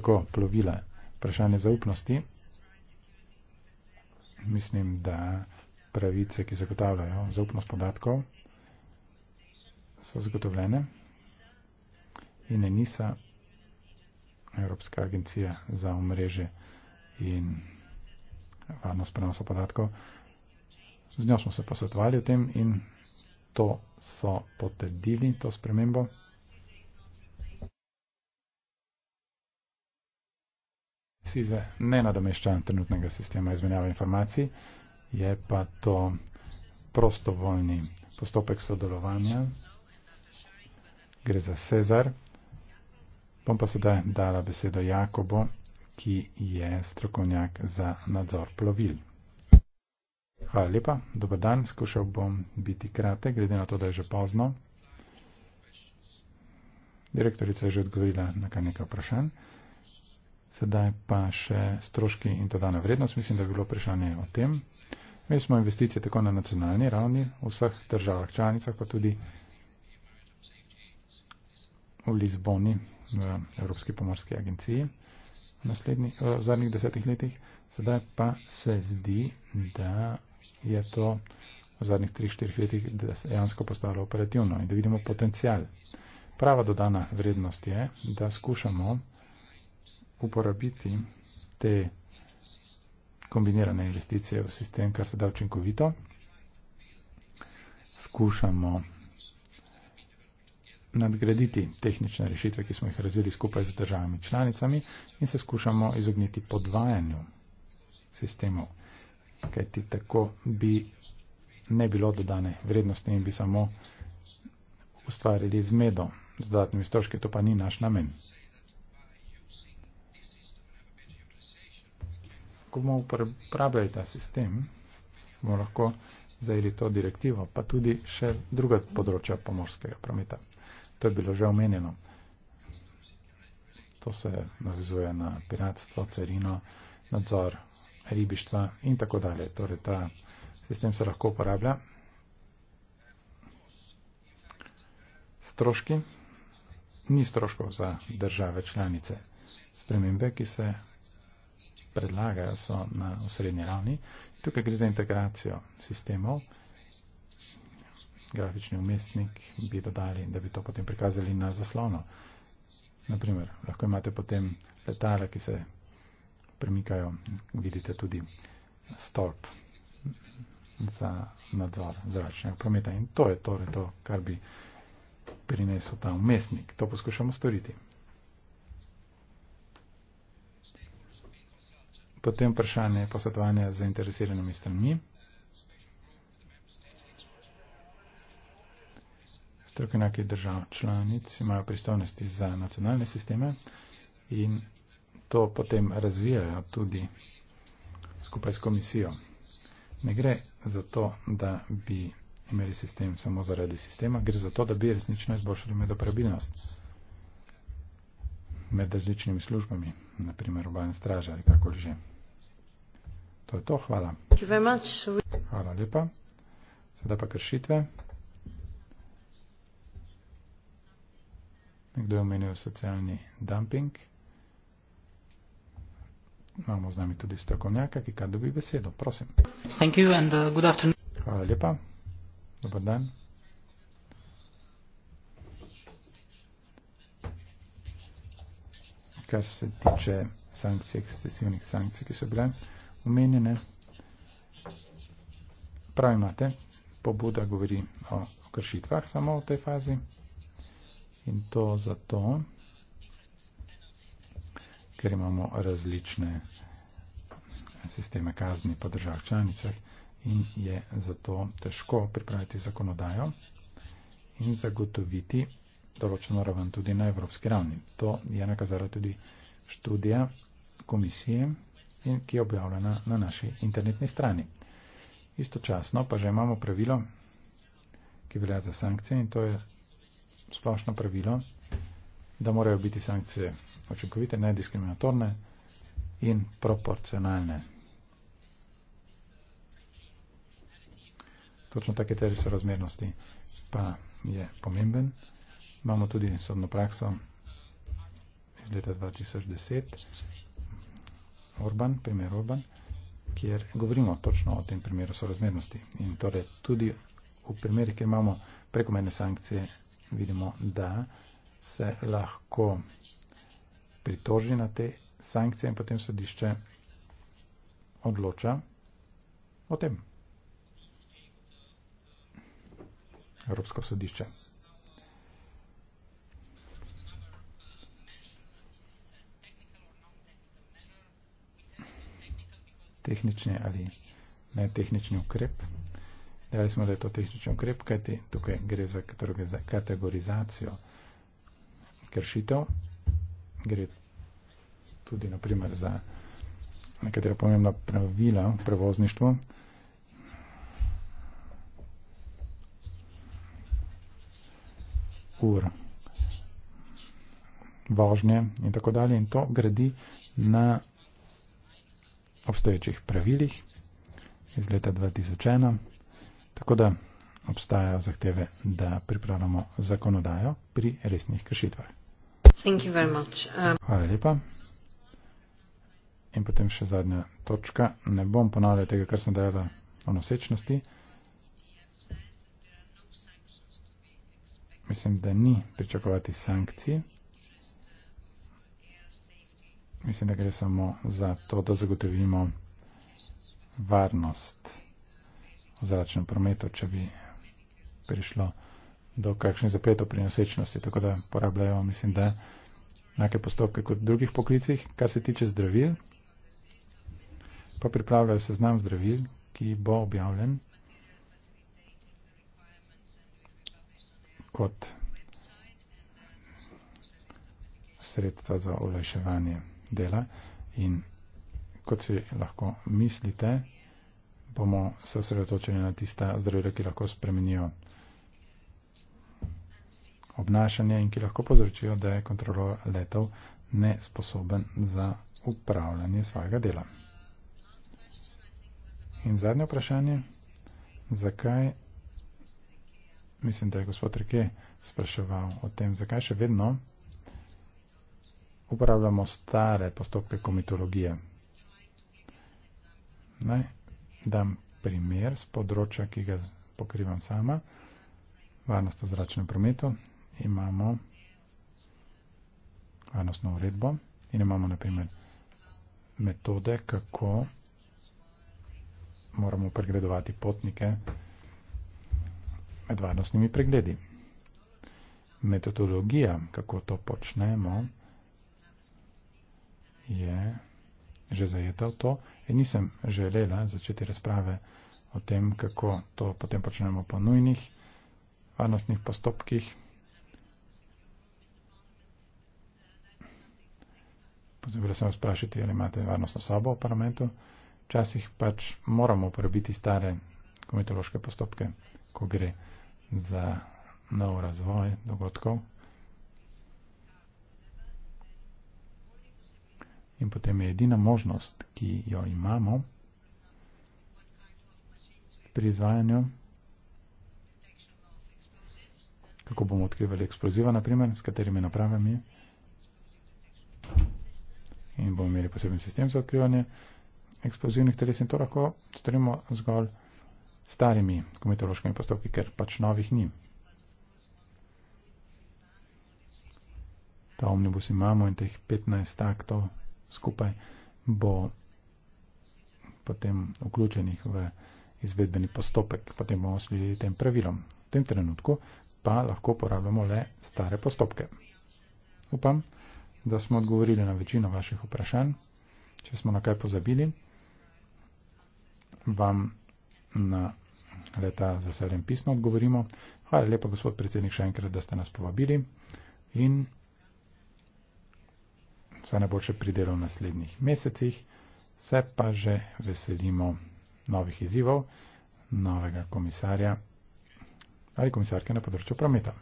tako plovila, vprašanje zaupnosti. Mislim, da pravice, ki zagotavljajo zaupnost podatkov, so zagotovljene in ENISA, Evropska agencija za omreže in varnost prenosa podatkov, z njo smo se posvetovali o tem in to so potrdili, to spremembo. Size ne nadomešča trenutnega sistema izmenjave informacij, je pa to prostovoljni postopek sodelovanja. Gre za Cezar. Bom pa sedaj dala besedo Jakobo, ki je strokovnjak za nadzor plovil. Hvala lepa, dober dan, skušal bom biti kratek, glede na to, da je že pozno. Direktorica je že odgovorila na kar nekaj vprašanj. Sedaj pa še stroški in dodana vrednost. Mislim, da je bilo vprašanje o tem. Mi smo investicije tako na nacionalni ravni, v vseh državah članicah, pa tudi v Lizboni, v Evropski pomorski agenciji v, naslednji, v zadnjih desetih letih. Sedaj pa se zdi, da je to v zadnjih 3-4 letih dejansko postalo operativno in da vidimo potencial. Prava dodana vrednost je, da skušamo uporabiti te kombinirane investicije v sistem, kar se da učinkovito. Skušamo nadgraditi tehnične rešitve, ki smo jih razvili skupaj z državami članicami in se skušamo izogniti podvajanju sistemov, kaj ti tako bi ne bilo dodane vrednosti in bi samo ustvarili zmedo z dodatnimi stroški, to pa ni naš namen. ko bomo uporabljali ta sistem, bomo lahko zajeli to direktivo, pa tudi še druga področja pomorskega prometa. To je bilo že omenjeno. To se navizuje na piratstvo, carino, nadzor ribištva in tako dalje. Torej, ta sistem se lahko uporablja. Stroški. Ni stroškov za države članice. Spremembe, ki se predlagajo, so na osrednji ravni. Tukaj gre za integracijo sistemov. Grafični umestnik bi dodali, da bi to potem prikazali na zaslonu. Naprimer, lahko imate potem letala, ki se premikajo, vidite tudi stolp za nadzor zračnega prometa. In to je torej to, kar bi prinesel ta umestnik. To poskušamo storiti. Potem vprašanje posvetovanja z zainteresiranimi stranmi. Strokovnjaki držav članic imajo pristojnosti za nacionalne sisteme in to potem razvijajo tudi skupaj s komisijo. Ne gre za to, da bi imeli sistem samo zaradi sistema, gre za to, da bi resnično izboljšali medoprebilnost med različnimi službami, naprimer obajna straža ali kakor že. To je to, hvala. Hvala lepa. Sedaj pa kršitve. Nekdo je omenil socialni dumping. Imamo z nami tudi strokovnjaka, ki kar dobi besedo. Prosim. Thank you and, uh, good hvala lepa. Dobar dan. Kar se tiče sankcij, ekscesivnih sankcij, ki so bile omenjene. Prav imate, pobuda govori o kršitvah samo v tej fazi in to zato, ker imamo različne sisteme kazni po državah članicah in je zato težko pripraviti zakonodajo in zagotoviti določeno raven tudi na evropski ravni. To je nakazala tudi študija komisije in ki je objavljena na naši internetni strani. Istočasno pa že imamo pravilo, ki velja za sankcije in to je splošno pravilo, da morajo biti sankcije očinkovite, nediskriminatorne in proporcionalne. Točno take teri so razmernosti pa je pomemben. Imamo tudi sodno prakso iz leta 2010. Orban, primer Orban, kjer govorimo točno o tem primeru sorazmernosti. In torej tudi v primeri, kjer imamo prekomerne sankcije, vidimo, da se lahko pritoži na te sankcije in potem sodišče odloča o tem. Evropsko sodišče. tehnični ali ne tehnični ukrep. Dali smo, da je to tehnični ukrep, kajti tukaj gre za kategorizacijo kršitev. Gre tudi naprimer za nekatera pomembna pravila v prevozništvu. ur vožnje in tako dalje. In to gradi na obstoječih pravilih iz leta 2001, tako da obstajajo zahteve, da pripravljamo zakonodajo pri resnih kršitvah. Thank you very much. Um... Hvala lepa. In potem še zadnja točka. Ne bom ponavljal tega, kar sem dajala o nosečnosti. Mislim, da ni pričakovati sankcij. Mislim, da gre samo za to, da zagotovimo varnost v zračnem prometu, če bi prišlo do kakšnih zapletov pri nosečnosti. Tako da porabljajo, mislim, da enake postopke kot v drugih poklicih, kar se tiče zdravil. Pa pripravljajo seznam zdravil, ki bo objavljen kot sredstva za olajševanje dela in kot si lahko mislite, bomo se osredotočili na tista zdravila, ki lahko spremenijo obnašanje in ki lahko povzročijo, da je kontrolor letov nesposoben za upravljanje svojega dela. In zadnje vprašanje, zakaj, mislim, da je gospod Rike spraševal o tem, zakaj še vedno uporabljamo stare postopke komitologije. Naj dam primer z področja, ki ga pokrivam sama, varnost v zračnem prometu. Imamo varnostno uredbo in imamo naprimer metode, kako moramo pregledovati potnike med varnostnimi pregledi. Metodologija, kako to počnemo, je že zajeta v to. In nisem želela začeti razprave o tem, kako to potem počnemo po nujnih varnostnih postopkih. Pozabila sem vas vprašati, ali imate varnostno sobo v parlamentu. Včasih pač moramo uporabiti stare komitološke postopke, ko gre za nov razvoj dogodkov, in potem je edina možnost, ki jo imamo pri izvajanju, kako bomo odkrivali eksploziva, naprimer, s katerimi napravami in bomo imeli poseben sistem za odkrivanje eksplozivnih teles in to lahko storimo zgolj starimi kometološkimi postopki, ker pač novih ni. Ta omnibus imamo in teh 15 taktov skupaj, bo potem vključenih v izvedbeni postopek, potem bomo sledili tem pravilom. V tem trenutku pa lahko uporabljamo le stare postopke. Upam, da smo odgovorili na večino vaših vprašanj. Če smo na kaj pozabili, vam na leta za sedem pisno odgovorimo. Hvala lepa, gospod predsednik, še enkrat, da ste nas povabili. In vse najboljše pri delu v naslednjih mesecih, se pa že veselimo novih izzivov, novega komisarja ali komisarke na področju prometa.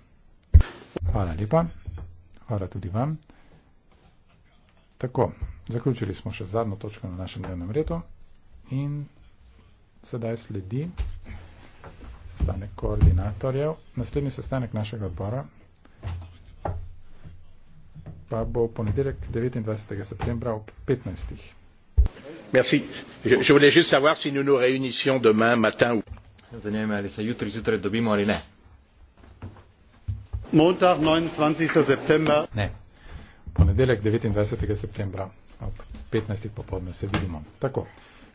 Hvala lepa, hvala tudi vam. Tako, zaključili smo še zadnjo točko na našem dnevnem redu in sedaj sledi sestanek koordinatorjev. Naslednji sestanek našega odbora pa bo ponedeljek 29. septembra ob 15. Merci. Je, je voulais juste savoir si nous nous réunissions demain matin ou. Zanima ali se jutri zjutraj dobimo ali ne. Montag 29. september. Ne. Ponedeljek 29. septembra ob 15. popoldne se vidimo. Tako.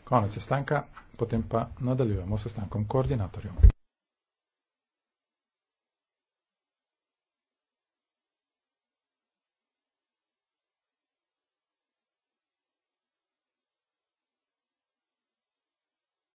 Konec sestanka, potem pa nadaljujemo s sestankom koordinatorjev.